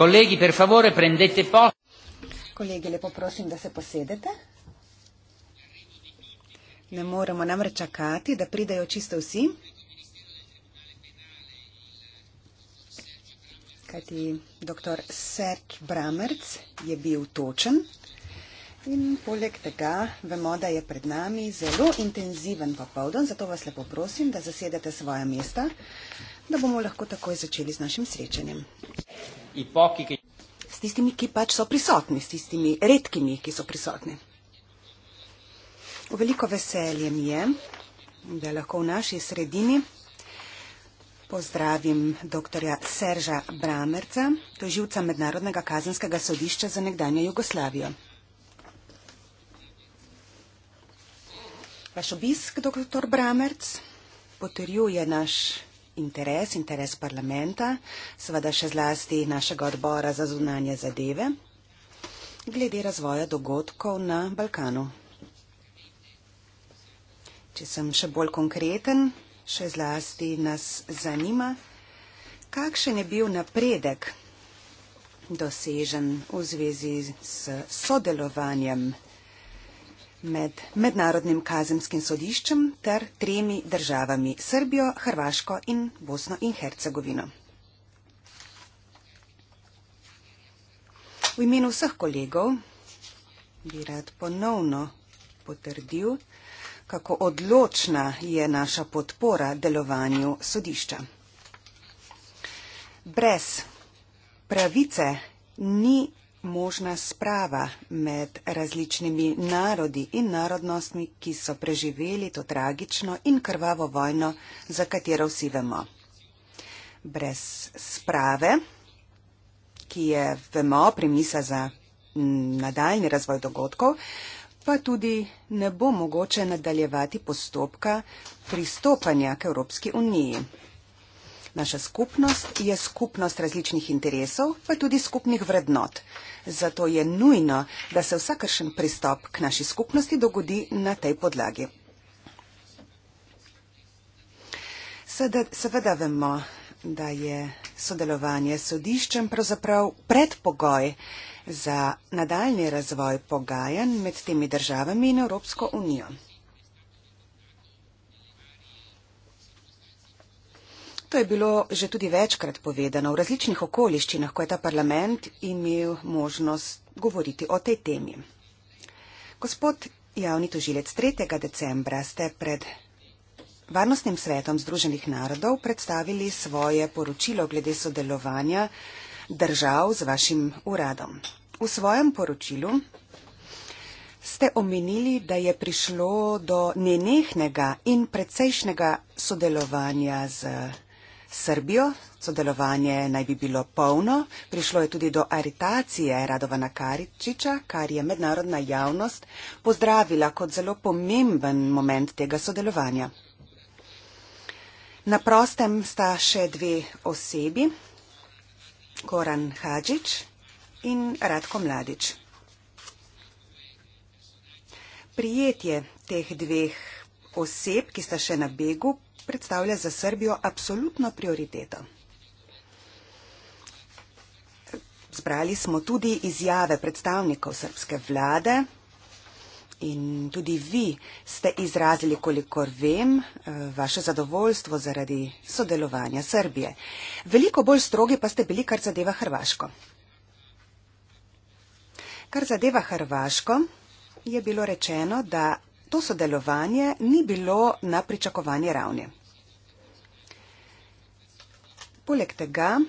Colleghi, per favore, prendete posto. Colleghi, le poprosim, da se posedete. Ne moremo namreč čakati, da pridejo čisto vsi. Kajti dr. Serč Bramerc je bil točen. In poleg tega vemo, da je pred nami zelo intenziven popoldan, zato vas lepo prosim, da zasedete svoje mesta, da bomo lahko takoj začeli z našim srečanjem i pochi che... S tistimi che pač so prisotni, s tistimi redkimi, ki so prisotni. Veliko veselje mi je, da lahko v naši sredini pozdravim dr. Serža Bramerca, to je živca Mednarodnega kazenskega sodišča za nekdanje Jugoslavijo. Vaš obisk, dr. Bramerc, potrjuje naš vsega, interes, interes parlamenta, seveda še zlasti našega odbora za zunanje zadeve, glede razvoja dogodkov na Balkanu. Če sem še bolj konkreten, še zlasti nas zanima, kakšen je bil napredek dosežen v zvezi s sodelovanjem med Mednarodnim kazenskim sodiščem ter tremi državami Srbijo, Hrvaško in Bosno in Hercegovino. V imenu vseh kolegov bi rad ponovno potrdil, kako odločna je naša podpora delovanju sodišča. Brez pravice ni možna sprava med različnimi narodi in narodnostmi, ki so preživeli to tragično in krvavo vojno, za katero vsi vemo. Brez sprave, ki je, vemo, premisa za nadaljni razvoj dogodkov, pa tudi ne bo mogoče nadaljevati postopka pristopanja k Evropski uniji. Naša skupnost je skupnost različnih interesov, pa tudi skupnih vrednot. Zato je nujno, da se vsakršen pristop k naši skupnosti dogodi na tej podlagi. Seveda, seveda vemo, da je sodelovanje s sodiščem pravzaprav predpogoj za nadaljni razvoj pogajanj med temi državami in Evropsko unijo. To je bilo že tudi večkrat povedano v različnih okoliščinah, ko je ta parlament imel možnost govoriti o tej temi. Gospod javni tožilec, 3. decembra ste pred Varnostnim svetom Združenih narodov predstavili svoje poročilo glede sodelovanja držav z vašim uradom. V svojem poročilu ste omenili, da je prišlo do nenehnega in precejšnega sodelovanja z Srbijo. Sodelovanje naj bi bilo polno. Prišlo je tudi do aritacije Radovana Karičiča, kar je mednarodna javnost pozdravila kot zelo pomemben moment tega sodelovanja. Na prostem sta še dve osebi, Koran Hadžič in Radko Mladič. Prijetje teh dveh oseb, ki sta še na begu, predstavlja za Srbijo absolutno prioriteto. Zbrali smo tudi izjave predstavnikov srpske vlade in tudi vi ste izrazili, kolikor vem, eh, vaše zadovoljstvo zaradi sodelovanja Srbije. Veliko bolj strogi pa ste bili, kar zadeva Hrvaško. Kar zadeva Hrvaško, je bilo rečeno, da to sodelovanje ni bilo na pričakovanje ravni. Poleg tega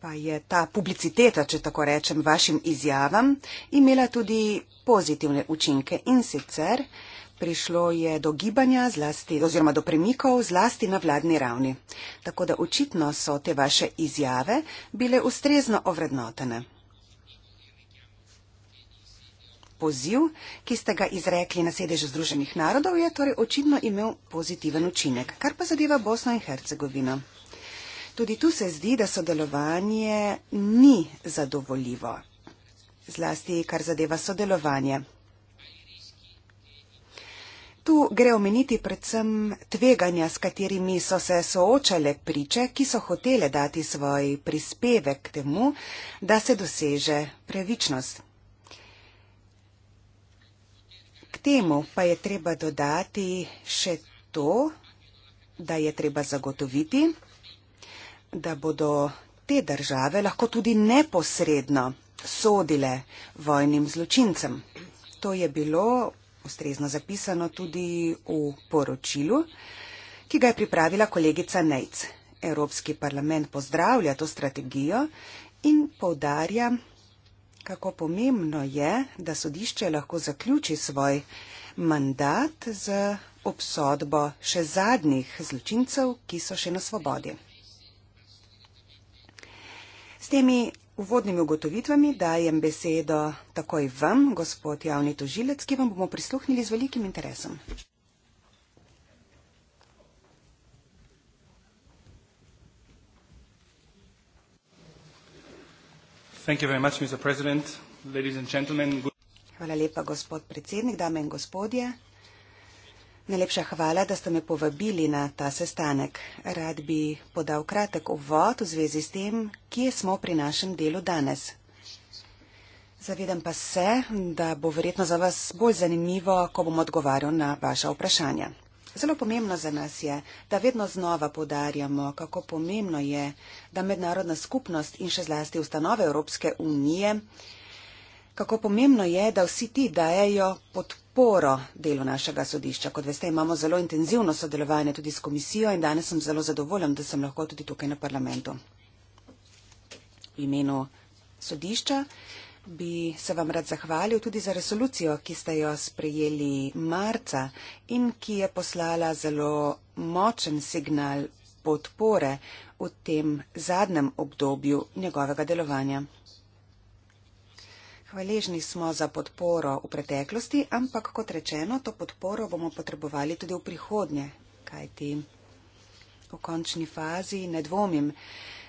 pa je ta publiciteta, če tako rečem, vašim izjavam imela tudi pozitivne učinke in sicer prišlo je do gibanja zlasti oziroma do premikov zlasti na vladni ravni. Tako da očitno so te vaše izjave bile ustrezno ovrednotene. poziv, ki ste ga izrekli na sedežu Združenih narodov, je torej očitno imel pozitiven učinek, kar pa zadeva Bosno in Hercegovino. Tudi tu se zdi, da sodelovanje ni zadovoljivo, zlasti kar zadeva sodelovanje. Tu gre omeniti predvsem tveganja, s katerimi so se soočale priče, ki so hotele dati svoj prispevek temu, da se doseže pravičnost. temu pa je treba dodati še to, da je treba zagotoviti, da bodo te države lahko tudi neposredno sodile vojnim zločincem. To je bilo ustrezno zapisano tudi v poročilu, ki ga je pripravila kolegica Nejc. Evropski parlament pozdravlja to strategijo in poudarja, kako pomembno je, da sodišče lahko zaključi svoj mandat z obsodbo še zadnjih zločincev, ki so še na svobodi. S temi uvodnimi ugotovitvami dajem besedo takoj vam, gospod javni tožilec, ki vam bomo prisluhnili z velikim interesom. Hvala lepa, gospod predsednik, dame in gospodje. Najlepša hvala, da ste me povabili na ta sestanek. Rad bi podal kratek uvod v zvezi s tem, kje smo pri našem delu danes. Zavedam pa se, da bo verjetno za vas bolj zanimivo, ko bom odgovarjal na vaša vprašanja. Zelo pomembno za nas je, da vedno znova podarjamo, kako pomembno je, da mednarodna skupnost in še zlasti ustanove Evropske unije, kako pomembno je, da vsi ti dajajo podporo delu našega sodišča. Kot veste, imamo zelo intenzivno sodelovanje tudi s komisijo in danes sem zelo zadovoljen, da sem lahko tudi tukaj na parlamentu. V imenu sodišča bi se vam rad zahvalil tudi za resolucijo, ki ste jo sprejeli marca in ki je poslala zelo močen signal podpore v tem zadnjem obdobju njegovega delovanja. Hvaležni smo za podporo v preteklosti, ampak kot rečeno, to podporo bomo potrebovali tudi v prihodnje, kajti v končni fazi ne dvomim,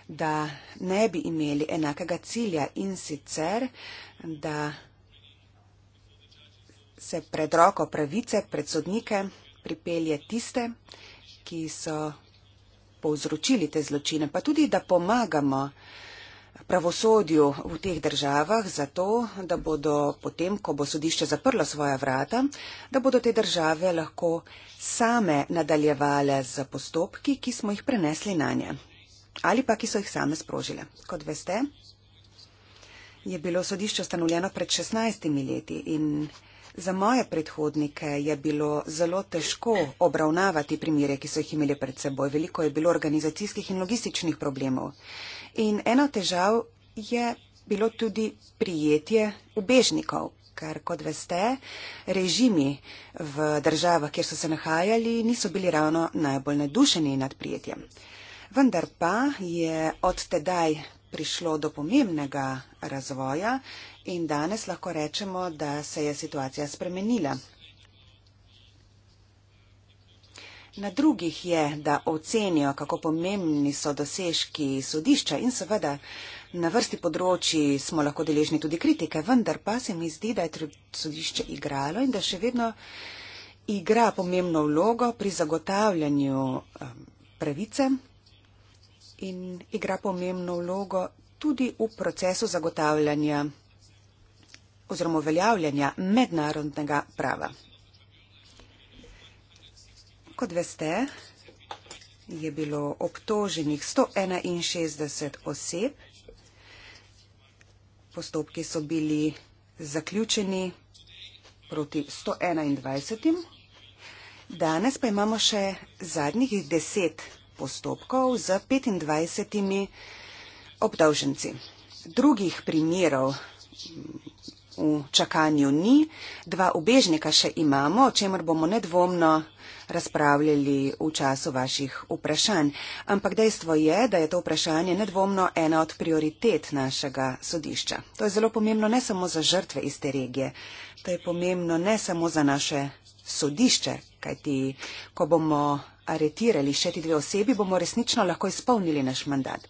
da ne bi imeli enakega cilja in sicer, da se pred roko pravice, pred sodnike pripelje tiste, ki so povzročili te zločine, pa tudi, da pomagamo pravosodju v teh državah za to, da bodo potem, ko bo sodišče zaprlo svoja vrata, da bodo te države lahko same nadaljevale z postopki, ki smo jih prenesli na nje ali pa ki so jih same sprožile. Kot veste, je bilo sodišče ustanovljeno pred 16 leti in za moje predhodnike je bilo zelo težko obravnavati primere, ki so jih imeli pred seboj. Veliko je bilo organizacijskih in logističnih problemov. In ena težav je bilo tudi prijetje ubežnikov. Ker, kot veste, režimi v državah, kjer so se nahajali, niso bili ravno najbolj nadušeni nad prijetjem. Vendar pa je od tedaj prišlo do pomembnega razvoja in danes lahko rečemo, da se je situacija spremenila. Na drugih je, da ocenijo, kako pomembni so dosežki sodišča in seveda na vrsti področji smo lahko deležni tudi kritike, vendar pa se mi zdi, da je sodišče igralo in da še vedno igra pomembno vlogo pri zagotavljanju eh, pravice in igra pomembno vlogo tudi v procesu zagotavljanja oziroma uveljavljanja mednarodnega prava. Kot veste, je bilo obtoženih 161 oseb, postopki so bili zaključeni proti 121. Danes pa imamo še zadnjih deset postopkov z 25 obdavženci. Drugih primerov v čakanju ni. Dva ubežnika še imamo, o čemer bomo nedvomno razpravljali v času vaših vprašanj. Ampak dejstvo je, da je to vprašanje nedvomno ena od prioritet našega sodišča. To je zelo pomembno ne samo za žrtve iz te regije, to je pomembno ne samo za naše sodišče, kajti ko bomo aretirali še ti dve osebi, bomo resnično lahko izpolnili naš mandat.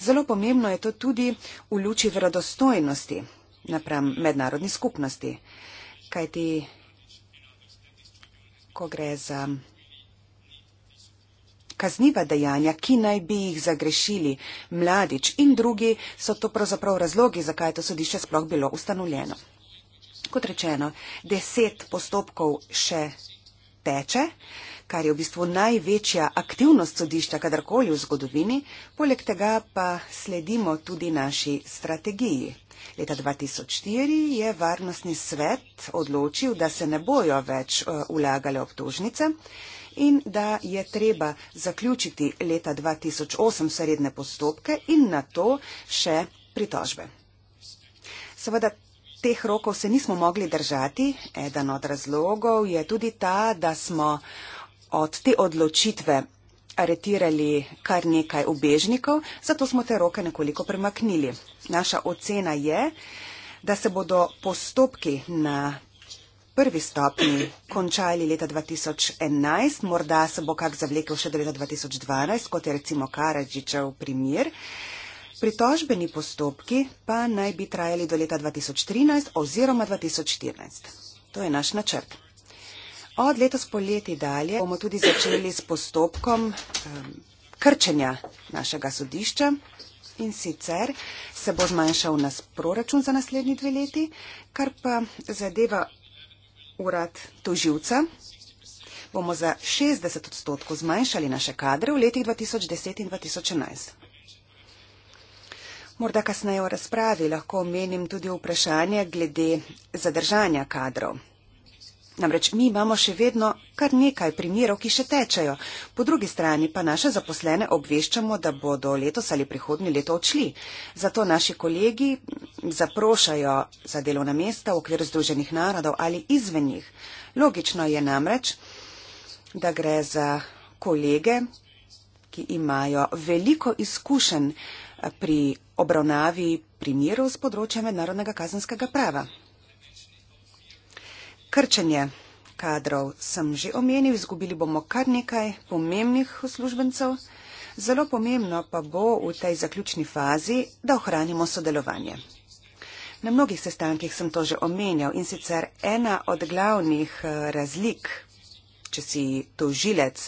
Zelo pomembno je to tudi v luči verodostojnosti napram mednarodni skupnosti, kajti ko gre za kazniva dejanja, ki naj bi jih zagrešili mladič in drugi, so to pravzaprav razlogi, zakaj je to sodišče sploh bilo ustanovljeno. Kot rečeno, deset postopkov še teče. Uh, kar je v bistvu največja aktivnost sodišča kadarkoli v zgodovini, poleg tega pa sledimo tudi naši strategiji. Leta 2004 je Varnostni svet odločil, da se ne bojo več ulagale eh, obtožnice in da je treba zaključiti leta 2008 sredne postopke in na to še pritožbe. Seveda teh rokov se nismo mogli držati. Eden od razlogov je tudi ta, da smo od te odločitve aretirali kar nekaj ubežnikov, zato smo te roke nekoliko premaknili. Naša ocena je, da se bodo postopki na prvi stopni končali leta 2011, morda se bo kak zavlekel še do leta 2012, kot je recimo Karadžičev primir. Pritožbeni postopki pa naj bi trajali do leta 2013 oziroma 2014. To je naš načrt. Od letos poleti dalje bomo tudi začeli s postopkom um, krčenja našega sodišča in sicer se bo zmanjšal nas proračun za naslednji dve leti, kar pa zadeva urad toživca. Bomo za 60 odstotkov zmanjšali naše kadre v letih 2010 in 2011. Morda kasneje v razpravi lahko omenim tudi vprašanje glede zadržanja kadrov. Namreč mi imamo še vedno kar nekaj primerov, ki še tečejo. Po drugi strani pa naše zaposlene obveščamo, da bodo letos ali prihodnje leto odšli. Zato naši kolegi zaprošajo za delovna mesta v okviru Združenih narodov ali izven njih. Logično je namreč, da gre za kolege, ki imajo veliko izkušenj pri obravnavi primerov z področja mednarodnega kazenskega prava. Krčenje kadrov sem že omenil, izgubili bomo kar nekaj pomembnih uslužbencev. Zelo pomembno pa bo v tej zaključni fazi, da ohranimo sodelovanje. Na mnogih sestankih sem to že omenjal in sicer ena od glavnih eh, razlik, če si tožilec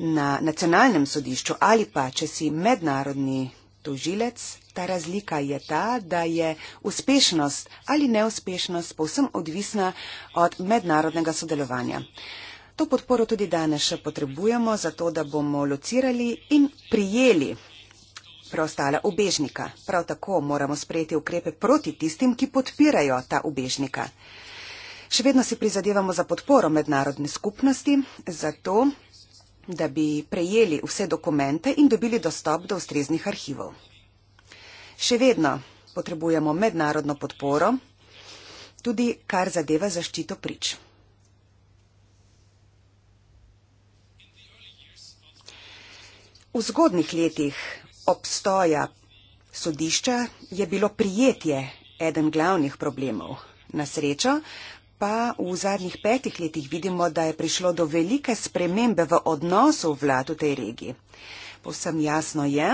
na nacionalnem sodišču ali pa če si mednarodni tožilec, Ta razlika je ta, da je uspešnost ali neuspešnost povsem odvisna od mednarodnega sodelovanja. To podporo tudi danes še potrebujemo, zato da bomo locirali in prijeli preostala ubežnika. Prav tako moramo sprejeti ukrepe proti tistim, ki podpirajo ta ubežnika. Še vedno si prizadevamo za podporo mednarodne skupnosti, zato da bi prejeli vse dokumente in dobili dostop do ustreznih arhivov. Še vedno potrebujemo mednarodno podporo, tudi kar zadeva zaščito prič. V zgodnih letih obstoja sodišča je bilo prijetje eden glavnih problemov. Na srečo pa v zadnjih petih letih vidimo, da je prišlo do velike spremembe v odnosu vlad v tej regiji. Povsem jasno je,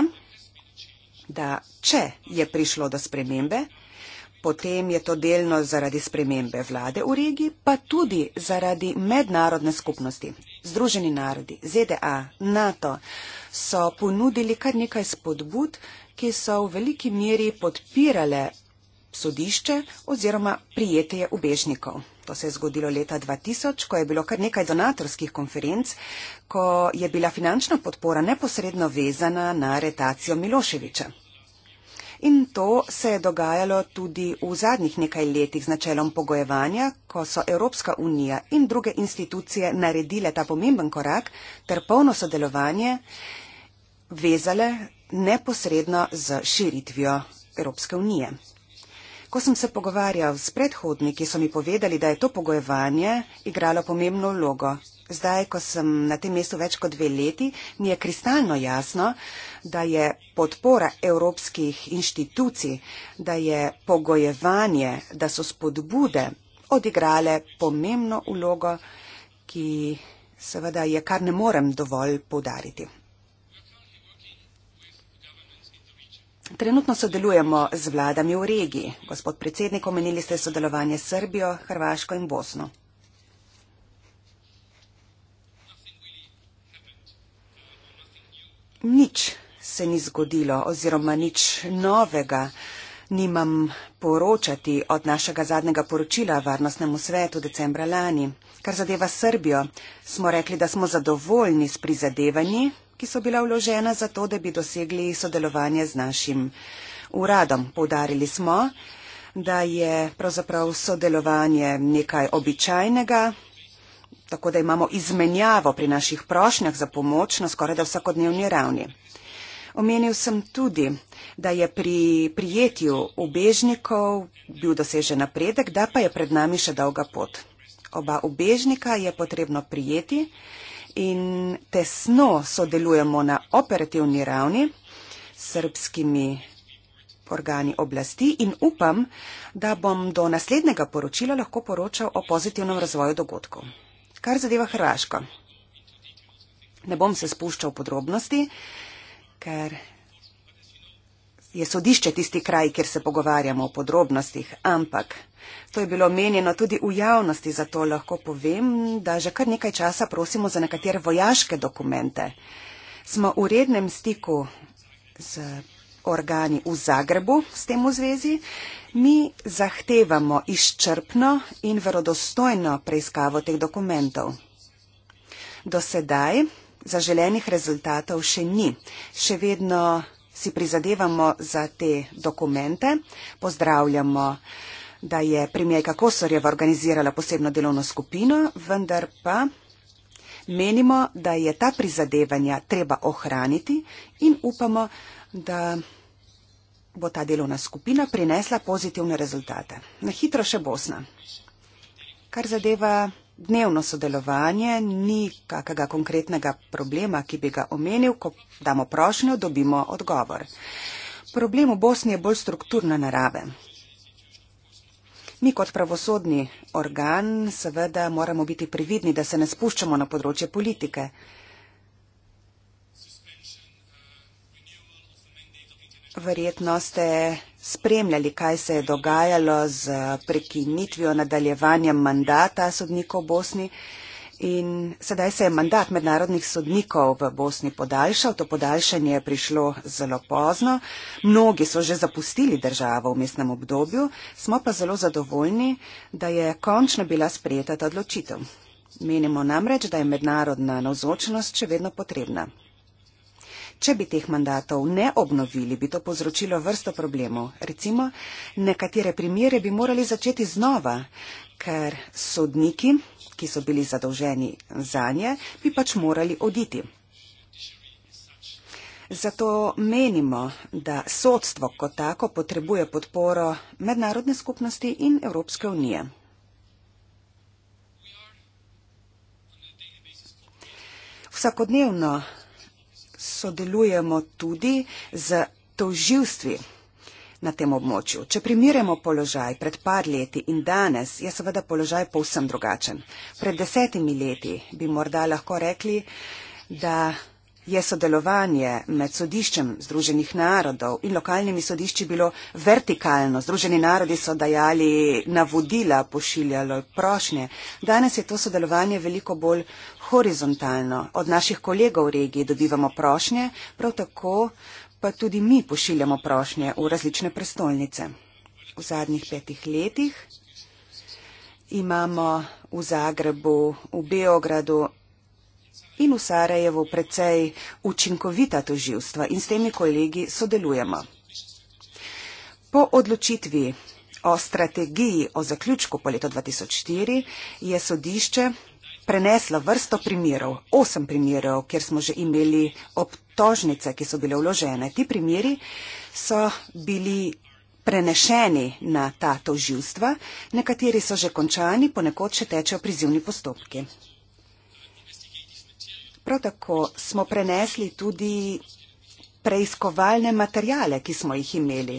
da če je prišlo do spremembe, potem je to delno zaradi spremembe vlade v regiji, pa tudi zaradi mednarodne skupnosti. Združeni narodi, ZDA, NATO so ponudili kar nekaj spodbud, ki so v veliki meri podpirale sodišče oziroma prijetje ubežnikov. To se je zgodilo leta 2000, ko je bilo kar nekaj donatorskih konferenc, ko je bila finančna podpora neposredno vezana na retacijo Miloševiča. In to se je dogajalo tudi v zadnjih nekaj letih z načelom pogojevanja, ko so Evropska unija in druge institucije naredile ta pomemben korak ter polno sodelovanje vezale neposredno z širitvijo Evropske unije. Ko sem se pogovarjal s predhodniki, so mi povedali, da je to pogojevanje igralo pomembno vlogo. Zdaj, ko sem na tem mestu več kot dve leti, mi je kristalno jasno, da je podpora evropskih inštitucij, da je pogojevanje, da so spodbude odigrale pomembno vlogo, ki seveda je kar ne morem dovolj podariti. Trenutno sodelujemo z vladami v regiji. Gospod predsednik, omenili ste sodelovanje s Srbijo, Hrvaško in Bosno. Nič se ni zgodilo oziroma nič novega nimam poročati od našega zadnjega poročila Varnostnemu svetu decembra lani. Kar zadeva Srbijo, smo rekli, da smo zadovoljni s prizadevanji ki so bila vložena za to, da bi dosegli sodelovanje z našim uradom. Poudarili smo, da je pravzaprav sodelovanje nekaj običajnega, tako da imamo izmenjavo pri naših prošnjah za pomoč na skoraj da vsakodnevni ravni. Omenil sem tudi, da je pri prijetju ubežnikov bil dosežen napredek, da pa je pred nami še dolga pot. Oba ubežnika je potrebno prijeti in tesno sodelujemo na operativni ravni s srpskimi organi oblasti in upam, da bom do naslednjega poročila lahko poročal o pozitivnem razvoju dogodkov. Kar zadeva Hrvaško. Ne bom se spuščal v podrobnosti, ker je sodišče tisti kraj, kjer se pogovarjamo o podrobnostih, ampak To je bilo menjeno tudi v javnosti, zato lahko povem, da že kar nekaj časa prosimo za nekatere vojaške dokumente. Smo v rednem stiku z organi v Zagrebu s tem v zvezi. Mi zahtevamo izčrpno in verodostojno preiskavo teh dokumentov. Do sedaj zaželenih rezultatov še ni. Še vedno si prizadevamo za te dokumente. Pozdravljamo da je premijerka Kosorjeva organizirala posebno delovno skupino, vendar pa menimo, da je ta prizadevanja treba ohraniti in upamo, da bo ta delovna skupina prinesla pozitivne rezultate. Na hitro še Bosna. Kar zadeva dnevno sodelovanje, ni kakega konkretnega problema, ki bi ga omenil, ko damo prošnjo, dobimo odgovor. Problem v Bosni je bolj strukturna narave. Mi kot pravosodni organ seveda moramo biti prividni, da se ne spuščamo na področje politike. Verjetno ste spremljali, kaj se je dogajalo z prekinitvijo nadaljevanjem mandata sodnikov Bosni. In sedaj se je mandat mednarodnih sodnikov v Bosni podaljšal. To podaljšanje je prišlo zelo pozno. Mnogi so že zapustili državo v mestnem obdobju. Smo pa zelo zadovoljni, da je končno bila sprejeta ta odločitev. Menimo namreč, da je mednarodna navzočnost še vedno potrebna. Če bi teh mandatov ne obnovili, bi to povzročilo vrsto problemov. Recimo, nekatere primere bi morali začeti znova, ker sodniki ki so bili zadolženi za nje, bi pač morali oditi. Zato menimo, da sodstvo kot tako potrebuje podporo mednarodne skupnosti in Evropske unije. Vsakodnevno sodelujemo tudi z toživstvi na tem območju. Če primiremo položaj pred par leti in danes, je seveda položaj povsem drugačen. Pred desetimi leti bi morda lahko rekli, da je sodelovanje med sodiščem Združenih narodov in lokalnimi sodišči bilo vertikalno. Združeni narodi so dajali navodila, pošiljalo prošnje. Danes je to sodelovanje veliko bolj horizontalno. Od naših kolegov v regiji dobivamo prošnje, prav tako pa tudi mi pošiljamo prošnje v različne prestolnice. V zadnjih petih letih imamo v Zagrebu, v Beogradu in v Sarajevu precej učinkovita toživstva in s temi kolegi sodelujemo. Po odločitvi o strategiji o zaključku po letu 2004 je sodišče prenesla vrsto primerov, osem primerov, kjer smo že imeli obtožnice, ki so bile vložene. Ti primeri so bili prenešeni na ta toživstva, nekateri so že končani, ponekod še tečejo prizivni postopki. Prav tako smo prenesli tudi preiskovalne materijale, ki smo jih imeli.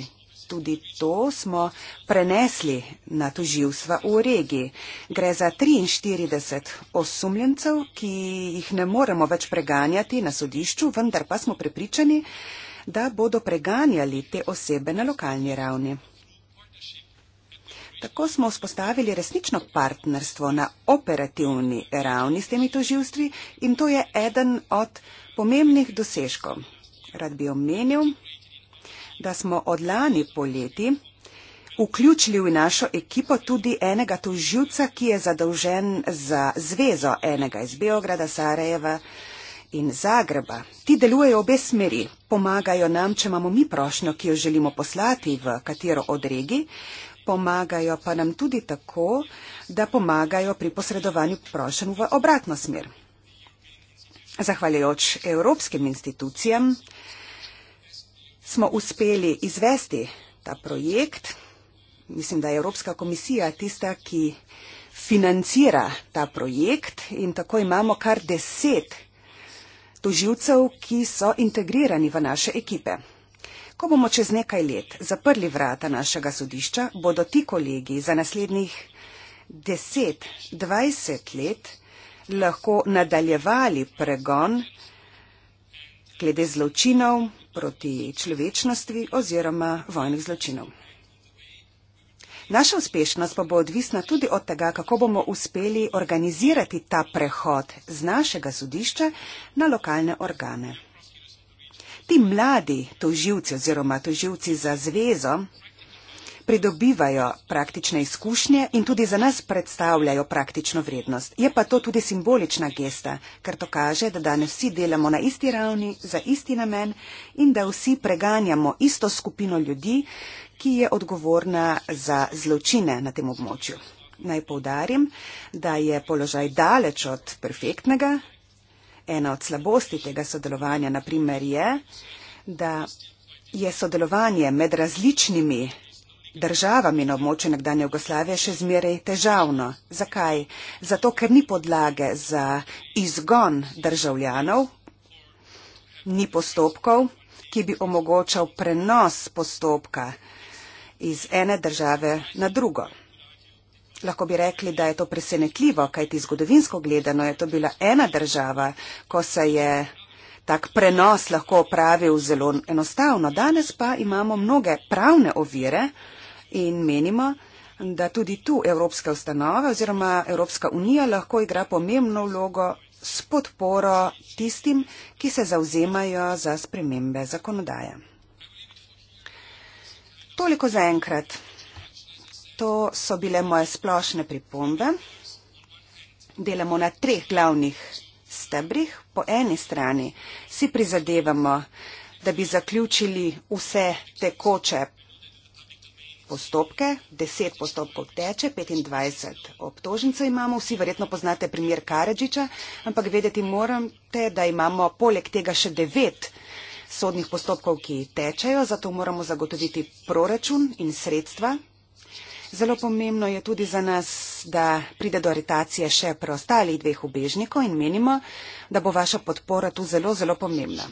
Tudi to smo prenesli na toživstva v regiji. Gre za 43 osumljencev, ki jih ne moremo več preganjati na sodišču, vendar pa smo prepričani, da bodo preganjali te osebe na lokalni ravni. Tako smo vzpostavili resnično partnerstvo na operativni ravni s temi toživstvi in to je eden od pomembnih dosežkov. Rad bi omenil, da smo od lani poleti vključili v našo ekipo tudi enega tožilca, ki je zadolžen za zvezo enega iz Beograda, Sarajeva in Zagreba. Ti delujejo obe smeri, pomagajo nam, če imamo mi prošnjo, ki jo želimo poslati v katero od regij, pomagajo pa nam tudi tako, da pomagajo pri posredovanju prošenj v obratno smer. Zahvaljujoč evropskim institucijam, smo uspeli izvesti ta projekt. Mislim, da je Evropska komisija tista, ki financira ta projekt in tako imamo kar deset toživcev, ki so integrirani v naše ekipe. Ko bomo čez nekaj let zaprli vrata našega sodišča, bodo ti kolegi za naslednjih 10-20 let lahko nadaljevali pregon glede zločinov, proti človečnosti oziroma vojnih zločinov. Naša uspešnost pa bo odvisna tudi od tega, kako bomo uspeli organizirati ta prehod z našega sodišča na lokalne organe. Ti mladi toživci oziroma toživci za zvezo, pridobivajo praktične izkušnje in tudi za nas predstavljajo praktično vrednost. Je pa to tudi simbolična gesta, ker to kaže, da danes vsi delamo na isti ravni, za isti namen in da vsi preganjamo isto skupino ljudi, ki je odgovorna za zločine na tem območju. Naj povdarim, da je položaj daleč od perfektnega. Ena od slabosti tega sodelovanja, naprimer, je, da je sodelovanje med različnimi Državam in območju nekdanje Jugoslavije še zmeraj težavno. Zakaj? Zato, ker ni podlage za izgon državljanov, ni postopkov, ki bi omogočal prenos postopka iz ene države na drugo. Lahko bi rekli, da je to presenetljivo, kajti zgodovinsko gledano je to bila ena država, ko se je tak prenos lahko opravil zelo enostavno. Danes pa imamo mnoge pravne ovire, in menimo, da tudi tu Evropske ustanove oziroma Evropska unija lahko igra pomembno vlogo s podporo tistim, ki se zauzemajo za spremembe zakonodaje. Toliko za enkrat. To so bile moje splošne pripombe. Delamo na treh glavnih stebrih. Po eni strani si prizadevamo, da bi zaključili vse tekoče postopke, 10 postopkov teče, 25 obtožnice imamo. Vsi verjetno poznate primer Karadžiča, ampak vedeti morate, da imamo poleg tega še 9 sodnih postopkov, ki tečejo, zato moramo zagotoviti proračun in sredstva. Zelo pomembno je tudi za nas, da pride do aritacije še preostalih dveh ubežnikov in menimo, da bo vaša podpora tu zelo, zelo pomembna.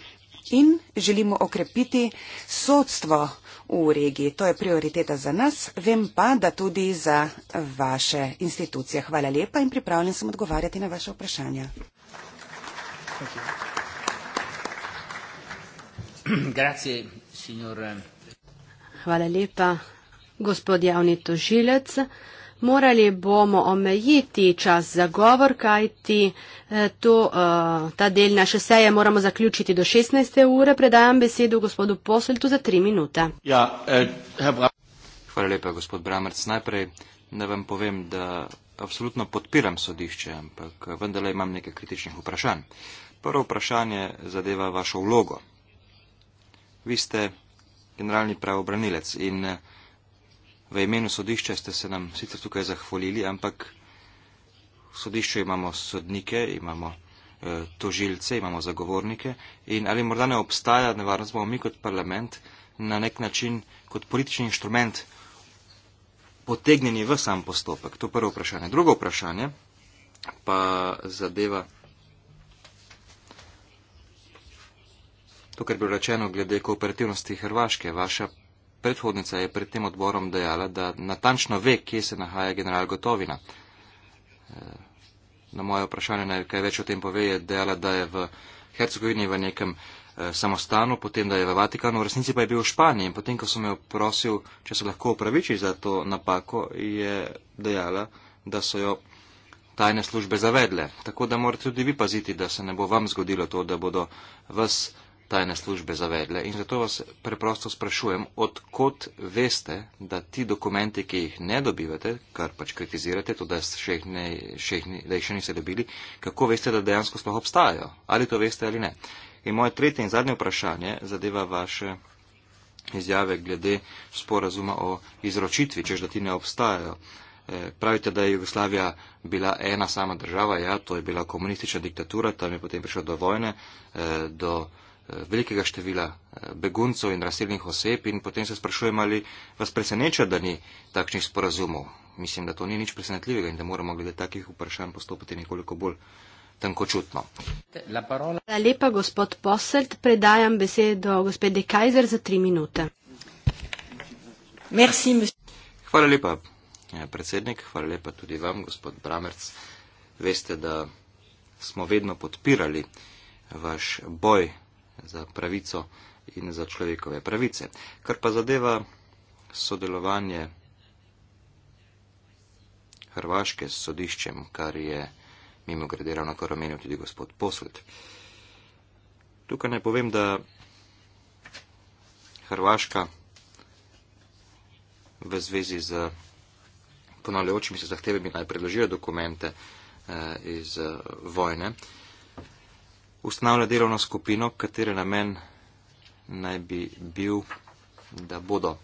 In želimo okrepiti sodstvo v regiji. To je prioriteta za nas, vem pa, da tudi za vaše institucije. Hvala lepa in pripravljen sem odgovarjati na vaše vprašanja. Eh. Hvala lepa, gospod javni tožilec. Morali bomo omejiti čas za govor, kajti eh, to, eh, ta del naše seje moramo zaključiti do 16. ure. Predajam besedo gospodu Poseltu za tri minute. Ja, eh, Hvala lepa, gospod Bramrc. Najprej ne vam povem, da absolutno podpiram sodišče, ampak vendarle imam nekaj kritičnih vprašanj. Prvo vprašanje zadeva vašo vlogo. Vi ste generalni pravobranilec in. Eh, V imenu sodišča ste se nam sicer tukaj zahvalili, ampak v sodišču imamo sodnike, imamo eh, tožilce, imamo zagovornike in ali morda ne obstaja nevarnost, bomo mi kot parlament na nek način kot politični inštrument potegnjeni v sam postopek. To je prvo vprašanje. Drugo vprašanje pa zadeva to, kar je bilo rečeno glede kooperativnosti Hrvaške. Vaša predhodnica je pred tem odborom dejala, da natančno ve, kje se nahaja general Gotovina. E, na moje vprašanje, kaj več o tem pove, je dejala, da je v Hercegovini v nekem e, samostanu, potem da je v Vatikanu, v resnici pa je bil v Španiji in potem, ko sem jo prosil, če se lahko upraviči za to napako, je dejala, da so jo tajne službe zavedle. Tako da morate tudi vi paziti, da se ne bo vam zgodilo to, da bodo vas tajne službe zavedle in zato vas preprosto sprašujem, odkot veste, da ti dokumenti, ki jih ne dobivate, kar pač kritizirate, to, da, še jih ne, še jih ni, da jih še niste dobili, kako veste, da dejansko sploh obstajajo? Ali to veste ali ne? In moje tretje in zadnje vprašanje zadeva vaše izjave glede sporazuma o izročitvi, čež da ti ne obstajajo. Eh, pravite, da je Jugoslavija bila ena sama država, ja, to je bila komunistična diktatura, tam je potem prišlo do vojne, eh, do velikega števila eh, beguncev in razsebnih oseb in potem se sprašujem, ali vas preseneča, da ni takšnih sporazumov. Mislim, da to ni nič presenetljivega in da moramo glede takih vprašanj postopiti nekoliko bolj tankočutno. Hvala lepa, gospod Posselt. Predajam besedo gospede Kajzer za tri minute. Merci, hvala lepa, eh, predsednik. Hvala lepa tudi vam, gospod Bramerc. Veste, da smo vedno podpirali vaš boj za pravico in za človekove pravice. Kar pa zadeva sodelovanje Hrvaške s sodiščem, kar je mimo grede ravno kar omenil tudi gospod Posled. Tukaj naj povem, da Hrvaška v zvezi z ponavljajočimi se zahtevami naj predložila dokumente eh, iz eh, vojne ustanavlja delovno skupino, katere namen naj bi bil, da bodo,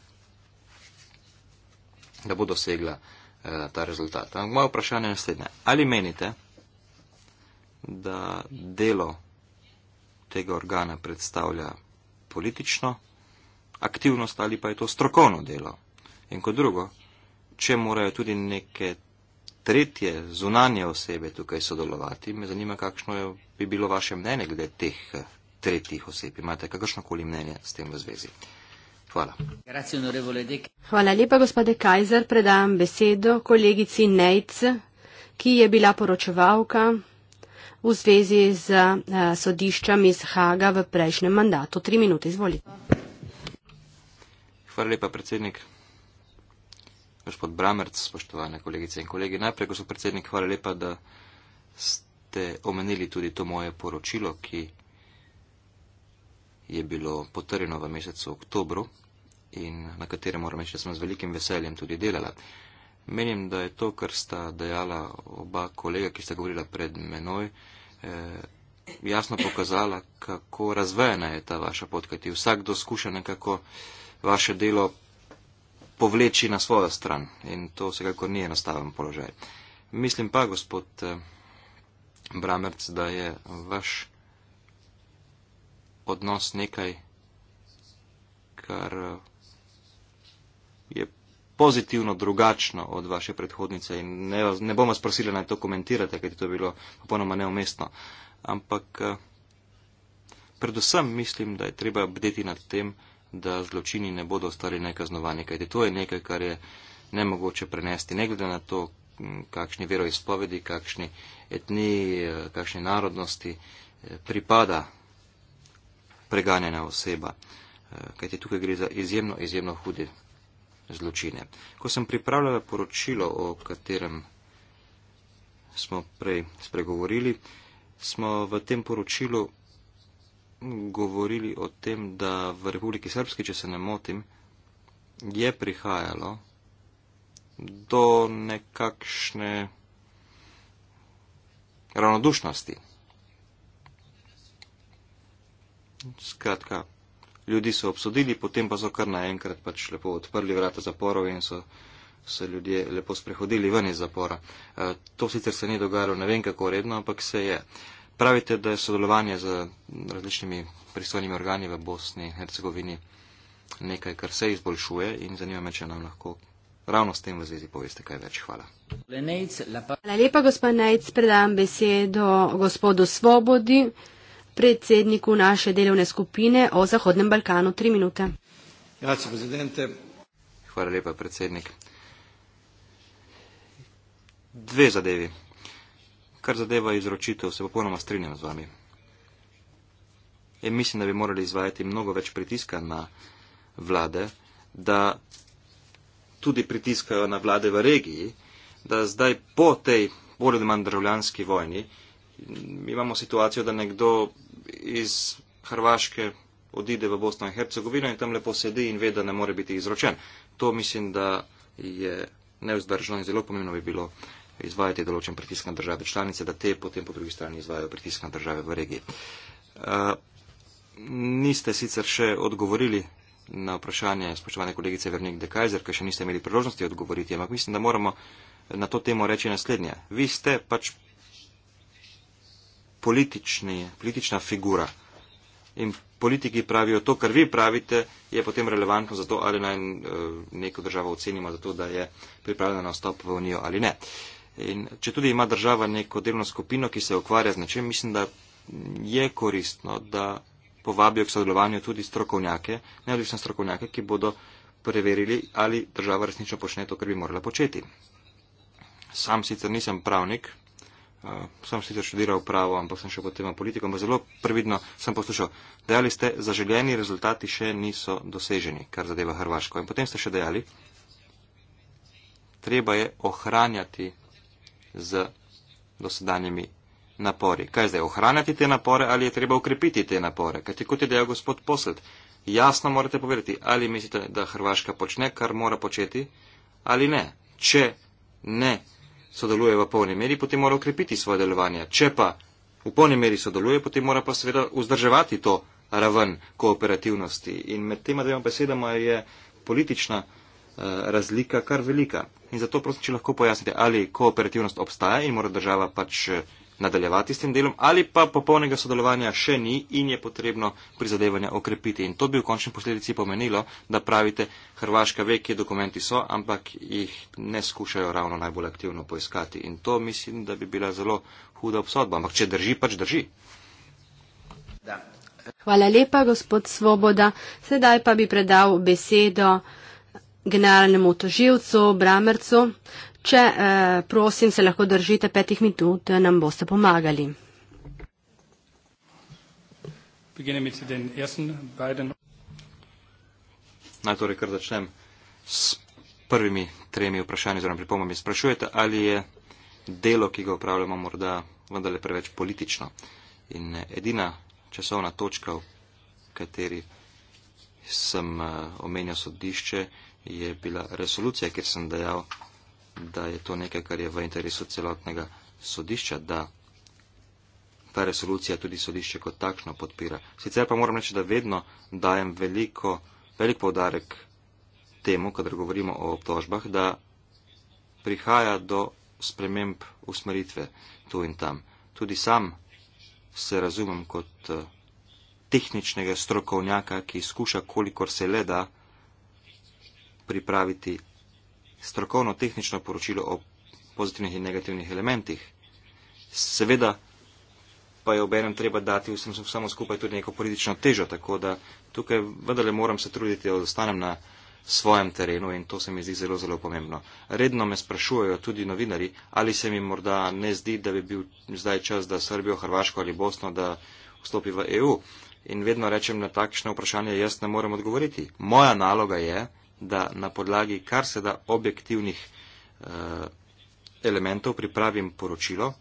da bodo dosegla eh, ta rezultat. Moje vprašanje je naslednje. Ali menite, da delo tega organa predstavlja politično aktivnost ali pa je to strokovno delo? In kot drugo, če morajo tudi neke tretje zunanje osebe tukaj sodelovati. Me zanima, kakšno je, bi bilo vaše mnenje glede teh eh, tretjih oseb. Imate kakršnokoli mnenje s tem v zvezi? Hvala. Hvala lepa, gospode Kajzer. Predam besedo kolegici Nejc, ki je bila poročevalka v zvezi z eh, sodiščem iz Haga v prejšnjem mandatu. Tri minute, izvolite. Hvala lepa, predsednik gospod Bramerc, spoštovane kolegice in kolegi. Najprej, gospod predsednik, hvala lepa, da ste omenili tudi to moje poročilo, ki je bilo potrjeno v mesecu oktobru in na katerem moram reči, da sem z velikim veseljem tudi delala. Menim, da je to, kar sta dejala oba kolega, ki sta govorila pred menoj, eh, jasno pokazala, kako razvejena je ta vaša pot, kajti vsakdo skuša nekako vaše delo povleči na svojo stran in to vsekakor ni enostaven položaj. Mislim pa, gospod eh, Bramerc, da je vaš odnos nekaj, kar eh, je pozitivno drugačno od vaše predhodnice in ne, ne bom vas prosila naj to komentirate, kajti to je bilo popolnoma neumestno. Ampak eh, predvsem mislim, da je treba obdeti nad tem, da zločini ne bodo ostali nekaznovani, kajti to je nekaj, kar je nemogoče prenesti, ne glede na to, kakšni veroizpovedi, kakšni etniji, kakšni narodnosti eh, pripada preganjena oseba, eh, kajti tukaj gre za izjemno, izjemno hude zločine. Ko sem pripravljala poročilo, o katerem smo prej spregovorili, smo v tem poročilu govorili o tem, da v Republiki Srpski, če se ne motim, je prihajalo do nekakšne ravnodušnosti. Skratka, ljudi so obsodili, potem pa so kar naenkrat pač lepo odprli vrata zaporov in so se ljudje lepo sprehodili ven iz zapora. Eh, to sicer se ni dogajalo ne vem kako redno, ampak se je. Uh, Pravite, da je sodelovanje z različnimi pristojnimi organi v Bosni in Hercegovini nekaj, kar se izboljšuje in zanima me, če nam lahko ravno s tem v zvezi poveste kaj več. Hvala. Hvala lepa, gospod Nejc. Predam besedo gospodu Svobodi, predsedniku naše delovne skupine o Zahodnem Balkanu. Tri minute. Hvala lepa, predsednik. Dve zadevi. Kar zadeva izročitev, se popolnoma strinjam z vami. In e, mislim, da bi morali izvajati mnogo več pritiska na vlade, da tudi pritiskajo na vlade v regiji, da zdaj po tej bolj ali manj državljanski vojni imamo situacijo, da nekdo iz Hrvaške odide v Bosno in Hercegovino in tam lepo sedi in ve, da ne more biti izročen. To mislim, da je neuzdržno in zelo pomembno bi bilo, izvajati določen pritisk na države članice, da te potem po drugi strani izvajajo pritisk na države v regiji. Eh, niste sicer še odgovorili na vprašanje spoštovane kolegice Vernik de Kajzer, ker še niste imeli priložnosti odgovoriti, ampak mislim, da moramo na to temo reči naslednje. Vi ste pač politični, politična figura in politiki pravijo to, kar vi pravite, je potem relevantno za to, ali naj eh, neko državo ocenimo za to, da je pripravljena na vstop v Unijo ali ne. Uh, In če tudi ima država neko delovno skupino, ki se ukvarja z nečem, mislim, da je koristno, da povabijo k sodelovanju tudi strokovnjake, neodvisne strokovnjake, ki bodo preverili, ali država resnično počne to, kar bi morala početi. Sam sicer nisem pravnik, uh, sem sicer študiral pravo, ampak sem še potem politikom, ampak zelo previdno sem poslušal, dejali ste, zaželjeni rezultati še niso doseženi, kar zadeva Hrvaško. In potem ste še dejali, treba je ohranjati z dosedanjimi napori. Kaj zdaj, ohranjati te napore ali je treba ukrepiti te napore? Kaj ti kot je dejal gospod posled? Jasno morate povedati, ali mislite, da Hrvaška počne, kar mora početi, ali ne. Če ne sodeluje v polni meri, potem mora ukrepiti svoje delovanje. Če pa v polni meri sodeluje, potem mora pa seveda vzdrževati to raven kooperativnosti. In med tema dvema besedama je politična Eh, razlika kar velika. In zato prosim, če lahko pojasnite, ali kooperativnost obstaja in mora država pač eh, nadaljevati s tem delom, ali pa popolnega sodelovanja še ni in je potrebno prizadevanja okrepiti. In to bi v končni posledici pomenilo, da pravite, Hrvaška ve, kje dokumenti so, ampak jih ne skušajo ravno najbolj aktivno poiskati. In to mislim, da bi bila zelo huda obsodba. Ampak če drži, pač drži. Da. Hvala lepa, gospod Svoboda. Sedaj pa bi predal besedo generalnemu toživcu Bramercu. Če eh, prosim, se lahko držite petih minut, eh, nam boste pomagali. Naj torej kar začnem s prvimi tremi vprašanji oziroma pripombami. Sprašujete, ali je delo, ki ga upravljamo, morda vendarle preveč politično. In eh, edina časovna točka, v kateri sem omenjal sodišče, je bila resolucija, kjer sem dejal, da je to nekaj, kar je v interesu celotnega sodišča, da ta resolucija tudi sodišče kot takšno podpira. Sicer pa moram reči, da vedno dajem veliko, velik povdarek temu, kadar govorimo o obtožbah, da prihaja do sprememb usmeritve tu in tam. Tudi sam se razumem kot eh, tehničnega strokovnjaka, ki skuša kolikor se le da, pripraviti strokovno tehnično poročilo o pozitivnih in negativnih elementih. Seveda pa je obenem treba dati vsem samo skupaj tudi neko politično težo, tako da tukaj vendarle moram se truditi, da ostanem na svojem terenu in to se mi zdi zelo, zelo pomembno. Redno me sprašujejo tudi novinari, ali se mi morda ne zdi, da bi bil zdaj čas, da Srbijo, Hrvaško ali Bosno, da vstopi v EU. In vedno rečem na takšne vprašanje, jaz ne morem odgovoriti. Moja naloga je, da na podlagi kar se da objektivnih eh, elementov pripravim poročilo,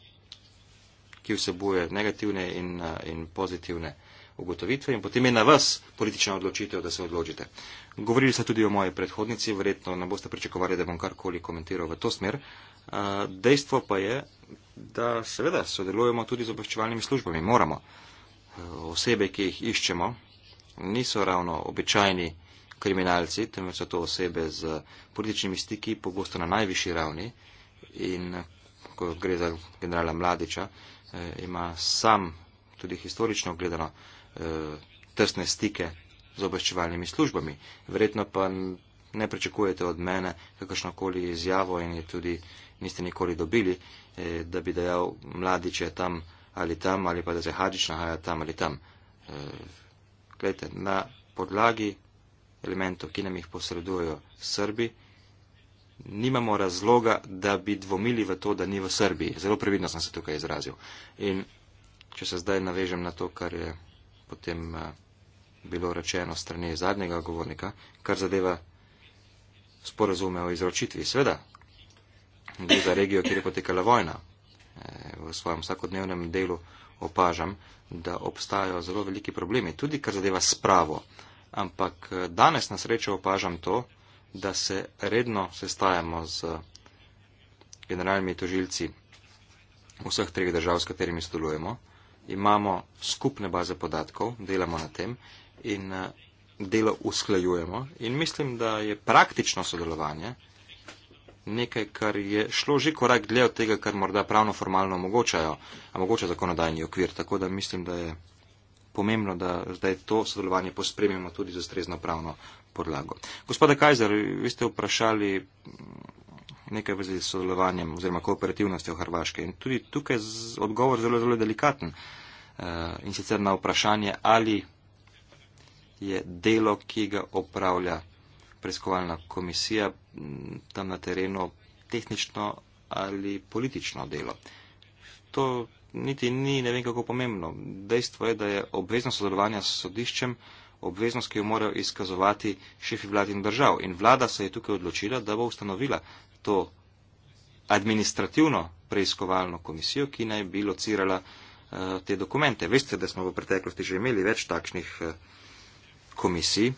ki vsebuje negativne in, eh, in pozitivne ugotovitve in potem je na vas politična odločitev, da se odločite. Govorili ste tudi o moji predhodnici, verjetno ne boste pričakovali, da bom karkoli komentiral v to smer. Eh, dejstvo pa je, da seveda sodelujemo tudi z obveščevalnimi službami. Moramo. Eh, osebe, ki jih iščemo, niso ravno običajni kriminalci, temveč so to osebe z političnimi stiki, pogosto na najvišji ravni. In ko gre za generala Mladiča, eh, ima sam tudi historično gledano eh, trsne stike z obveščevalnimi službami. Verjetno pa ne pričakujete od mene kakršnokoli izjavo in je tudi niste nikoli dobili, eh, da bi dejal Mladič je tam ali tam ali pa da se Hadžič nahaja tam ali tam. Eh, gledajte, na podlagi elementov, ki nam jih posredujejo Srbi, nimamo razloga, da bi dvomili v to, da ni v Srbiji. Zelo previdno sem se tukaj izrazil. In če se zdaj navežem na to, kar je potem eh, bilo rečeno strani zadnjega govornika, kar zadeva sporazume o izročitvi. Sveda, gre za regijo, kjer je potekala vojna. Eh, v svojem vsakodnevnem delu opažam, da obstajajo zelo veliki problemi, tudi kar zadeva spravo ampak eh, danes na srečo opažam to, da se redno sestajamo z generalnimi tožilci vseh treh držav, s katerimi sodelujemo. Imamo skupne baze podatkov, delamo na tem in eh, delo usklajujemo. In mislim, da je praktično sodelovanje nekaj, kar je šlo že korak dlje od tega, kar morda pravno formalno omogočajo, omogoča zakonodajni okvir. Tako da mislim, da je pomembno, da zdaj to sodelovanje pospremimo tudi z ustrezno pravno podlago. Gospoda Kajzer, vi ste vprašali nekaj v zvezi s sodelovanjem oziroma kooperativnostjo Hrvaške in tudi tukaj odgovor zelo, zelo delikaten eh, in sicer na vprašanje, ali je delo, ki ga opravlja preiskovalna komisija tam na terenu tehnično ali politično delo. To niti ni ne vem kako pomembno. Dejstvo je, da je obveznost sodelovanja s sodiščem obveznost, ki jo morajo izkazovati šefi vlad in držav. In vlada se je tukaj odločila, da bo ustanovila to administrativno preiskovalno komisijo, ki naj bi locirala uh, te dokumente. Veste, da smo v preteklosti že imeli več takšnih uh, komisij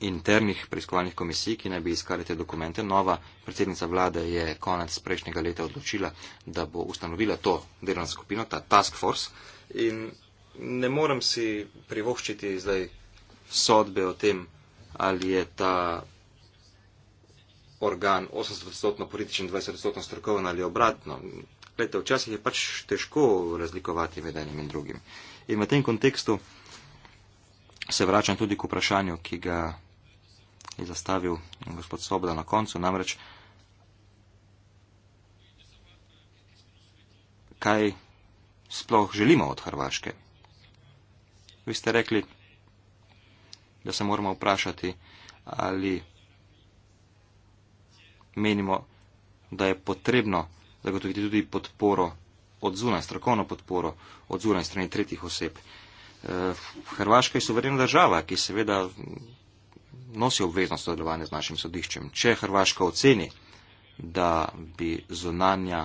internih preiskovalnih komisij, ki naj bi iskali te dokumente. Nova predsednica vlade je konec prejšnjega leta odločila, da bo ustanovila to delovno skupino, ta task force. In ne morem si privoščiti zdaj sodbe o tem, ali je ta organ 80% političen, 20% strokoven ali obratno. Glede, včasih je pač težko razlikovati med enim in drugim. In v tem kontekstu se vračam tudi k vprašanju, ki ga je zastavil gospod Soboda na koncu, namreč kaj sploh želimo od Hrvaške. Vi ste rekli, da se moramo vprašati, ali menimo, da je potrebno zagotoviti tudi podporo od zunaj, strokovno podporo od zunaj strani tretjih oseb. Uh, Eh, Hrvaška je suverena država, ki seveda nosi obveznost sodelovanja z našim sodiščem. Če Hrvaška oceni, da bi zunanja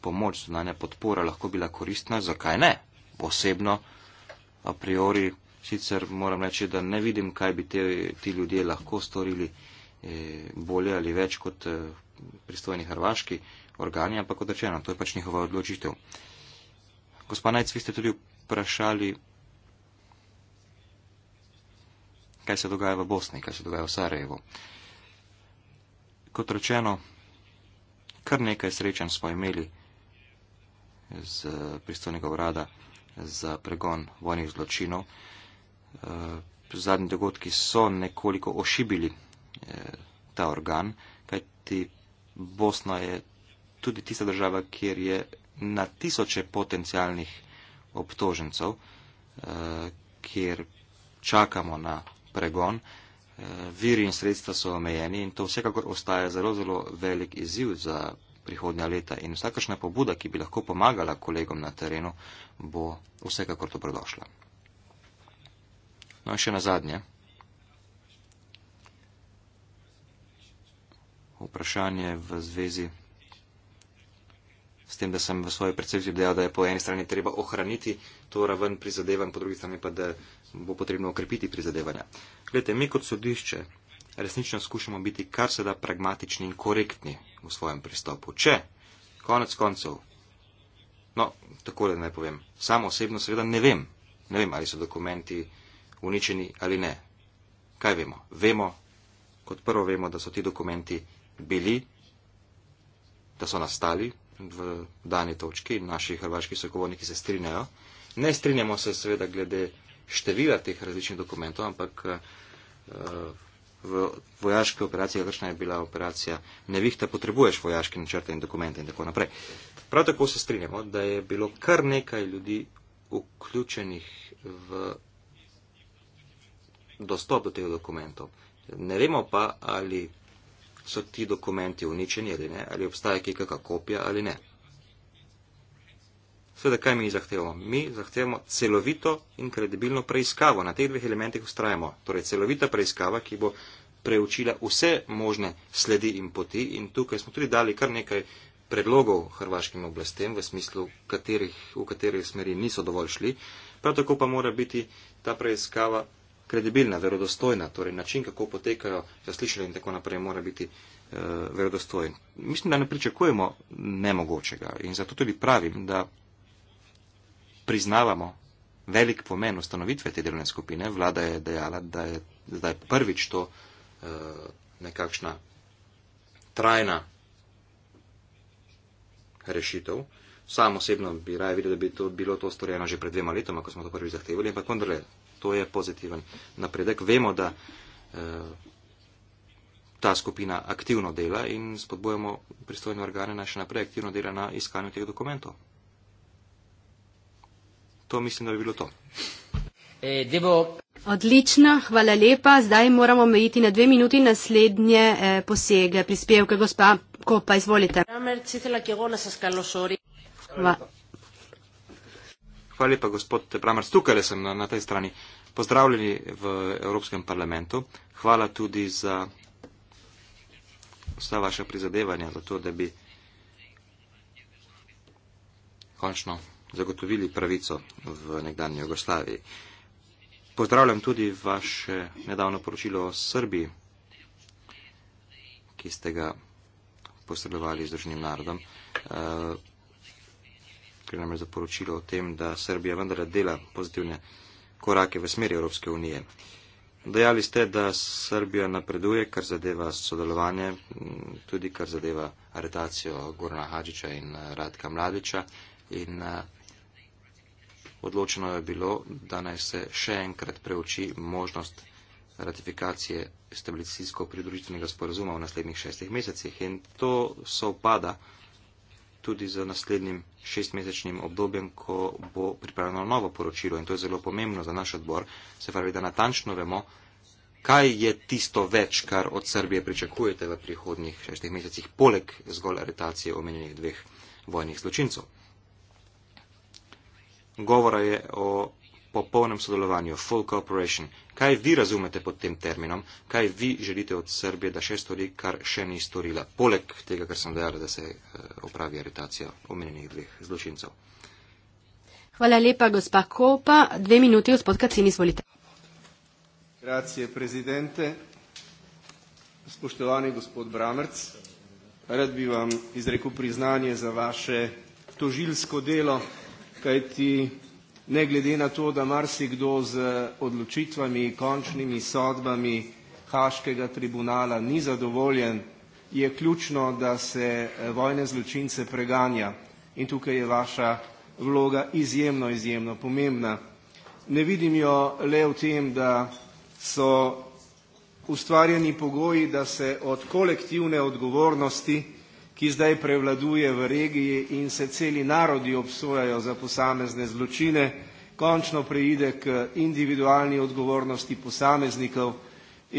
pomoč, zunanja podpora lahko bila koristna, zakaj ne? Posebno, a priori, sicer moram reči, da ne vidim, kaj bi te, ti ljudje lahko storili eh, bolje ali več kot eh, pristojni hrvaški organi, ampak kot rečeno, to je pač njihova odločitev. Gospa Najc, vi ste tudi vprašali kaj se dogaja v Bosni, kaj se dogaja v Sarajevu. Kot rečeno, kar nekaj srečen smo imeli z pristojnega urada za pregon vojnih zločinov. Eh, zadnji dogodki so nekoliko ošibili eh, ta organ, kajti Bosna je tudi tista država, kjer je na tisoče potencijalnih obtožencev, eh, kjer čakamo na pregon. Eh, viri in sredstva so omejeni in to vsekakor ostaja zelo, zelo velik izziv za prihodnja leta in vsakršna pobuda, ki bi lahko pomagala kolegom na terenu, bo vsekakor dobrodošla. No in še na zadnje. Vprašanje v zvezi s tem, da sem v svoji predstavitvi dejal, da je po eni strani treba ohraniti to raven prizadevanj, po drugi strani pa, da bo potrebno okrepiti prizadevanja. Glede, mi kot sodišče resnično skušamo biti kar se da pragmatični in korektni v svojem pristopu. Če, konec koncev, no, tako da naj povem, samo osebno seveda ne vem, ne vem, ali so dokumenti uničeni ali ne. Kaj vemo? Vemo, kot prvo vemo, da so ti dokumenti bili, da so nastali, v dani točki, naši hrvaški sogovorniki se strinjajo. Ne strinjamo se seveda glede števila teh različnih dokumentov, ampak eh, v vojaški operaciji, kakršna je bila operacija Nevihta, potrebuješ vojaške načrte in dokumente in tako naprej. Prav tako se strinjamo, da je bilo kar nekaj ljudi vključenih v dostop do teh dokumentov. Ne vemo pa, ali so ti dokumenti uničeni ali ne, ali obstaja kakšna kopija ali ne. Sveda, kaj mi zahtevamo? Mi zahtevamo celovito in kredibilno preiskavo. Na teh dveh elementih ustrajamo. Torej, celovita preiskava, ki bo preučila vse možne sledi in poti. In tukaj smo tudi dali kar nekaj predlogov hrvaškim oblastem, v smislu, katerih, v katerih smeri niso dovolj šli. Prav tako pa mora biti ta preiskava kredibilna, verodostojna, torej način, kako potekajo zaslišanja in tako naprej, mora biti uh, verodostojen. Mislim, da ne pričakujemo nemogočega in zato tudi pravim, da priznavamo velik pomen ustanovitve te delovne skupine. Vlada je dejala, da je zdaj prvič to uh, nekakšna trajna rešitev. Sam osebno bi raje videl, da bi to bilo to storjeno že pred dvema letoma, ko smo to prvič zahtevali, ampak vendarle To je pozitiven napredek. Vemo, da eh, ta skupina aktivno dela in spodbojamo pristojne organe naše naprej aktivno dela na iskanju teh dokumentov. To mislim, da bi bilo to. Eh, Odlično, hvala lepa. Zdaj moramo omejiti na dve minuti naslednje eh, posege, prispevke, gospa Kopa, izvolite. Hvala. Hvala lepa, gospod Bramar, tukaj sem na, na tej strani. Pozdravljeni v Evropskem parlamentu. Hvala tudi za vsa vaša prizadevanja, za to, da bi končno zagotovili pravico v nekdanji Jugoslaviji. Pozdravljam tudi vaše nedavno poročilo o Srbiji, ki ste ga posredovali z Združenim narodom. Uh, ker nam je zaporočilo o tem, da Srbija vendarle dela pozitivne korake v smeri Evropske unije. Dejali ste, da Srbija napreduje, kar zadeva sodelovanje, tudi kar zadeva aretacijo Gorna Hadžiča in eh, Radka Mladiča. In eh, odločeno je bilo, da naj se še enkrat preuči možnost ratifikacije stabilizacijsko pridružitvenega sporazuma v naslednjih šestih mesecih. In to sovpada tudi z naslednjim šestmesečnim obdobjem, ko bo pripravljeno novo poročilo. In to je zelo pomembno za naš odbor, se pravi, da natančno vemo, kaj je tisto več, kar od Srbije pričakujete v prihodnjih šestih mesecih, poleg zgolj aretacije omenjenih dveh vojnih zločincov. Govora je o popolnem sodelovanju, full cooperation. Kaj vi razumete pod tem terminom, kaj vi želite od Srbije, da še stori, kar še ni storila, poleg tega, kar sem dejala, da se eh, opravi aretacija omenjenih dveh zločincev? Hvala lepa, gospa Kopa. Dve minuti, gospod Kacin, izvolite. Grazie, prezidente. Spoštovani gospod Bramerc, rad bi vam izrekel priznanje za vaše tožilsko delo, kajti ne glede na to, da marsikdo z odločitvami, končnimi sodbami Haškega tribunala ni zadovoljen, je ključno, da se eh, vojne zločince preganja. In tukaj je vaša vloga izjemno, izjemno pomembna. Ne vidim jo le v tem, da so ustvarjeni pogoji, da se od kolektivne odgovornosti ki zdaj prevladuje v regiji in se celi narodi obsojajo za posamezne zločine, končno preide k individualni odgovornosti posameznikov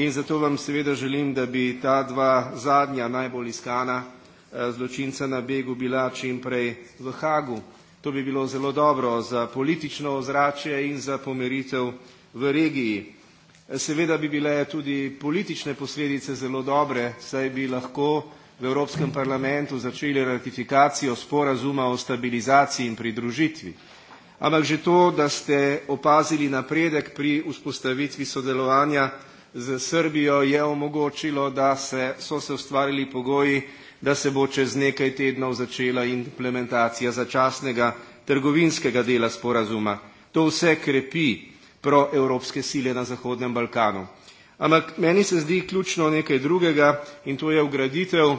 in zato vam seveda želim, da bi ta dva zadnja najbolj iskana eh, zločinca na begu bila čim prej v Hagu. To bi bilo zelo dobro za politično ozračje in za pomeritev v regiji. Eh, seveda bi bile tudi politične posledice zelo dobre, saj bi lahko v Evropskem parlamentu začeli ratifikacijo sporazuma o stabilizaciji in pridružitvi. Ampak že to, da ste opazili napredek pri vzpostavitvi sodelovanja z Srbijo, je omogočilo, da se, so se ustvarili pogoji, da se bo čez nekaj tednov začela implementacija začasnega trgovinskega dela sporazuma. To vse krepi proevropske sile na Zahodnem Balkanu. Ampak meni se zdi ključno nekaj drugega in to je ugraditev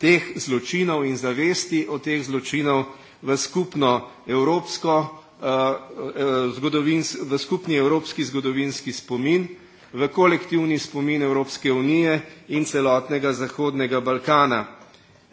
teh zločinov in zavesti o teh zločinov v skupno evropsko eh, eh, v skupni evropski zgodovinski spomin, v kolektivni spomin Evropske unije in celotnega Zahodnega Balkana.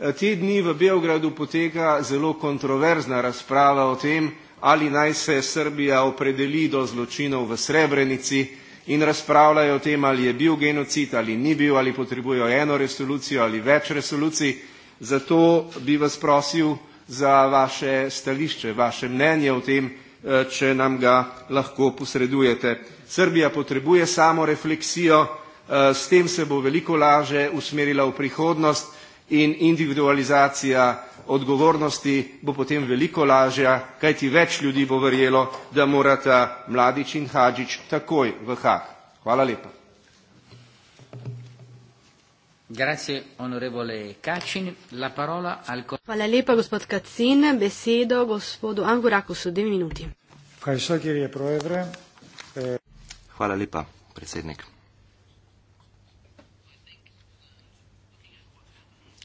Eh, te dni v Beogradu poteka zelo kontroverzna razprava o tem, ali naj se Srbija opredeli do zločinov v Srebrenici, in razpravljajo o tem, ali je bil genocid ali ni bil, ali potrebujejo eno resolucijo ali več resolucij. Zato bi vas prosil za vaše stališče, vaše mnenje o tem, eh, če nam ga lahko posredujete. Srbija potrebuje samo refleksijo, eh, s tem se bo veliko laže usmerila v prihodnost, in individualizacija odgovornosti bo potem veliko lažja, kajti več ljudi bo verjelo, da morata Mladić in Hadžić takoj v Hak. Hvala lepa. Grazie, onorevole Kacin. La parola al... Hvala lepa, gospod Kacin. Besedo gospodu Anguraku so dve minuti. Hvala lepa, predsednik.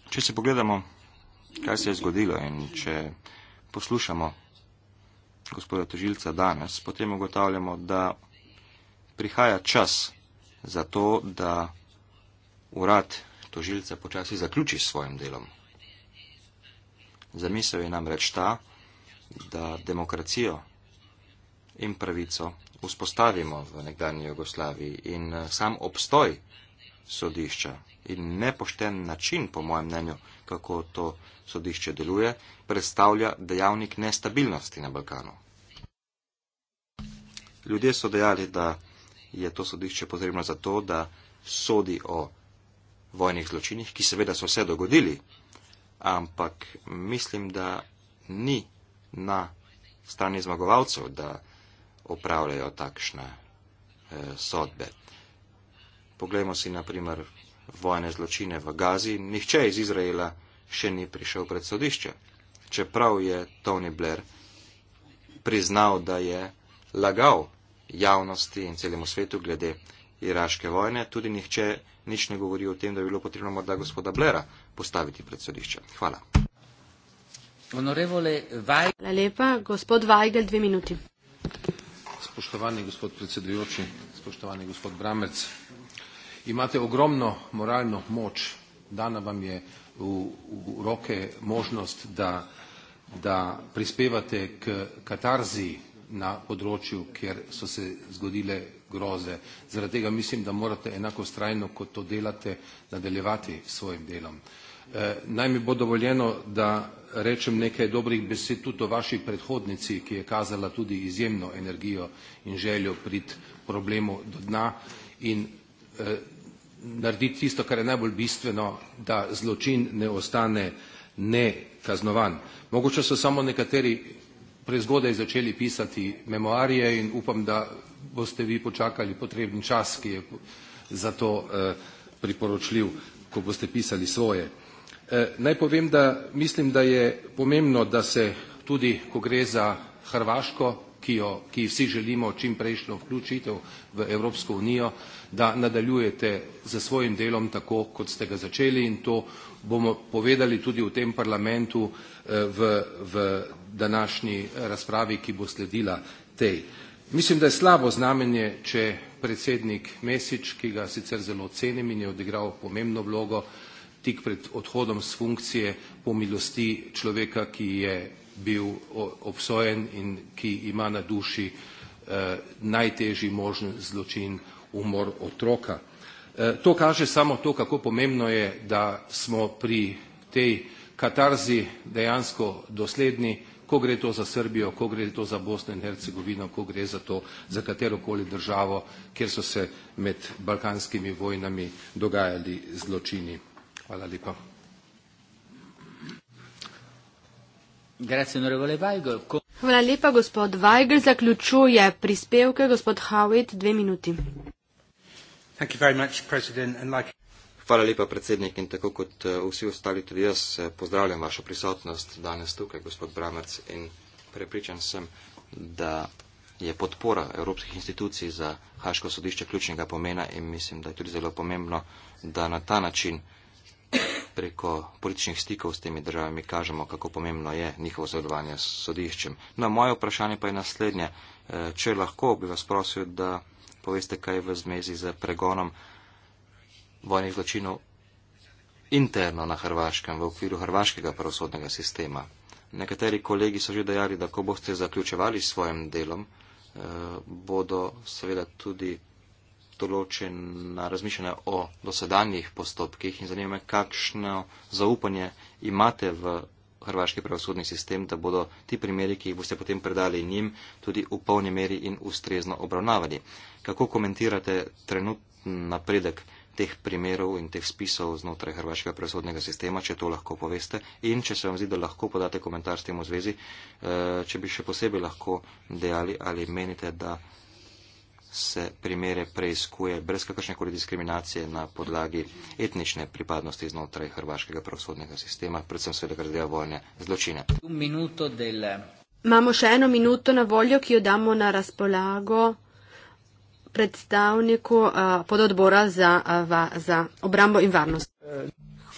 Če se pogledamo, kaj se je zgodilo in če poslušamo gospoda Tožilca danes, potem ugotavljamo, da prihaja čas za to, da urad Tožilca počasi zaključi s svojim delom. Zamisel je namreč ta, da demokracijo in pravico vzpostavimo v nekdanji Jugoslaviji in eh, sam obstoj sodišča in nepošten način, po mojem mnenju, kako to sodišče deluje, predstavlja dejavnik nestabilnosti na Balkanu. Ljudje so dejali, da je to sodišče potrebno zato, da sodi o vojnih zločinih, ki seveda so se dogodili, ampak mislim, da ni na strani zmagovalcev, da opravljajo takšne eh, sodbe. Poglejmo si, naprimer, vojne zločine v Gazi, nihče iz Izraela še ni prišel pred sodišče. Čeprav je Tony Blair priznal, da je lagal javnosti in celemu svetu glede iraške vojne, tudi nihče nič ne govori o tem, da bi bilo potrebno morda gospoda Blaira postaviti pred sodišče. Hvala. Hvala lepa. Gospod Weigel, dve minuti. Spoštovani gospod predsedujoči, spoštovani gospod Bramec, imate ogromno moralno moč, dana vam je v, v roke možnost, da, da prispevate k katarzi na področju, kjer so se zgodile groze. Zaradi tega mislim, da morate enako strajno, kot to delate, nadaljevati s svojim delom. E, naj mi bo dovoljeno, da rečem nekaj dobrih besed tudi o vaši predhodnici, ki je kazala tudi izjemno energijo in željo prid problemu do dna in e, narediti tisto, kar je najbolj bistveno, da zločin ne ostane nekaznovan. Mogoče so samo nekateri prezgodaj začeli pisati memoarije in upam, da boste vi počakali potrebni čas, ki je za to eh, priporočljiv, ko boste pisali svoje. Eh, naj povem, da mislim, da je pomembno, da se tudi, ko gre za Hrvaško, ki jo, ki vsi želimo čim prejšnjo vključitev v Evropsko unijo, da nadaljujete za svojim delom tako, kot ste ga začeli in to bomo povedali tudi v tem parlamentu eh, v, v današnji razpravi, ki bo sledila tej. Mislim, da je slabo znamenje, če predsednik Mesič, ki ga sicer zelo cenim in je odigral pomembno vlogo, tik pred odhodom s funkcije pomilosti človeka, ki je bil obsojen in ki ima na duši eh, najtežji možen zločin umor otroka. Eh, to kaže samo to, kako pomembno je, da smo pri tej katarzi dejansko dosledni, ko gre to za Srbijo, ko gre to za Bosno in Hercegovino, ko gre za to, za katerokoli državo, kjer so se med balkanskimi vojnami dogajali zločini. Hvala lepa. Hvala lepa, gospod Weigl. Zaključuje prispevke gospod Howitt, dve minuti. Hvala lepa, predsednik, in tako kot eh, vsi ostali tudi jaz eh, pozdravljam vašo prisotnost danes tukaj, gospod Bramac, in prepričan sem, da je podpora evropskih institucij za Haško sodišče ključnega pomena in mislim, da je tudi zelo pomembno, da na ta način preko političnih stikov s temi državami kažemo, kako pomembno je njihovo zadovanje s sodiščem. No, moje vprašanje pa je naslednje. Eh, če lahko, bi vas prosil, da poveste, kaj je v zmezi z pregonom vojnih zločinov interno na Hrvaškem, v okviru hrvaškega pravosodnega sistema. Nekateri kolegi so že dejali, da ko boste zaključevali s svojim delom, eh, bodo seveda tudi določena razmišljanja o dosedanjih postopkih in zanima me, kakšno zaupanje imate v hrvaški pravosodni sistem, da bodo ti primeri, ki jih boste potem predali njim, tudi v polni meri in ustrezno obravnavali. Kako komentirate trenutni napredek teh primerov in teh spisov znotraj hrvaškega pravosodnega sistema, če to lahko poveste in če se vam zdi, da lahko podate komentar s tem v zvezi, eh, če bi še posebej lahko dejali ali menite, da se primere preiskuje brez kakršne koli diskriminacije na podlagi etnične pripadnosti znotraj hrvaškega pravosodnega sistema, predvsem seveda glede vojne zločine. Imamo še eno minuto na voljo, ki jo damo na razpolago predstavniku uh, pododbora za, uh, va, za obrambo in varnost. Uh.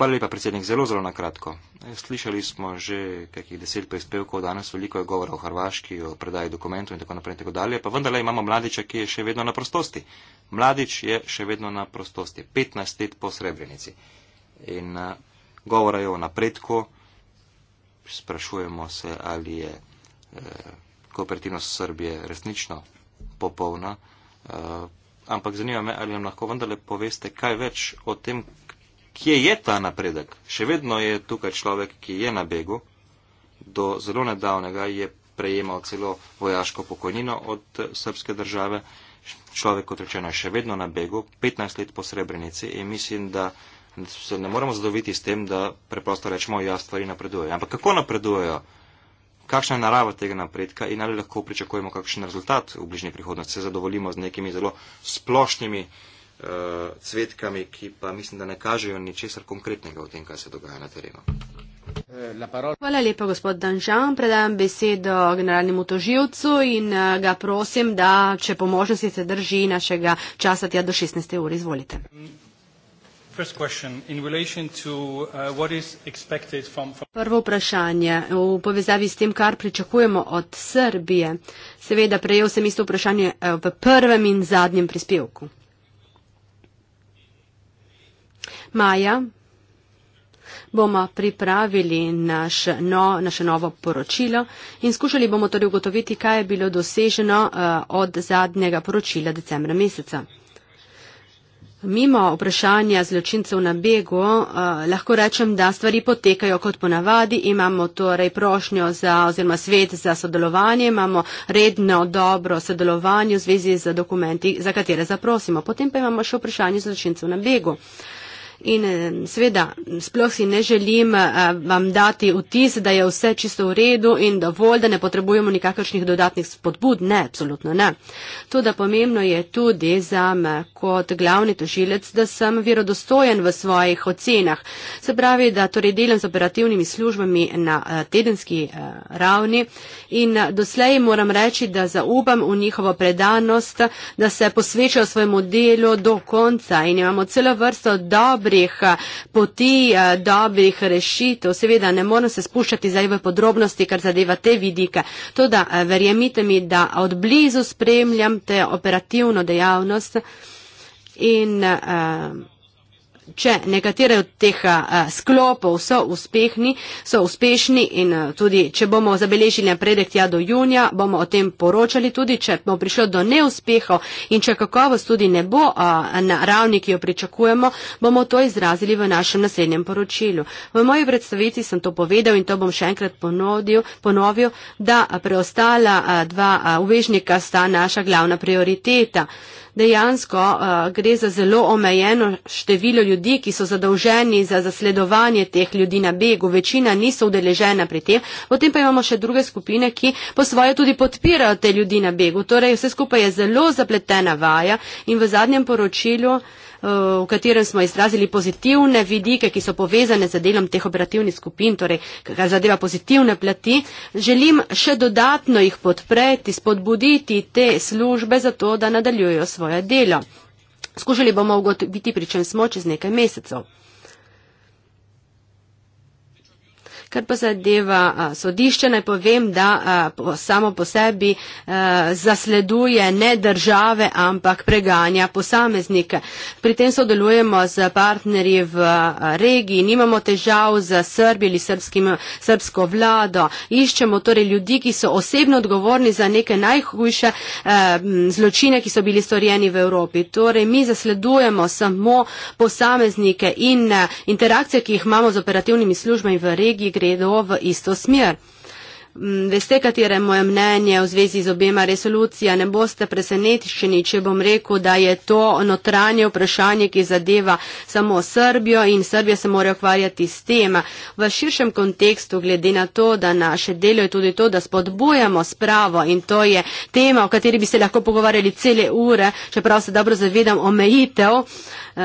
Hvala lepa, predsednik. Zelo, zelo na kratko. E, slišali smo že kakih deset prispevkov, danes veliko je govora o Hrvaški, o predaji dokumentov in tako naprej in tako dalje, pa vendarle imamo mladiča, ki je še vedno na prostosti. Mladič je še vedno na prostosti, 15 let po Srebrenici. In e, govora je o napredku, sprašujemo se, ali je eh, kooperativnost Srbije resnično popolna. Eh, Ampak zanima me, ali nam lahko vendarle poveste kaj več o tem, kje je ta napredek. Še vedno je tukaj človek, ki je na begu. Do zelo nedavnega je prejemal celo vojaško pokojnino od eh, srpske države. Človek, kot rečeno, je še vedno na begu, 15 let po srebrenici in mislim, da se ne moramo zadoviti s tem, da preprosto rečemo, ja, stvari napredujejo. Ampak kako napredujejo? Kakšna je narava tega napredka in ali lahko pričakujemo kakšen rezultat v bližnji prihodnosti? Se zadovoljimo z nekimi zelo splošnimi uh, eh, cvetkami, ki pa mislim, da ne kažejo ničesar konkretnega o tem, kaj se dogaja na terenu. Hvala lepa, gospod Danžan. Predajam besedo generalnemu toživcu in eh, ga prosim, da če po možnosti se drži našega časa tja do 16. uri. Izvolite. Eh, Prvo vprašanje v povezavi s tem, kar pričakujemo od Srbije. Seveda, prejel sem isto vprašanje v prvem in zadnjem prispevku. Maja bomo pripravili naš no, naše novo poročilo in skušali bomo torej ugotoviti, kaj je bilo doseženo uh, od zadnjega poročila decembra meseca. Mimo vprašanja zločincev na begu uh, lahko rečem, da stvari potekajo kot ponavadi. Imamo torej prošnjo za, oziroma svet za sodelovanje, imamo redno dobro sodelovanje v zvezi z dokumenti, za katere zaprosimo. Potem pa imamo še vprašanje zločincev na begu. Uh, In eh, seveda, sploh si ne želim eh, vam dati vtis, da je vse čisto v redu in dovolj, da ne potrebujemo nikakršnih dodatnih spodbud. Ne, absolutno ne. To, da pomembno je tudi za me kot glavni tožilec, da sem verodostojen v svojih ocenah. Se pravi, da torej delam z operativnimi službami na eh, tedenski ravni in doslej moram reči, da zaupam v njihovo predanost, da se posvečajo svojemu delu do konca in imamo celo vrsto dobrih dobrih eh, poti, eh, dobrih rešitev. Seveda ne moram se spuščati zdaj v podrobnosti, kar zadeva te vidike. To, da eh, verjemite mi, da odblizu spremljam te operativno dejavnost in uh, če nekatere od teh sklopov so, uspehni, so uspešni in tudi če bomo zabeležili napredek tja do junija, bomo o tem poročali tudi, če bo prišlo do neuspehov in če kakovost tudi ne bo a, na ravni, ki jo pričakujemo, bomo to izrazili v našem naslednjem poročilu. V moji predstaviti sem to povedal in to bom še enkrat ponodil, ponovil, da preostala a, dva a, uvežnika sta naša glavna prioriteta. Dejansko a, gre za zelo omejeno število ljudi, ljudi, ki so zadolženi za zasledovanje teh ljudi na begu, večina niso udeležena pri tem, potem pa imamo še druge skupine, ki po svoje tudi podpirajo te ljudi na begu. Torej, vse skupaj je zelo zapletena vaja in v zadnjem poročilu eh, v katerem smo izrazili pozitivne vidike, ki so povezane z delom teh operativnih skupin, torej kar zadeva pozitivne plati, želim še dodatno jih podpreti, spodbuditi te službe za to, da nadaljujejo svoje delo. Skušali bomo ugotoviti, pri čem smo čez nekaj mesecev. Kar pa zadeva sodišče, naj povem, da po, samo po sebi eh, zasleduje ne države, ampak preganja posameznike. Pri tem sodelujemo z partnerji v regiji, nimamo težav z Srbijo ali srbskim, srbsko vlado. Iščemo torej ljudi, ki so osebno odgovorni za neke najhujše eh, zločine, ki so bili storjeni v Evropi. Torej, mi zasledujemo samo posameznike in eh, interakcije, ki jih imamo z operativnimi službami v regiji gredo v isto smer. Mm, veste, katere je moje mnenje v zvezi z obema resolucija, ne boste presenetišeni, če bom rekel, da je to notranje vprašanje, ki zadeva samo Srbijo in Srbija se mora ukvarjati s tem. V širšem kontekstu, glede na to, da naše delo je tudi to, da spodbujamo spravo in to je tema, o kateri bi se lahko pogovarjali cele ure, čeprav se dobro zavedam omejitev eh,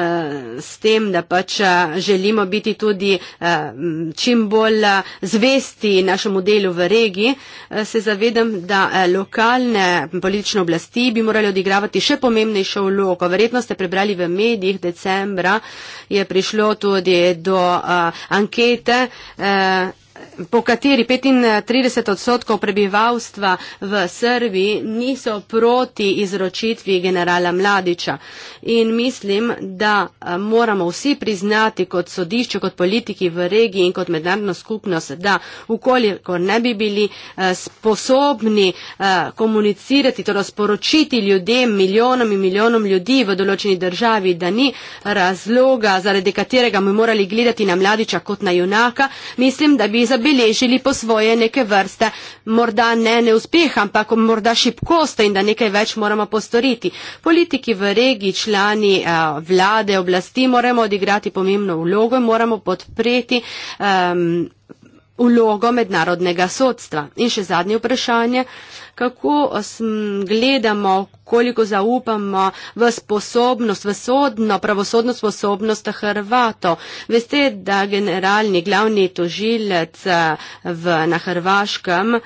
s tem, da pač eh, želimo biti tudi eh, čim bolj zvesti našemu delu v resnici regiji, eh, se zavedam, da eh, lokalne politične oblasti bi morali odigravati še pomembnejšo vlogo. Verjetno ste prebrali v medijih, decembra je prišlo tudi do eh, ankete po kateri 35 odstotkov prebivalstva v Srbiji niso proti izročitvi generala Mladiča. In mislim, da eh, moramo vsi priznati kot sodišče, kot politiki v regiji in kot mednarodno skupnost, da ukoliko ne bi bili eh, sposobni eh, komunicirati, torej sporočiti ljudem, milijonom in milijonom ljudi v določeni državi, da ni razloga, zaradi katerega bi morali gledati na Mladiča kot na junaka, mislim, da bi za zabeležili po svoje neke vrste, morda ne neuspeh, ampak morda šibkost in da nekaj več moramo postoriti. Politiki v regiji, člani eh, vlade, oblasti moramo odigrati pomembno vlogo in moramo podpreti. Um, vlogo mednarodnega sodstva. In še zadnje vprašanje. Uh, kako eh, gledamo, koliko zaupamo v sposobnost, v sodno, pravosodno sposobnost Hrvato. Veste, da generalni glavni tožilec eh, v, na Hrvaškem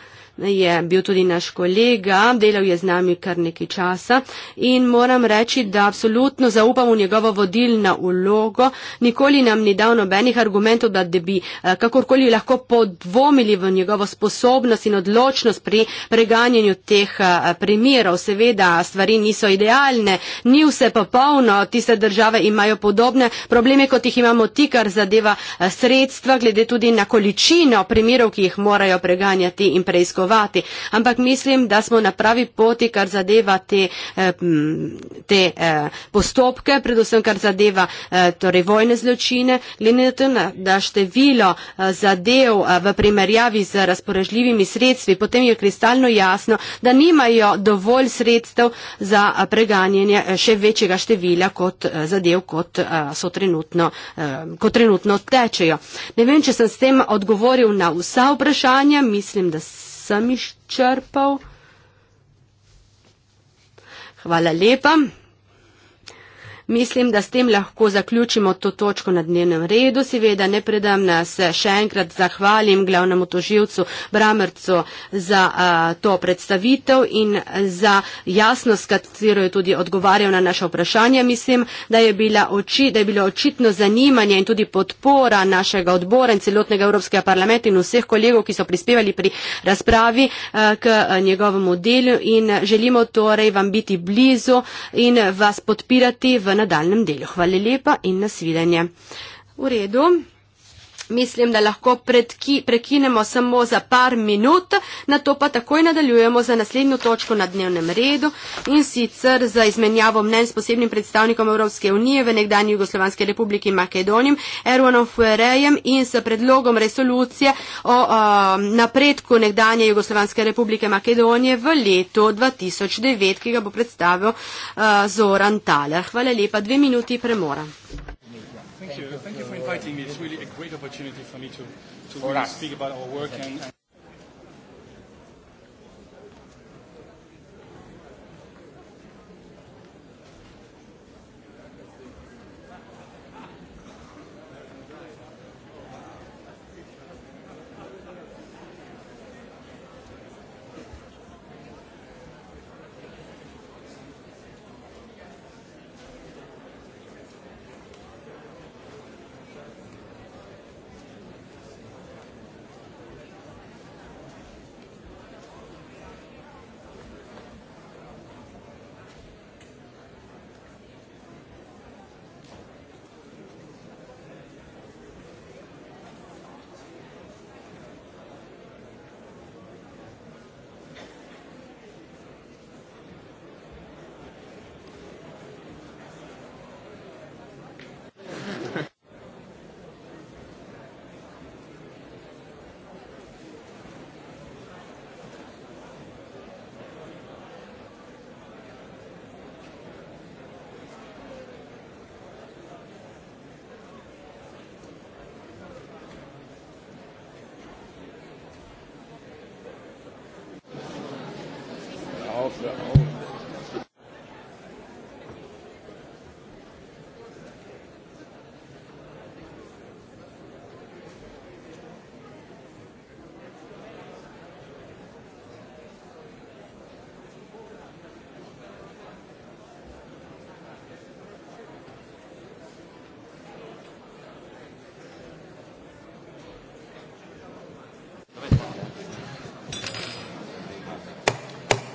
je bil tudi naš kolega, delal je z nami kar nekaj časa in moram reči, da absolutno zaupam v njegovo vodilno ulogo. Nikoli nam ni dal nobenih argumentov, da bi eh, kakorkoli lahko podvomili v njegovo sposobnost in odločnost pri preganjanju teh eh, primerov. Seveda stvari niso idealne, ni vse popolno, tiste države imajo podobne probleme, kot jih imamo ti, kar zadeva eh, sredstva, glede tudi na količino primerov, ki jih morajo preganjati in preizkušati napredovati. Ampak mislim, da smo na pravi poti, kar zadeva te, eh, te eh, postopke, predvsem kar zadeva eh, torej vojne zločine. Glede na to, da število zadev v primerjavi z razporežljivimi sredstvi, potem je kristalno jasno, da nimajo dovolj sredstev za preganjanje še večjega števila kot zadev, kot so trenutno, kot trenutno tečejo. Ne vem, če sem s tem odgovoril na vsa vprašanja, mislim, da sem sem izčrpal. Hvala lepa. Mislim, da s tem lahko zaključimo to točko na dnevnem redu. Seveda ne predam nas še enkrat zahvalim glavnemu toživcu Bramrcu za a, to predstavitev in za jasnost, katero je tudi odgovarjal na naše vprašanje. Mislim, da je, oči, da je bilo očitno zanimanje in tudi podpora našega odbora in celotnega Evropskega parlamenta in vseh kolegov, ki so prispevali pri razpravi a, k njegovemu delu in želimo torej vam biti blizu in vas podpirati v nadaljem delu. Hvala lepa in nasvidenje. V redu mislim, da lahko predki, prekinemo samo za par minut, na to pa takoj nadaljujemo za naslednjo točko na dnevnem redu in sicer za izmenjavo mnen s posebnim predstavnikom Evropske unije v nekdani Jugoslovanske republiki Makedonijem, Erwanom Fuerejem in s predlogom resolucije o a, napredku nekdanje Jugoslovanske republike Makedonije v letu 2009, ki ga bo predstavil a, Zoran Taler. Hvala lepa, dve minuti premora. Thank you. Thank you for inviting me opportunity for me to, to really speak about our work and, and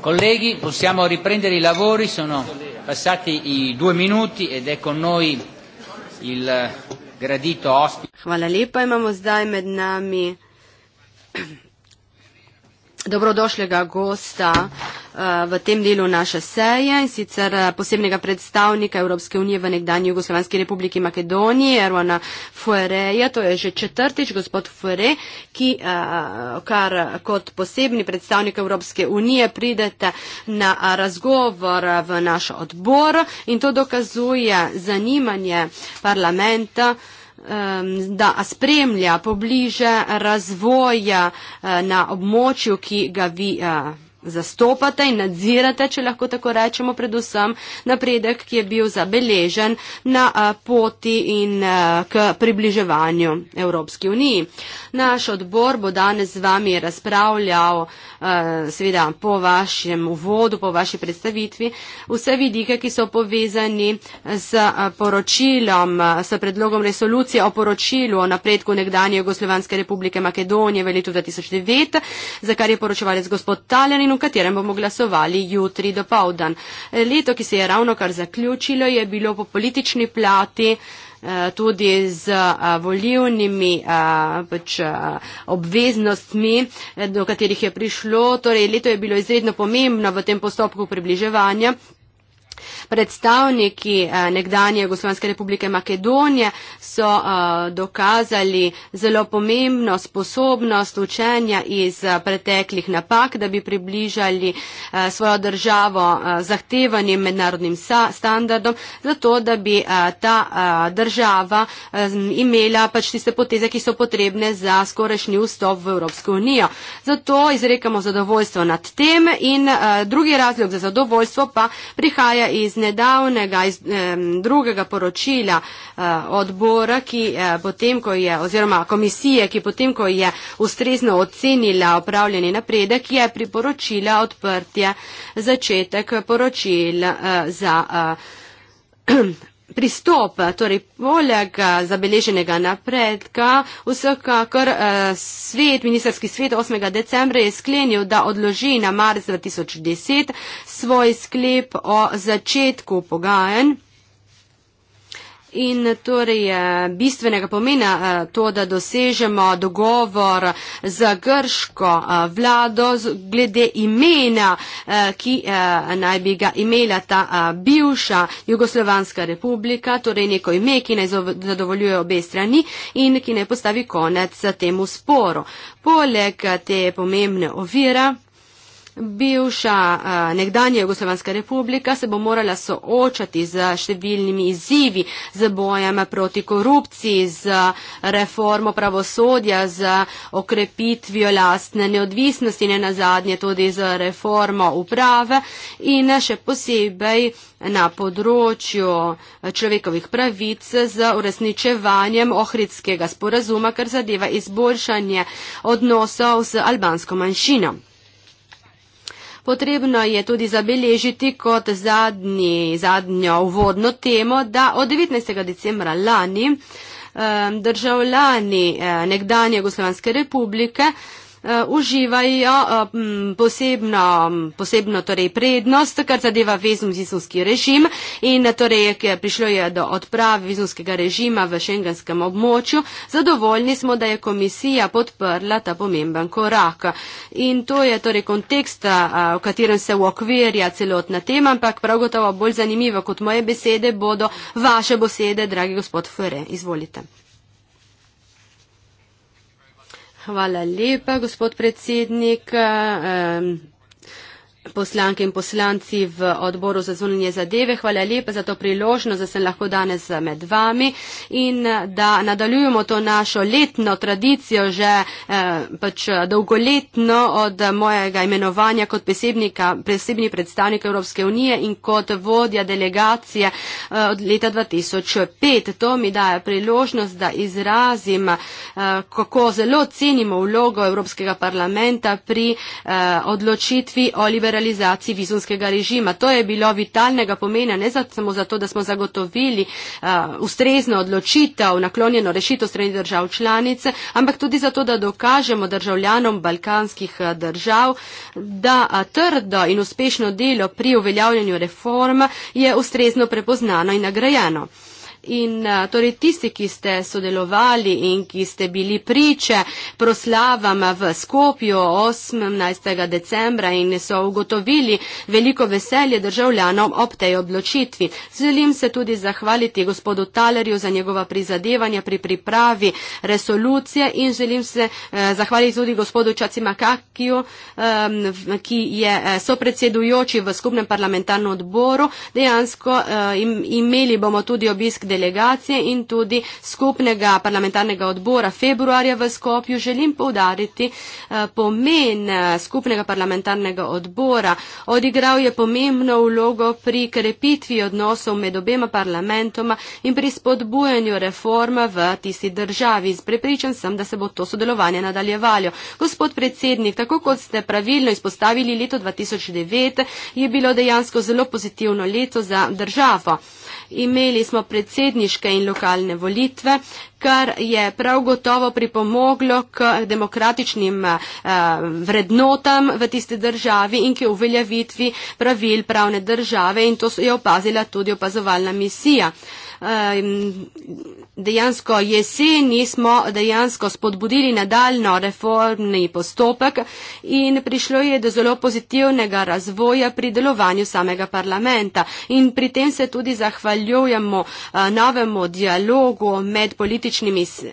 Colleghi, possiamo riprendere i lavori, sono passati i due minuti ed è con noi il gradito ospite. Hvala lepa, imamo zdaj med nami dobrodošlega gosta. Eh, v tem delu naše seje in sicer eh, posebnega predstavnika Evropske unije v nekdanji Jugoslovanski republiki Makedoniji, Erwana Fuereja, to je že četrtič gospod Fuere, ki eh, kar kot posebni predstavnik Evropske unije pridete na razgovor v naš odbor in to dokazuje zanimanje parlamenta da spremlja pobliže razvoja na območju, ki ga vi zastopate in nadzirate, če lahko tako rečemo, predvsem napredek, ki je bil zabeležen na poti in k približevanju Evropski uniji. Naš odbor bo danes z vami razpravljal, seveda, po vašem uvodu, po vaši predstavitvi, vse vidike, ki so povezani z poročilom, s predlogom resolucije o poročilu o napredku nekdanje Jugoslovanske republike Makedonije v letu 2009, za kar je poročevalec gospod Talen in o katerem bomo glasovali jutri do povdan. Leto, ki se je ravno kar zaključilo, je bilo po politični plati eh, tudi z eh, volivnimi eh, pač, obveznostmi, do katerih je prišlo. Torej, leto je bilo izredno pomembno v tem postopku približevanja. Predstavniki eh, nekdanje Jugoslovanske republike Makedonije so eh, dokazali zelo pomembno sposobnost učenja iz eh, preteklih napak, da bi približali svojo državo zahtevanjem mednarodnim standardom, zato da bi ta država imela pač tiste poteze, ki so potrebne za skorešnji vstop v Evropsko unijo. Zato izrekamo zadovoljstvo nad tem in drugi razlog za zadovoljstvo pa prihaja iz nedavnega, iz um, drugega poročila uh, odbora, ki uh, potem, ko je, oziroma komisije, ki potem, ko je ustrezno ocenila opravljeni napredek, je priporočila odprtje začetek poročil uh, za. Uh, pristop, torej poleg eh, zabeleženega napredka, vsekakor eh, svet, ministerski svet 8. decembra je sklenil, da odloži na mars 2010 svoj sklep o začetku pogajanj in torej eh, bistvenega pomena eh, to, da dosežemo dogovor z grško eh, vlado glede imena, ki naj bi ga imela ta bivša Jugoslovanska republika, torej neko ime, ki naj zadovoljuje obe strani in ki naj postavi konec temu sporu. Poleg te pomembne ovira, Bivša uh, nekdanja Jugoslovanska republika se bo morala soočati z številnimi izzivi, z bojama proti korupciji, z reformo pravosodja, z okrepitvijo lastne neodvisnosti in ne nazadnje tudi z reformo uprave in še posebej na področju človekovih pravic z uresničevanjem ohridskega sporazuma, kar zadeva izboljšanje odnosov z albansko manjšino. Potrebno je tudi zabeležiti kot zadnji, zadnjo uvodno temo, da od 19. decembra lani eh, državljani eh, nekdanje Jugoslovanske republike Eh, uživajo eh, posebno, posebno torej prednost, kar zadeva vizumski režim in torej, ker prišlo je do odprave vizumskega režima v šengenskem območju, zadovoljni smo, da je komisija podprla ta pomemben korak. In to je torej kontekst, eh, v katerem se uokvirja celotna tema, ampak prav gotovo bolj zanimivo kot moje besede bodo vaše besede, dragi gospod Fure. Izvolite. Hvala lepa, gospod predsednik. Um, poslanke in poslanci v odboru za zunanje zadeve. Hvala lepa za to priložnost, da sem lahko danes med vami in da nadaljujemo to našo letno tradicijo, že eh, pač dolgoletno od mojega imenovanja kot presebni predstavnik Evropske unije in kot vodja delegacije eh, od leta 2005. To mi daje priložnost, da izrazim, eh, kako zelo cenimo vlogo Evropskega parlamenta pri eh, odločitvi o liberalizaciji liberalizaciji vizumskega režima. To je bilo vitalnega pomena ne samo zato, da smo zagotovili uh, ustrezno odločitev, naklonjeno rešitev strani držav članice, ampak tudi zato, da dokažemo državljanom balkanskih držav, da trdo in uspešno delo pri uveljavljanju reform je ustrezno prepoznano in nagrajeno. In eh, torej tisti, ki ste sodelovali in ki ste bili priče proslavam v Skopju 18. decembra in so ugotovili veliko veselje državljanov ob tej odločitvi. Želim se tudi zahvaliti gospodu Talerju za njegova prizadevanja pri pripravi resolucije in želim se eh, zahvaliti tudi gospodu Čacimakakiju, ki je eh, sopredsedujoči v skupnem parlamentarnem odboru. Dejansko imeli bomo tudi obisk delegacije in tudi skupnega parlamentarnega odbora februarja v Skopju, želim povdariti eh, pomen eh, skupnega parlamentarnega odbora. Odigral je pomembno vlogo pri krepitvi odnosov med obema parlamentoma in pri spodbujanju reforma v tisti državi. Prepričan sem, da se bo to sodelovanje nadaljevalo. Gospod predsednik, tako kot ste pravilno izpostavili leto 2009, je bilo dejansko zelo pozitivno leto za državo imeli smo predsedniške in lokalne volitve, kar je prav gotovo pripomoglo k demokratičnim eh, vrednotam v tisti državi in k uveljavitvi pravil pravne države in to je opazila tudi opazovalna misija. Eh, dejansko jeseni smo dejansko spodbudili nadaljno reformni postopek in prišlo je do zelo pozitivnega razvoja pri delovanju samega parlamenta. In pri tem se tudi zahvaljujemo novemu dialogu med,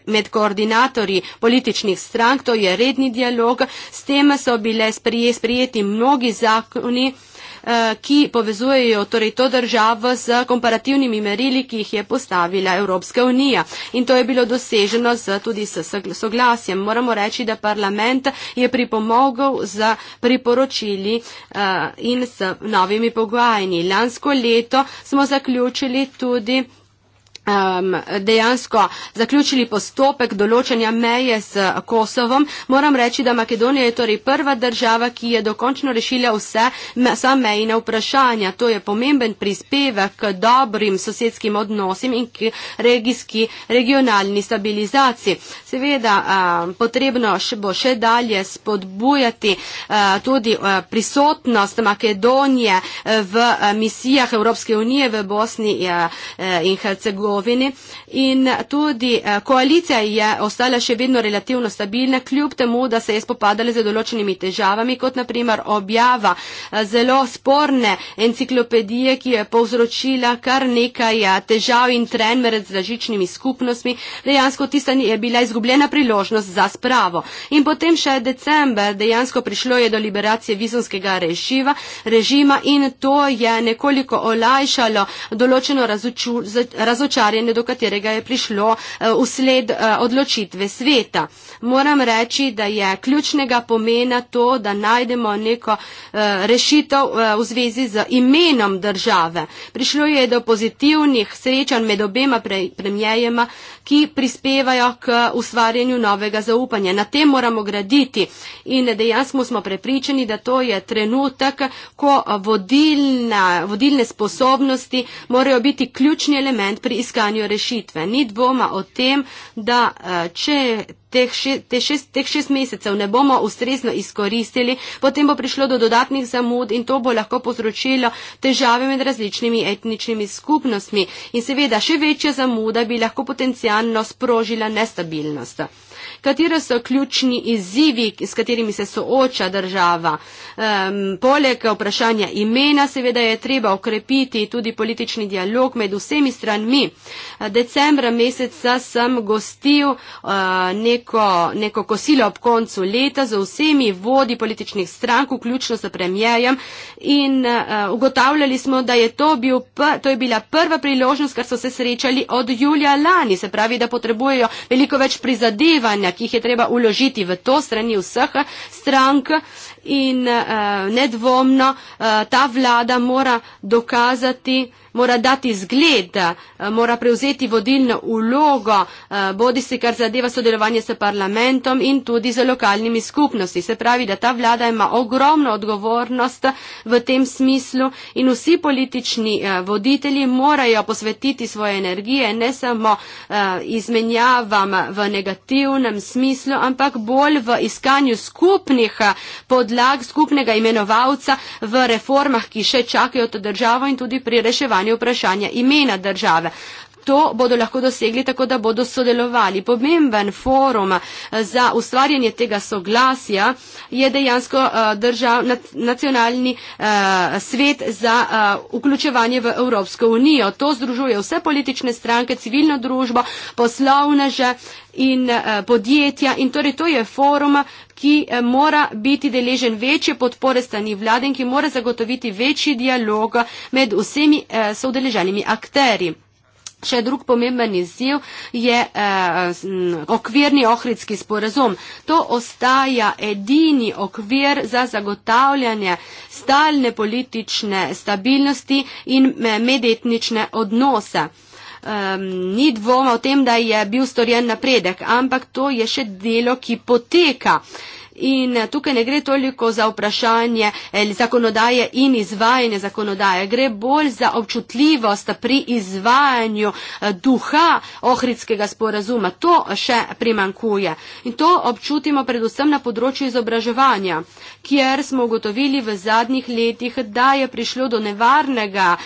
med koordinatorji političnih strank, to je redni dialog, s tem so bile sprijeti mnogi zakoni, Eh, ki povezujejo torej to državo z komparativnimi merili, ki jih je postavila Evropska unija. In to je bilo doseženo z, tudi s soglasjem. Moramo reči, da parlament je pripomogel z priporočili eh, in s novimi pogajanji. Lansko leto smo zaključili tudi um, dejansko zaključili postopek določanja meje s Kosovom. Moram reči, da Makedonija je torej prva država, ki je dokončno rešila vse mejne vprašanja. To je pomemben prispevek k dobrim sosedskim odnosim in k regijski regionalni stabilizaciji. Seveda um, potrebno še bo še dalje spodbujati uh, tudi uh, prisotnost Makedonije eh, v uh, misijah Evropske unije v Bosni uh, in Hercegovini Sloveniji in eh, tudi eh, koalicija je ostala še vedno relativno stabilna, kljub temu, da se je spopadala z določenimi težavami, kot naprimer objava eh, zelo sporne enciklopedije, ki je povzročila kar nekaj težav in tren med zažičnimi skupnostmi. Dejansko tista je bila izgubljena priložnost za spravo. In potem še december dejansko prišlo je do liberacije vizonskega reživa, režima in to je nekoliko olajšalo določeno razočaranje razočaranje, do katerega je prišlo usled eh, eh, odločitve sveta moram reči, da je ključnega pomena to, da najdemo neko uh, rešitev uh, v zvezi z imenom države. Prišlo je do pozitivnih srečanj med obema pre, premijejema, ki prispevajo k ustvarjanju novega zaupanja. Na tem moramo graditi in dejansko smo prepričani, da to je trenutek, ko vodilna, vodilne sposobnosti morajo biti ključni element pri iskanju rešitve. Ni dvoma o tem, da eh, če teh, še, teh, šest, teh šest mesecev ne bomo ustrezno izkoristili, potem bo prišlo do dodatnih zamud in to bo lahko povzročilo težave med različnimi etničnimi skupnostmi. In seveda, še večja zamuda bi lahko potencialno sprožila nestabilnost katere so ključni izzivi, s katerimi se sooča država. Um, poleg vprašanja imena seveda je treba okrepiti tudi politični dialog med vsemi stranmi. Decembra meseca sem gostil uh, neko, neko kosilo ob koncu leta z vsemi vodi političnih strank, vključno s premijejem in uh, ugotavljali smo, da je to, bil, to je bila prva priložnost, kar so se srečali od julija lani, se pravi, da potrebujejo veliko več prizadevanja, ki jih je treba uložiti v to strani vseh strank in uh, nedvomno uh, ta vlada mora dokazati, mora dati zgled, eh, mora prevzeti vodilno ulogo, eh, bodi se kar zadeva sodelovanje s parlamentom in tudi z lokalnimi skupnosti. Se pravi, da ta vlada ima ogromno odgovornost v tem smislu in vsi politični eh, voditelji morajo posvetiti svoje energije ne samo izmenjavam v negativnem smislu, ampak bolj v iskanju skupnih podlag, skupnega imenovalca v reformah, ki še čakajo to državo in tudi pri reševanju reševanje vprašanja imena države. To bodo lahko dosegli tako, da bodo sodelovali. Pomemben forum eh, za ustvarjanje tega soglasja je dejansko eh, držav, nacionalni eh, svet za vključevanje v Evropsko unijo. To združuje vse politične stranke, civilno družbo, poslovneže in podjetja in torej to je forum, ki mora biti deležen večje podpore strani vlade in ki mora zagotoviti večji dialog med vsemi sodeleženimi akterji. Še drug pomemben izziv je eh, okvirni ohridski sporazum. To ostaja edini okvir za zagotavljanje stalne politične stabilnosti in medetnične odnose. Um, ni dvoma o tem, da je bil storjen napredek, ampak to je še delo, ki poteka. Uh, In eh, tukaj ne gre toliko za vprašanje eh, zakonodaje in izvajanje zakonodaje, gre bolj za občutljivost pri izvajanju eh, duha ohridskega sporazuma. To še primankuje. In to občutimo predvsem na področju izobraževanja kjer smo ugotovili v zadnjih letih, da je prišlo do nevarnega,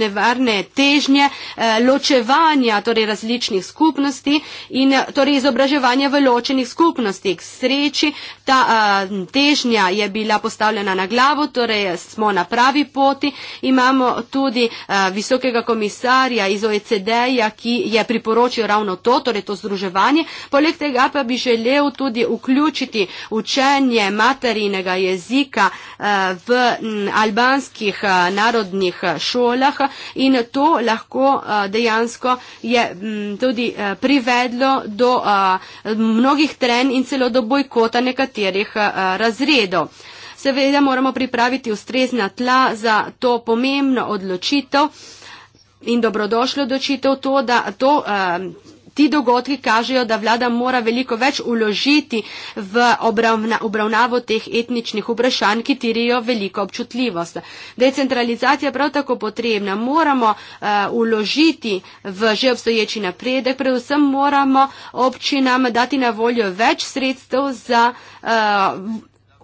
nevarne težnje eh, ločevanja torej različnih skupnosti in eh, torej izobraževanja v ločenih skupnostih. K sreči ta eh, težnja je bila postavljena na glavo, torej smo na pravi poti. Imamo tudi visokega komisarja iz OECD-ja, ki je priporočil ravno to, torej to združevanje. Poleg tega pa bi želel tudi vključiti učenje materinega jezika eh, v albanskih eh, narodnih eh, šolah in to lahko dejansko je tudi privedlo do mnogih tren in celo do bojkota nekaterih razredov. Seveda moramo pripraviti ustrezna tla za to pomembno odločitev in dobrodošlo odločitev to, da to eh, ti dogodki kažejo, da vlada mora veliko več uložiti v obravna, obravnavo teh etničnih vprašanj, ki tirijo veliko občutljivost. Decentralizacija je prav tako potrebna. Moramo uh, eh, uložiti v že obstoječi napredek, predvsem moramo občinam dati na voljo več sredstev za. Uh,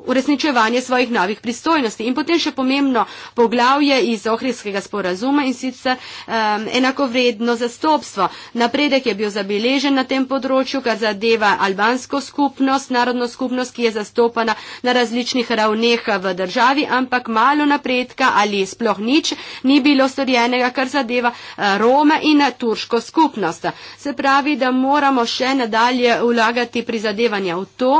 uresničevanje svojih novih pristojnosti. In potem še pomembno poglavje iz Ohrijskega sporazuma in sicer um, enakovredno zastopstvo. Napredek je bil zabeležen na tem področju, kar zadeva albansko skupnost, narodno skupnost, ki je zastopana na različnih ravneh v državi, ampak malo napredka ali sploh nič ni bilo storjenega, kar zadeva eh, Rome in eh, turško skupnost. Se pravi, da moramo še nadalje vlagati prizadevanja v to,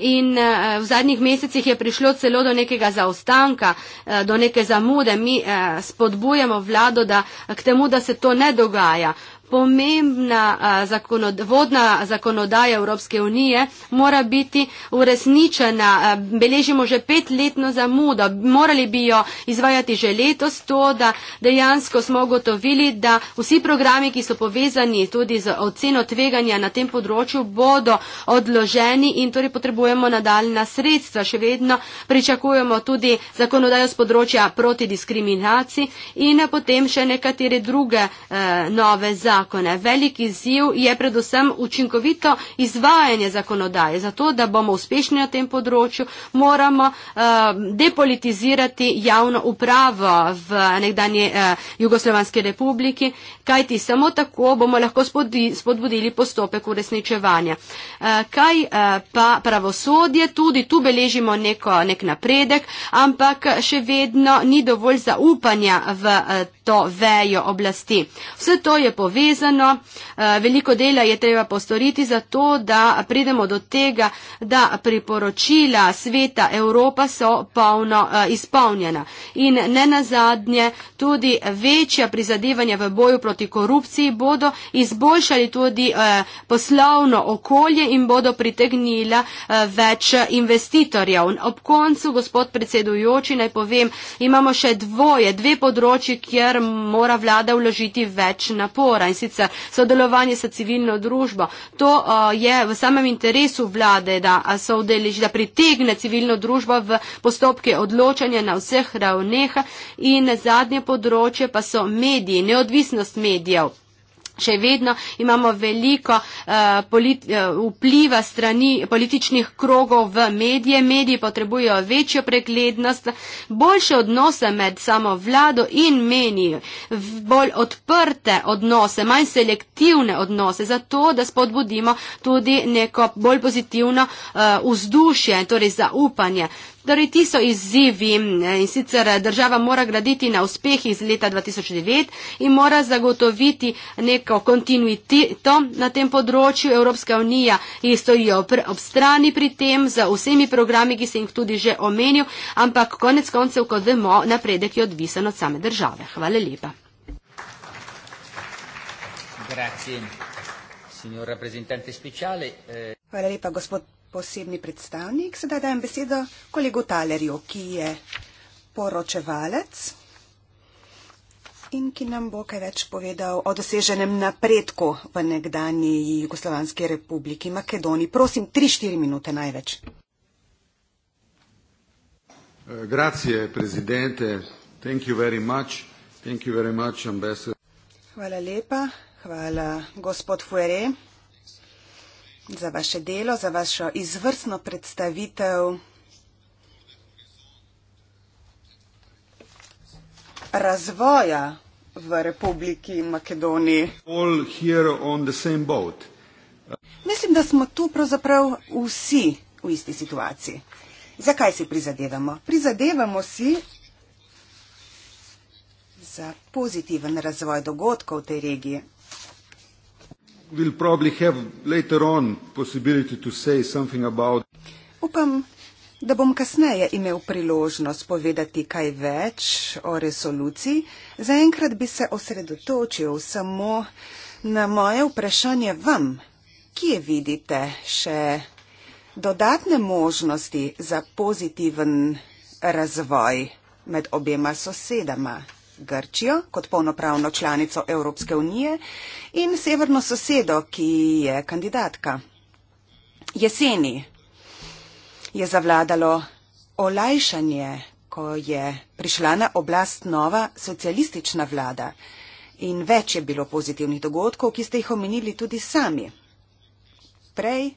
in eh, v zadnjih mesecih je prišlo celo do nekega zaostanka, eh, do neke zamude. Mi eh, spodbujamo vlado da, k temu, da se to ne dogaja pomembna zakonod vodna zakonodaja Evropske unije mora biti uresničena. Beležimo že petletno zamudo, morali bi jo izvajati že letos, to da dejansko smo ugotovili, da vsi programi, ki so povezani tudi z oceno tveganja na tem področju, bodo odloženi in torej potrebujemo nadaljna sredstva. Še vedno pričakujemo tudi zakonodajo z področja protidiskriminacij in potem še nekatere druge eh, nove zakonodaje zakone. Velik izziv je predvsem učinkovito izvajanje zakonodaje. Zato, da bomo uspešni na tem področju, moramo eh, depolitizirati javno upravo v nekdanje eh, Jugoslovanske republiki, kajti samo tako bomo lahko spodbudili postopek uresničevanja. Eh, kaj eh, pa pravosodje, tudi tu beležimo neko, nek napredek, ampak še vedno ni dovolj zaupanja v eh, to vejo oblasti. Vse to je povedano povezano. Eh, veliko dela je treba postoriti za to, da pridemo do tega, da priporočila sveta Evropa so polno eh, izpolnjena. In ne nazadnje, tudi večja prizadevanja v boju proti korupciji bodo izboljšali tudi eh, poslovno okolje in bodo pritegnila več investitorjev. Ob koncu, gospod predsedujoči, naj povem, imamo še dvoje, dve področji, kjer mora vlada vložiti več napora in sicer sodelovanje sa civilno družbo. To je v samem interesu vlade, da so vdeleži, da pritegne civilno družbo v postopke odločanja na vseh ravneh in zadnje področje pa so mediji, neodvisnost medijev še vedno imamo veliko uh, eh, politi, uh, eh, vpliva strani političnih krogov v medije. Mediji potrebujejo večjo preglednost, boljše odnose med samo vlado in meni, bolj odprte odnose, manj selektivne odnose, zato da spodbudimo tudi neko bolj pozitivno uh, vzdušje, torej zaupanje. Torej, ti so izzivi in sicer eh, država mora graditi na uspehi iz leta 2009 in mora zagotoviti neko kontinuiteto na tem področju. Evropska unija je stoji ob strani pri tem z vsemi programi, ki se jih tudi že omenil, ampak konec koncev, kot vemo, napredek je odvisen od same države. Hvala lepa. Grazie, signor rappresentante speciale. Eh... Hvala lepa, gospod posebni predstavnik. Sedaj dajem besedo kolegu Talerju, ki je poročevalec in ki nam bo kaj več povedal o doseženem napredku v nekdani Jugoslovanski republiki Makedoniji. Prosim, 3-4 minute največ. Eh, grazie, prezidente. Thank you very much. Thank you very much, ambassador. Hvala lepa. Hvala, gospod Fuere za vaše delo, za vašo izvrstno predstavitev razvoja v Republiki Makedoniji. Mislim, da smo tu pravzaprav vsi v isti situaciji. Zakaj si prizadevamo? Prizadevamo si za pozitiven razvoj dogodkov v tej regiji will probably have later on possibility to say something about. Upam, da bom kasneje imel priložnost povedati kaj več o resoluciji. Zaenkrat bi se osredotočil samo na moje vprašanje vam. Kje vidite še dodatne možnosti za pozitiven razvoj med obema sosedama? Grčijo kot polnopravno članico Evropske unije in severno sosedo, ki je kandidatka. Jeseni je zavladalo olajšanje, ko je prišla na oblast nova socialistična vlada in več je bilo pozitivnih dogodkov, ki ste jih omenili tudi sami. Prej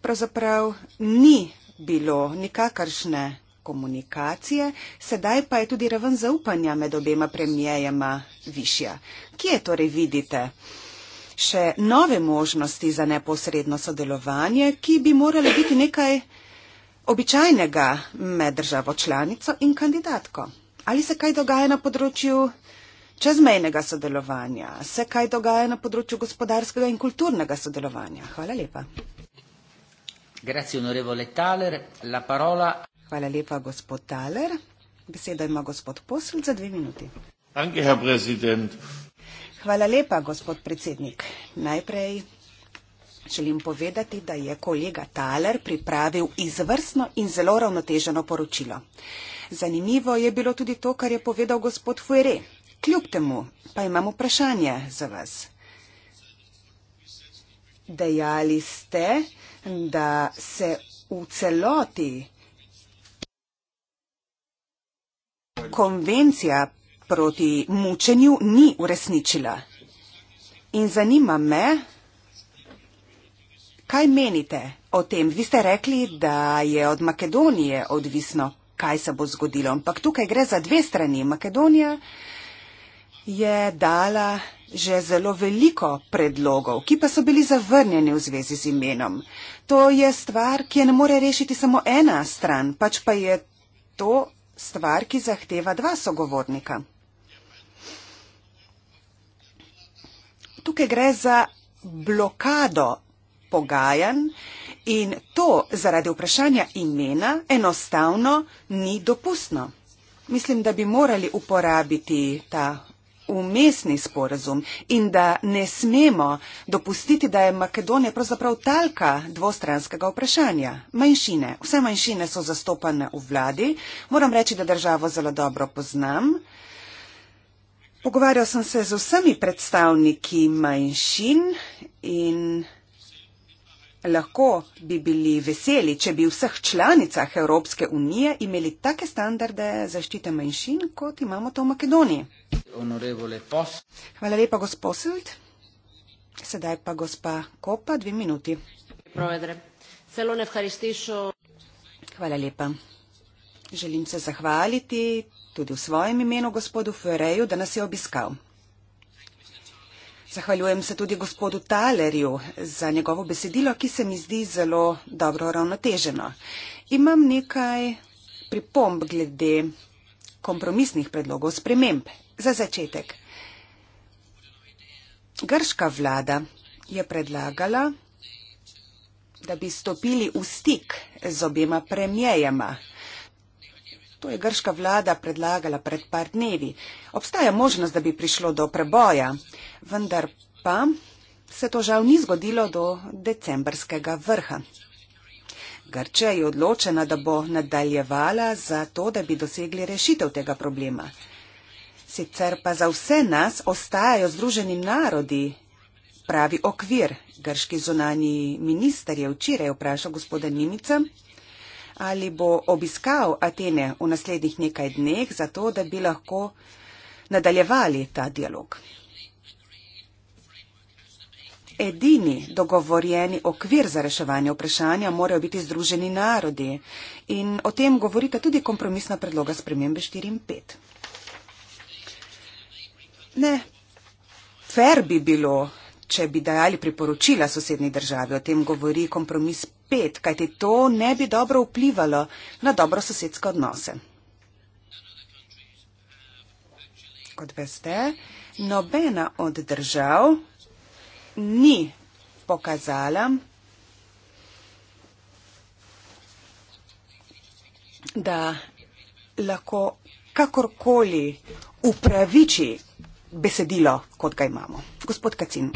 pravzaprav ni bilo nikakršne komunikacije, sedaj pa je tudi raven zaupanja med obema premijejema višja. Kje torej vidite še nove možnosti za neposredno sodelovanje, ki bi morali biti nekaj običajnega med državo članico in kandidatko? Ali se kaj dogaja na področju čezmejnega sodelovanja? Se kaj dogaja na področju gospodarskega in kulturnega sodelovanja? Hvala lepa. Grazie onorevole Thaler, la parola Hvala lepa, gospod Taler. Besedo ima gospod Posl za dve minuti. Danke, herr Hvala lepa, gospod predsednik. Najprej želim povedati, da je kolega Taler pripravil izvrstno in zelo ravnoteženo poročilo. Zanimivo je bilo tudi to, kar je povedal gospod Fuere. Kljub temu pa imam vprašanje za vas. Dejali ste, da se v celoti konvencija proti mučenju ni uresničila. In zanima me, kaj menite o tem? Vi ste rekli, da je od Makedonije odvisno, kaj se bo zgodilo. Ampak tukaj gre za dve strani. Makedonija je dala že zelo veliko predlogov, ki pa so bili zavrnjeni v zvezi z imenom. To je stvar, ki je ne more rešiti samo ena stran, pač pa je to stvar, ki zahteva dva sogovornika. Tukaj gre za blokado pogajanj in to zaradi vprašanja imena enostavno ni dopustno. Mislim, da bi morali uporabiti ta umestni sporazum in da ne smemo dopustiti, da je Makedonija pravzaprav talka dvostranskega vprašanja. Manjšine, vse manjšine so zastopane v vladi. Moram reči, da državo zelo dobro poznam. Pogovarjal sem se z vsemi predstavniki manjšin in Lahko bi bili veseli, če bi v vseh članicah Evropske unije imeli take standarde zaščite manjšin, kot imamo to v Makedoniji. Hvala lepa, gospod Silt. Sedaj pa gospa Kopa, dve minuti. Hvala lepa. Želim se zahvaliti tudi v svojem imenu gospodu Fereju, da nas je obiskal. Zahvaljujem se tudi gospodu Talerju za njegovo besedilo, ki se mi zdi zelo dobro ravnoteženo. Imam nekaj pripomb glede kompromisnih predlogov sprememb. Za začetek. Grška vlada je predlagala, da bi stopili v stik z obema premijejama. To je grška vlada predlagala pred par dnevi. Obstaja možnost, da bi prišlo do preboja, vendar pa se to žal ni zgodilo do decembrskega vrha. Grče je odločena, da bo nadaljevala za to, da bi dosegli rešitev tega problema. Sicer pa za vse nas ostajajo Združeni narodi pravi okvir. Grški zunani minister je včeraj vprašal gospoda Nimica, ali bo obiskal Atene v naslednjih nekaj dneh, zato da bi lahko nadaljevali ta dialog. Edini dogovorjeni okvir za reševanje vprašanja morajo biti združeni narodi in o tem govorita tudi kompromisna predloga spremembe 4 in 5. Ne, fer bi bilo, če bi dajali priporočila sosednji državi, o tem govori kompromis pet, kajti to ne bi dobro vplivalo na dobro sosedske odnose. Kot veste, nobena od držav ni pokazala, da lahko kakorkoli upraviči besedilo, kot ga imamo. Gospod Kacin.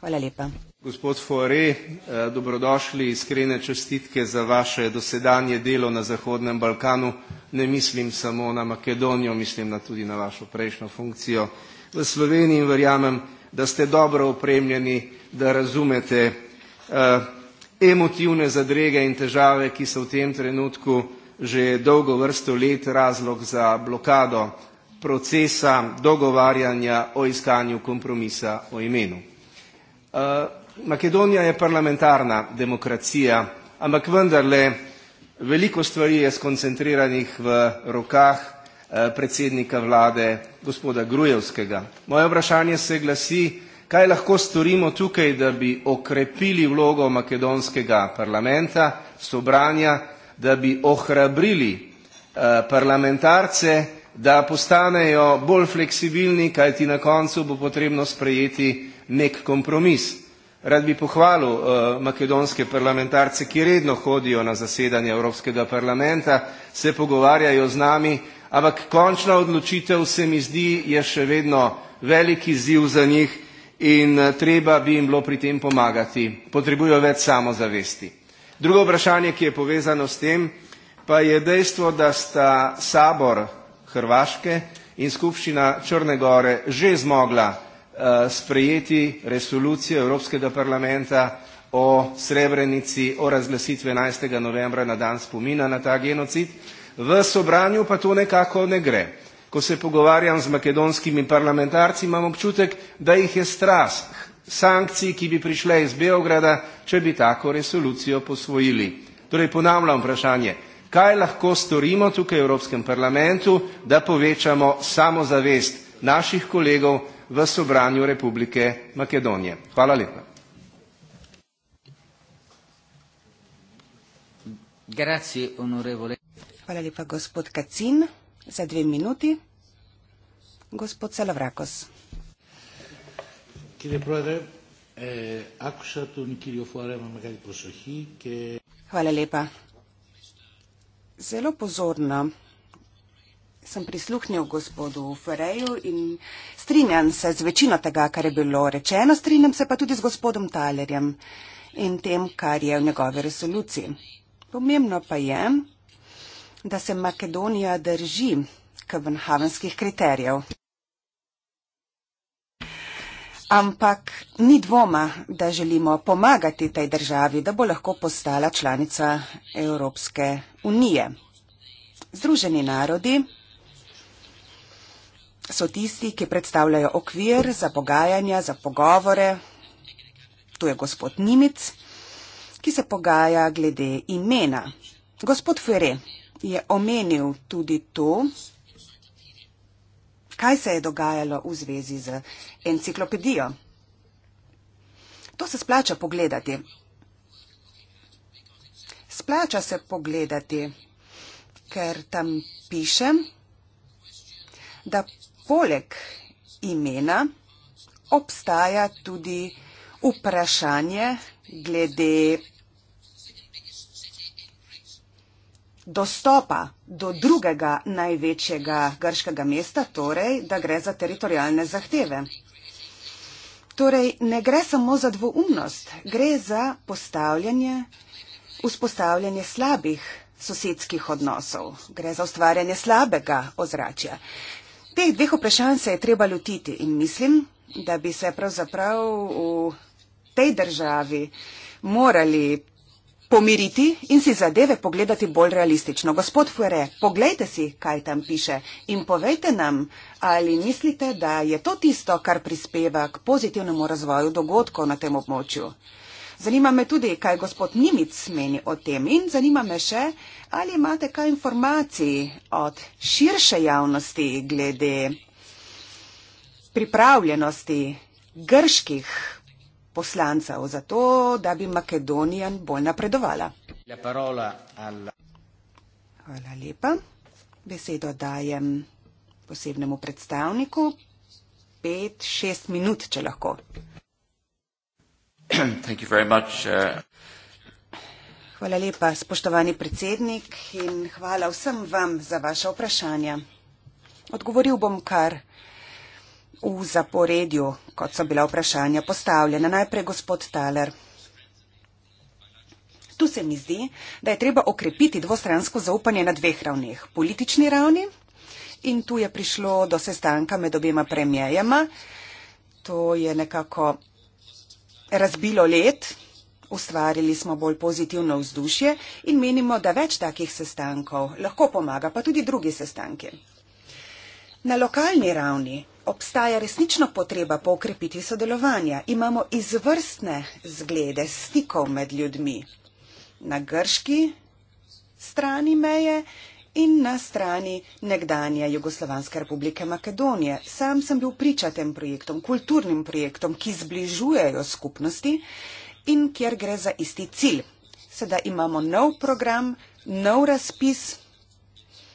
Hvala lepa. Gospod Fore, eh, dobrodošli, iskrene čestitke za vaše dosedanje delo na Zahodnem Balkanu. Ne mislim samo na Makedonijo, mislim na tudi na vašo prejšnjo funkcijo v Sloveniji in verjamem, da ste dobro opremljeni, da razumete eh, emotivne zadrege in težave, ki so v tem trenutku že dolgo vrsto let razlog za blokado procesa dogovarjanja o iskanju kompromisa o imenu. Eh, Makedonija je parlamentarna demokracija, ampak vendarle veliko stvari je skoncentriranih v rokah eh, predsednika vlade gospoda Grujevskega. Moje vprašanje se glasi, kaj lahko storimo tukaj, da bi okrepili vlogo makedonskega parlamenta, sobranja, da bi ohrabrili eh, parlamentarce, da postanejo bolj fleksibilni, kajti na koncu bo potrebno sprejeti nek kompromis. Rad bi pohvalil uh, makedonske parlamentarce, ki redno hodijo na zasedanje Evropskega parlamenta, se pogovarjajo z nami, ampak končna odločitev se mi zdi je še vedno veliki ziv za njih in uh, treba bi jim bilo pri tem pomagati. Potrebujo več samozavesti. Drugo vprašanje, ki je povezano s tem, pa je dejstvo, da sta Sabor Hrvaške in Skupščina Črne Gore že zmogla Eh, sprejeti resolucijo Evropskega parlamenta o Srebrenici, o razglasitvi 11. novembra na dan spomina na ta genocid. V sobranju pa to nekako ne gre. Ko se pogovarjam z makedonskimi parlamentarci, imam občutek, da jih je stras sankcij, ki bi prišle iz Beograda, če bi tako resolucijo posvojili. Torej ponavljam vprašanje, kaj lahko storimo tukaj v Evropskem parlamentu, da povečamo samozavest naših kolegov v sobranju Republike Makedonije. Hvala lepa. Hvala lepa, gospod Kacin. Za dve minuti, gospod Salavrakos. Eh, Hvala lepa. Zelo pozorno sem prisluhnil gospodu Fereju in Strinjam se z večino tega, kar je bilo rečeno, strinjam se pa tudi z gospodom Talerjem in tem, kar je v njegovi resoluciji. Pomembno pa je, da se Makedonija drži kvenhavenskih kriterijev. Ampak ni dvoma, da želimo pomagati tej državi, da bo lahko postala članica Evropske unije. Združeni narodi so tisti, ki predstavljajo okvir za pogajanja, za pogovore. Tu je gospod Nimic, ki se pogaja glede imena. Gospod Fere je omenil tudi to, kaj se je dogajalo v zvezi z enciklopedijo. To se splača pogledati. Splača se pogledati, ker tam pišem, da poleg imena obstaja tudi vprašanje glede dostopa do drugega največjega grškega mesta, torej, da gre za teritorijalne zahteve. Torej, ne gre samo za dvoumnost, gre za postavljanje, vzpostavljanje slabih sosedskih odnosov, gre za ustvarjanje slabega ozračja. Teh dveh vprašanj se je treba lotiti in mislim, da bi se pravzaprav v tej državi morali pomiriti in si zadeve pogledati bolj realistično. Gospod Fuere, poglejte si, kaj tam piše in povejte nam, ali mislite, da je to tisto, kar prispeva k pozitivnemu razvoju dogodkov na tem območju. Zanima me tudi, kaj gospod Nimic meni o tem in zanima me še, ali imate kaj informacij od širše javnosti glede pripravljenosti grških poslancev za to, da bi Makedonija bolj napredovala. Hvala lepa. Besedo dajem posebnemu predstavniku. Pet, šest minut, če lahko. Uh, hvala lepa, spoštovani predsednik, in hvala vsem vam za vaše vprašanja. Odgovoril bom kar v zaporedju, kot so bila vprašanja postavljena. Najprej gospod Taler. Tu se mi zdi, da je treba okrepiti dvostransko zaupanje na dveh ravneh. Politični ravni in tu je prišlo do sestanka med obima premijejama. To je nekako razbilo led, ustvarili smo bolj pozitivno vzdušje in menimo, da več takih sestankov lahko pomaga, pa tudi drugi sestanki. Na lokalni ravni obstaja resnično potreba po okrepiti sodelovanja. Imamo izvrstne zglede stikov med ljudmi. Na grški strani meje in na strani nekdanje Jugoslovanske republike Makedonije. Sam sem bil priča tem projektom, kulturnim projektom, ki zbližujejo skupnosti in kjer gre za isti cilj. Sedaj imamo nov program, nov razpis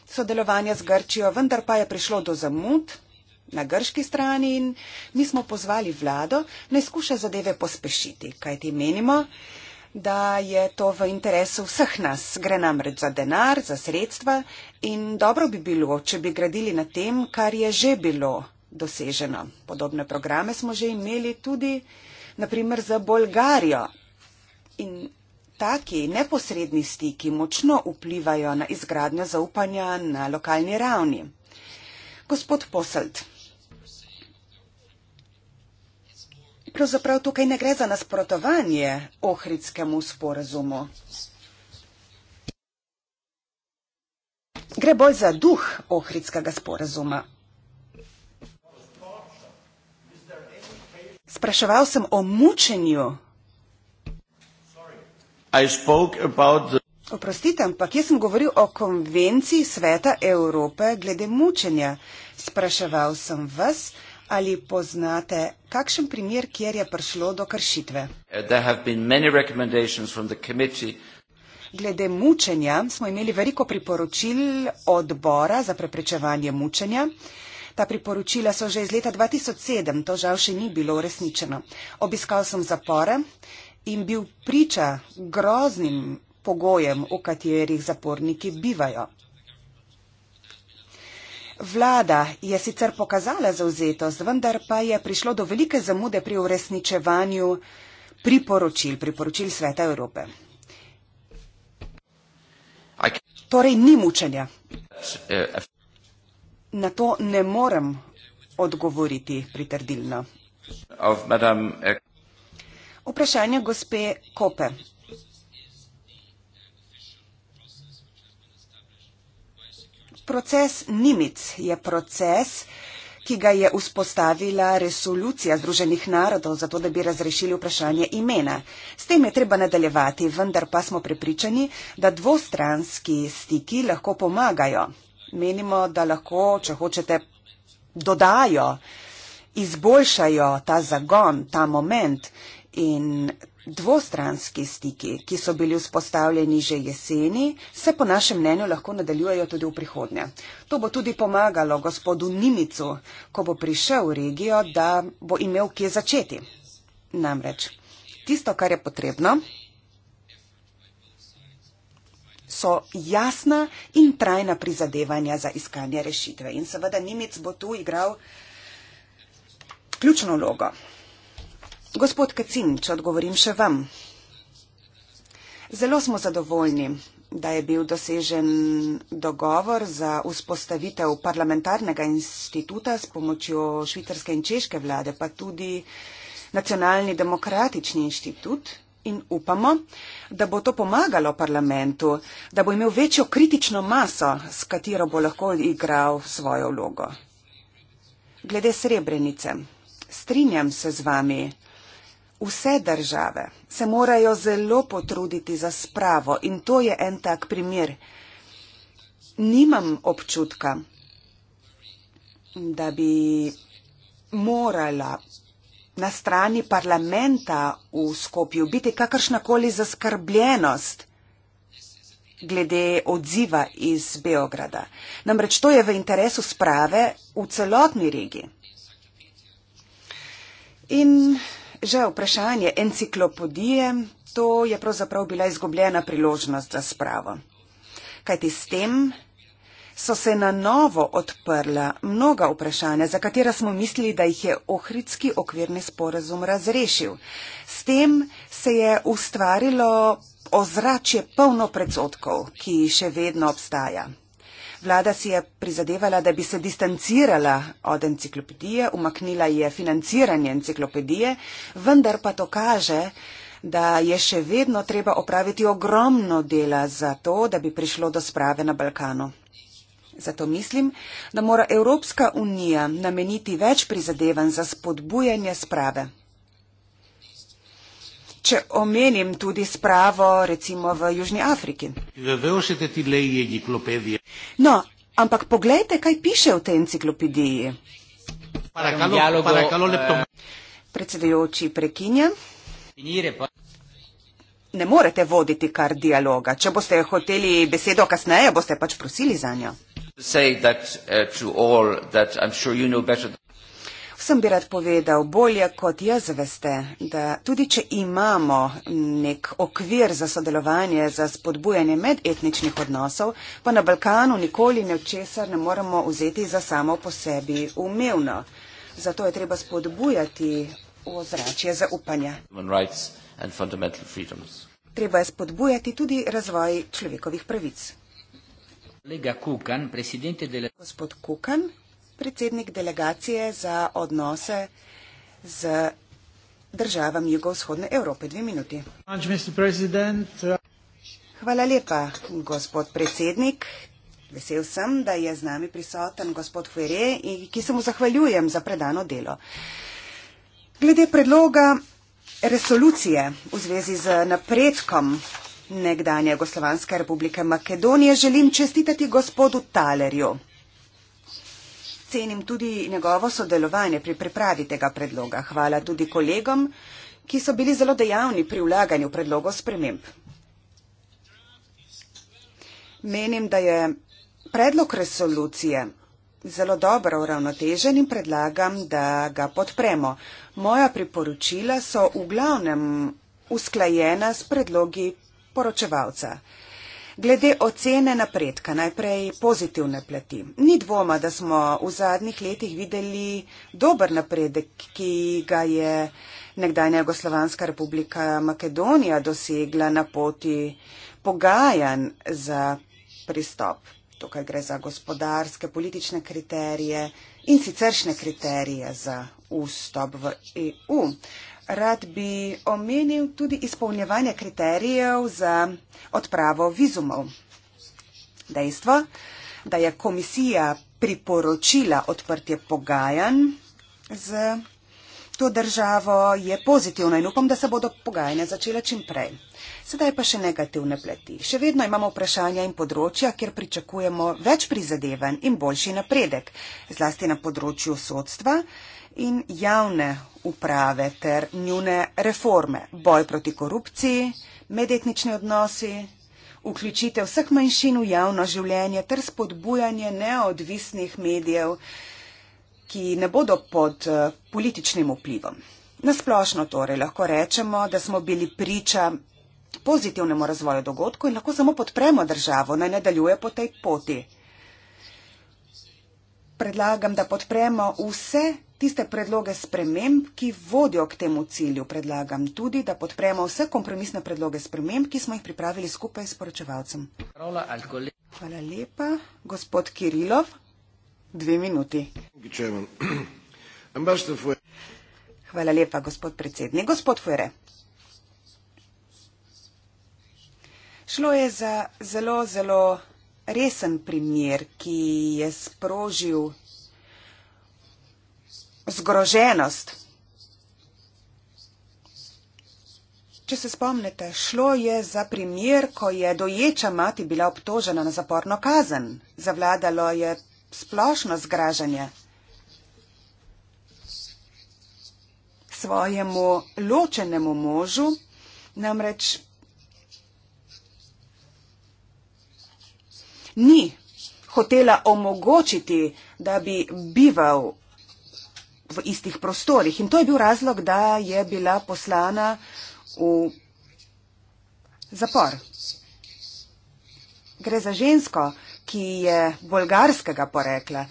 sodelovanja z Grčijo, vendar pa je prišlo do zamud na grški strani in mi smo pozvali vlado, naj skuša zadeve pospešiti, kaj ti menimo, da je to v interesu vseh nas. Gre namreč za denar, za sredstva in dobro bi bilo, če bi gradili na tem, kar je že bilo doseženo. Podobne programe smo že imeli tudi, naprimer, za Bolgarijo. In taki neposredni stiki močno vplivajo na izgradnjo zaupanja na lokalni ravni. Gospod Poselt, Pravzaprav tukaj ne gre za nasprotovanje ohridskemu sporazumu. Gre bolj za duh ohridskega sporazuma. Spraševal sem o mučenju. Oprostite, ampak jaz sem govoril o konvenciji Sveta Evrope glede mučenja. Spraševal sem vas, Ali poznate kakšen primer, kjer je prišlo do kršitve? Uh, Glede mučenja smo imeli veliko priporočil odbora za preprečevanje mučenja. Ta priporočila so že iz leta 2007, to žal še ni bilo uresničeno. Obiskal sem zapore in bil priča groznim pogojem, v katerih zaporniki bivajo. Vlada je sicer pokazala zauzetost, vendar pa je prišlo do velike zamude pri uresničevanju priporočil, priporočil Sveta Evrope. Torej ni mučenja. Na to ne morem odgovoriti pritrdilno. Vprašanje gospe Kope. proces NIMIC je proces, ki ga je vzpostavila resolucija Združenih narodov za to, da bi razrešili vprašanje imena. S tem je treba nadaljevati, vendar pa smo prepričani, da dvostranski stiki lahko pomagajo. Menimo, da lahko, če hočete, dodajo, izboljšajo ta zagon, ta moment in Dvostranski stiki, ki so bili vzpostavljeni že jeseni, se po našem mnenju lahko nadaljujejo tudi v prihodnje. To bo tudi pomagalo gospodu Nimicu, ko bo prišel v regijo, da bo imel kje začeti. Namreč, tisto, kar je potrebno, so jasna in trajna prizadevanja za iskanje rešitve. In seveda Nimic bo tu igral ključno vlogo. Gospod Kacin, če odgovorim še vam. Zelo smo zadovoljni, da je bil dosežen dogovor za vzpostavitev parlamentarnega instituta s pomočjo švicarske in češke vlade, pa tudi nacionalni demokratični inštitut in upamo, da bo to pomagalo parlamentu, da bo imel večjo kritično maso, s katero bo lahko igral svojo vlogo. Glede Srebrenice, strinjam se z vami, Vse države se morajo zelo potruditi za spravo in to je en tak primer. Nimam občutka, da bi morala na strani parlamenta v Skopju biti kakršnakoli zaskrbljenost glede odziva iz Beograda. Namreč to je v interesu sprave v celotni regiji. In Že vprašanje enciklopedije, to je pravzaprav bila izgubljena priložnost za spravo. Kajti s tem so se na novo odprla mnoga vprašanja, za katera smo mislili, da jih je Ohridski okvirni sporazum razrešil. S tem se je ustvarilo ozračje polno predsotkov, ki še vedno obstaja. Vlada si je prizadevala, da bi se distancirala od enciklopedije, umaknila je financiranje enciklopedije, vendar pa to kaže, da je še vedno treba opraviti ogromno dela za to, da bi prišlo do sprave na Balkanu. Zato mislim, da mora Evropska unija nameniti več prizadevanj za spodbujanje sprave če omenim tudi spravo recimo v Južni Afriki. No, ampak poglejte, kaj piše v tej enciklopediji. Eh, Predsedujoči prekinja. Ne morete voditi kar dialoga. Če boste hoteli besedo kasneje, boste pač prosili za njo. That, uh, all, sure you know than sem bi rad povedal, bolje kot jaz veste, da tudi če imamo nek okvir za sodelovanje, za spodbujanje medetničnih odnosov, pa na Balkanu nikoli ne česar ne moremo vzeti za samo po sebi umevno. Zato je treba spodbujati ozračje zaupanja. Treba je spodbujati tudi razvoj človekovih pravic. Gospod Kukan, predsednik delegacije za odnose z državam jugovzhodne Evrope. Dve minuti. Hvala lepa, gospod predsednik. Vesel sem, da je z nami prisoten gospod Fuere, ki se mu zahvaljujem za predano delo. Glede predloga resolucije v zvezi z napredkom nekdanje Jugoslovanske republike Makedonije želim čestitati gospodu Talerju cenim tudi njegovo sodelovanje pri pripravi tega predloga. Hvala tudi kolegom, ki so bili zelo dejavni pri vlaganju predlogov sprememb. Menim, da je predlog resolucije zelo dobro uravnotežen in predlagam, da ga podpremo. Moja priporočila so v glavnem usklajena s predlogi poročevalca. Glede ocene napredka, najprej pozitivne plati. Ni dvoma, da smo v zadnjih letih videli dober napredek, ki ga je nekdanja Jugoslovanska republika Makedonija dosegla na poti pogajanj za pristop. Tukaj gre za gospodarske, politične kriterije in siceršne kriterije za vstop v EU rad bi omenil tudi izpolnjevanje kriterijev za odpravo vizumov. Dejstvo, da je komisija priporočila odprtje pogajanj z to državo, je pozitivno in upam, da se bodo pogajanja začela čim prej. Sedaj pa še negativne pleti. Še vedno imamo vprašanja in področja, kjer pričakujemo več prizadevanj in boljši napredek, zlasti na področju sodstva, in javne uprave ter njune reforme, boj proti korupciji, medetnični odnosi, vključitev vseh manjšin v javno življenje ter spodbujanje neodvisnih medijev, ki ne bodo pod eh, političnim vplivom. Nasplošno torej lahko rečemo, da smo bili priča pozitivnemu razvoju dogodkov in lahko samo podpremo državo, naj nadaljuje po tej poti. Predlagam, da podpremo vse tiste predloge sprememb, ki vodijo k temu cilju. Predlagam tudi, da podpremo vse kompromisne predloge sprememb, ki smo jih pripravili skupaj s poročevalcem. Hvala lepa, gospod Kirilov. Dve minuti. Hvala lepa, gospod predsednik. Gospod Fure. Šlo je za zelo, zelo resen primer, ki je sprožil zgroženost. Če se spomnite, šlo je za primer, ko je doječa mati bila obtožena na zaporno kazen. Zavladalo je splošno zgražanje. Svojemu ločenemu možu namreč ni hotela omogočiti, da bi bival v istih prostorih. In to je bil razlog, da je bila poslana v zapor. Gre za žensko, ki je bolgarskega porekla.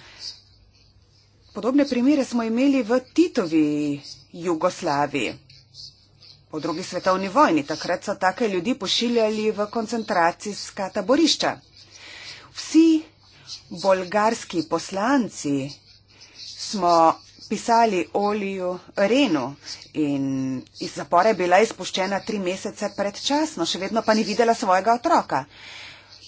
Podobne primere smo imeli v Titovi Jugoslaviji. Po drugi svetovni vojni takrat so take ljudi pošiljali v koncentracijska taborišča. Vsi bolgarski poslanci smo pisali Oliju Renu in iz zapora je bila izpuščena tri mesece predčasno, še vedno pa ni videla svojega otroka.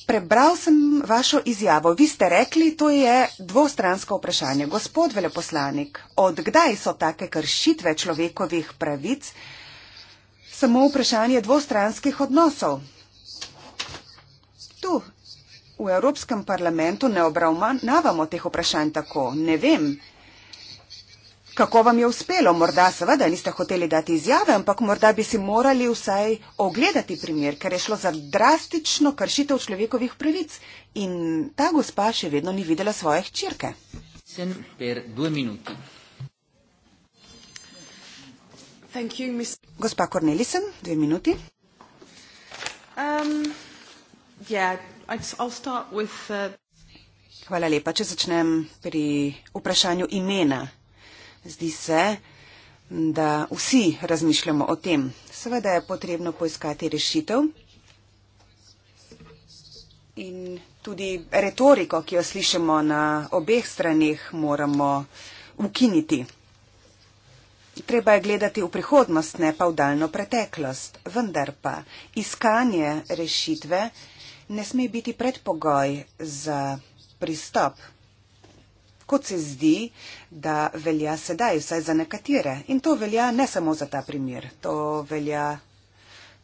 Prebral sem vašo izjavo. Vi ste rekli, to je dvostransko vprašanje. Gospod veleposlanik, od kdaj so take kršitve človekovih pravic samo vprašanje dvostranskih odnosov? Tu, v Evropskem parlamentu, ne obravnavamo teh vprašanj tako. Ne vem, Kako vam je uspelo? Morda seveda niste hoteli dati izjave, ampak morda bi si morali vsaj ogledati primer, ker je šlo za drastično kršitev človekovih pravic in ta gospa še vedno ni videla svoje hčerke. Gospa Kornelisen, dve minuti. Um, uh, Hvala lepa, če začnem pri vprašanju imena. Zdi se, da vsi razmišljamo o tem. Seveda je potrebno poiskati rešitev in tudi retoriko, ki jo slišimo na obeh stranih, moramo ukiniti. Treba je gledati v prihodnost, ne pa v daljno preteklost. Vendar pa iskanje rešitve ne sme biti predpogoj za pristop kot se zdi, da velja sedaj, vsaj za nekatere. In to velja ne samo za ta primer, to velja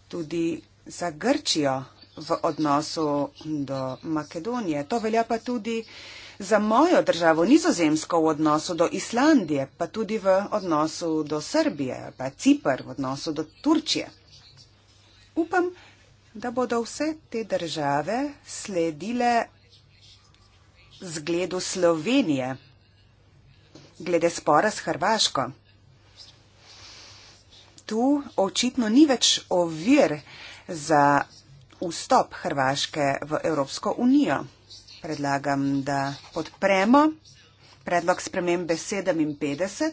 tudi za Grčijo v odnosu do Makedonije. To velja pa tudi za mojo državo nizozemsko v odnosu do Islandije, pa tudi v odnosu do Srbije, pa Cipr v odnosu do Turčije. Upam, da bodo vse te države sledile zgledu Slovenije, glede spora s Hrvaško. Tu očitno ni več ovir za vstop Hrvaške v Evropsko unijo. Predlagam, da podpremo predlog spremembe 57,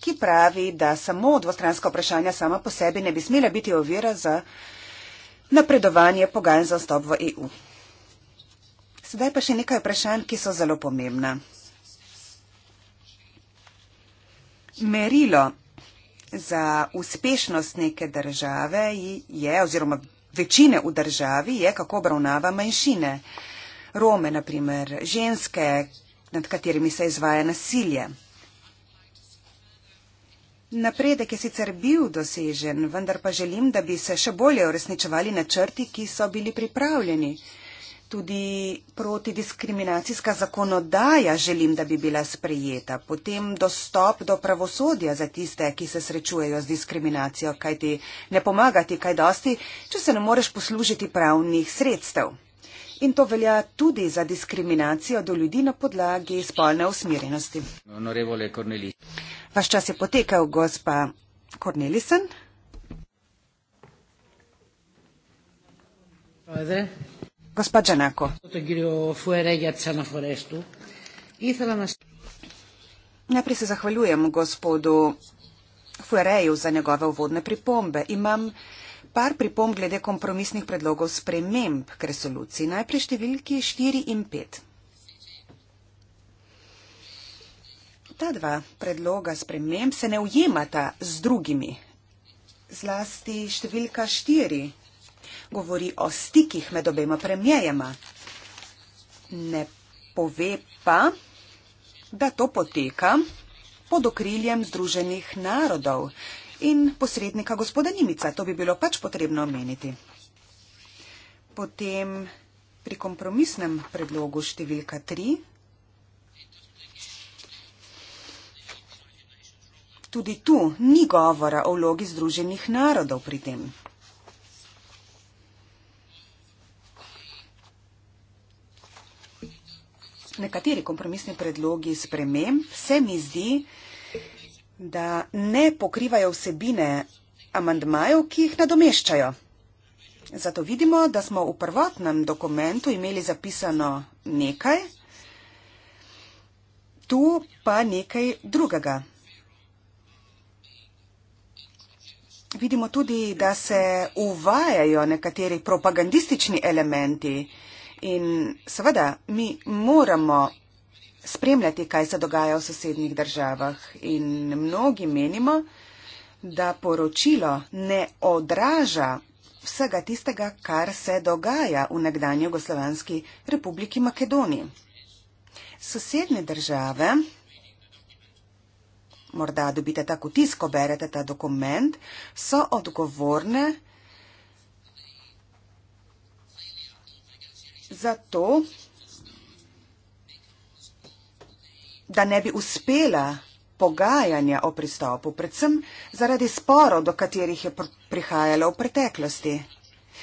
ki pravi, da samo dvostranska vprašanja sama po sebi ne bi smela biti ovira za napredovanje pogajanj za vstop v EU. Sedaj pa še nekaj vprašanj, ki so zelo pomembna. Merilo za uspešnost neke države je, oziroma večine v državi, je, kako obravnava manjšine. Rome, naprimer, ženske, nad katerimi se izvaja nasilje. Napredek je sicer bil dosežen, vendar pa želim, da bi se še bolje uresničevali načrti, ki so bili pripravljeni tudi protidiskriminacijska zakonodaja želim, da bi bila sprejeta. Potem dostop do pravosodja za tiste, ki se srečujejo z diskriminacijo, kaj ti ne pomagati kaj dosti, če se ne moreš poslužiti pravnih sredstev. In to velja tudi za diskriminacijo do ljudi na podlagi spolne usmerjenosti. Vaš čas je potekal, gospa Kornelisen. Hvala. Gospa Čanako. Najprej se zahvaljujem gospodu Fuereju za njegove uvodne pripombe. Imam par pripomb glede kompromisnih predlogov sprememb k resoluciji. Najprej številki 4 in 5. Ta dva predloga sprememb se ne ujemata z drugimi. Zlasti številka 4 govori o stikih med obema premijejema. Ne pove pa, da to poteka pod okriljem Združenih narodov in posrednika gospoda Nimica. To bi bilo pač potrebno omeniti. Potem pri kompromisnem predlogu številka 3. Tudi tu ni govora o vlogi Združenih narodov pri tem. nekateri kompromisni predlogi sprememb, se mi zdi, da ne pokrivajo vsebine amandmajev, ki jih nadomeščajo. Zato vidimo, da smo v prvotnem dokumentu imeli zapisano nekaj, tu pa nekaj drugega. Vidimo tudi, da se uvajajo nekateri propagandistični elementi, In seveda, mi moramo spremljati, kaj se dogaja v sosednjih državah. In mnogi menimo, da poročilo ne odraža vsega tistega, kar se dogaja v nekdanji Jugoslovanski republiki Makedoniji. Sosedne države, morda dobite tako tisko, berete ta dokument, so odgovorne zato, da ne bi uspela pogajanja o pristopu, predvsem zaradi sporov, do katerih je prihajalo v preteklosti.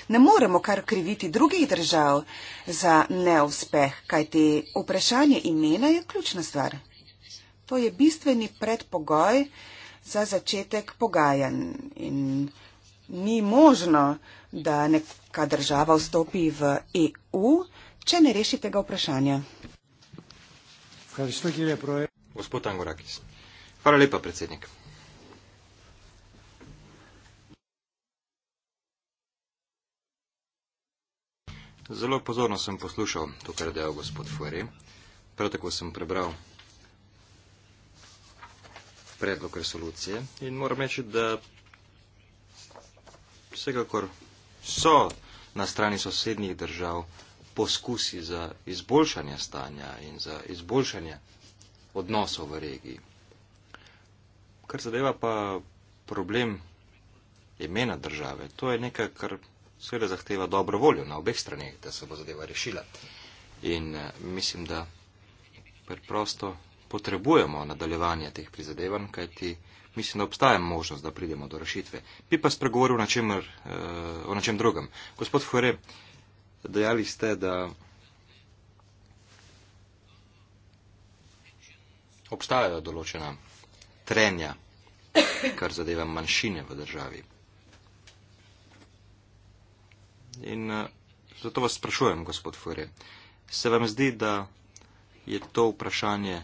Ne moremo kar kriviti drugih držav za neuspeh, kajti vprašanje imena je ključna stvar. To je bistveni predpogoj za začetek pogajanj in ni možno, da neka država vstopi v EU, če ne reši tega vprašanja. Gospod Angorakis. Hvala lepa, predsednik. Zelo pozorno sem poslušal to, kar je dejal gospod Fuere. Prav tako sem prebral predlog resolucije in moram reči, da vsekakor so na strani sosednjih držav poskusi za izboljšanje stanja in za izboljšanje odnosov v regiji. Kar zadeva pa problem imena države, to je nekaj, kar seveda zahteva dobro voljo na obeh straneh, da se bo zadeva rešila. In eh, mislim, da preprosto potrebujemo nadaljevanje teh prizadevanj, kajti mislim, da obstaja možnost, da pridemo do rešitve. Bi pa spregovoril na čemer, uh, o načem eh, drugem. Gospod Fore, dejali ste, da obstajajo določena trenja, kar zadeva manjšine v državi. In uh, zato vas sprašujem, gospod Fore, se vam zdi, da je to vprašanje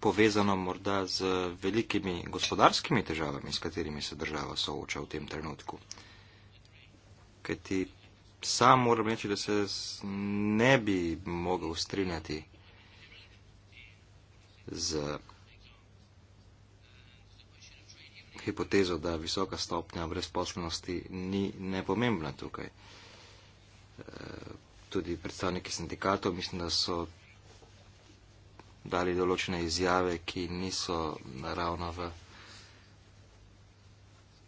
povezano morda z velikimi gospodarskimi težavami, s katerimi se država sooča v tem trenutku. Kaj ti sam moram reči, da se ne bi mogel strinjati z hipotezo, da visoka stopnja brezposobnosti ni nepomembna tukaj. Eh, tudi predstavniki sindikatov mislim, da so dali določene izjave, ki niso ravno v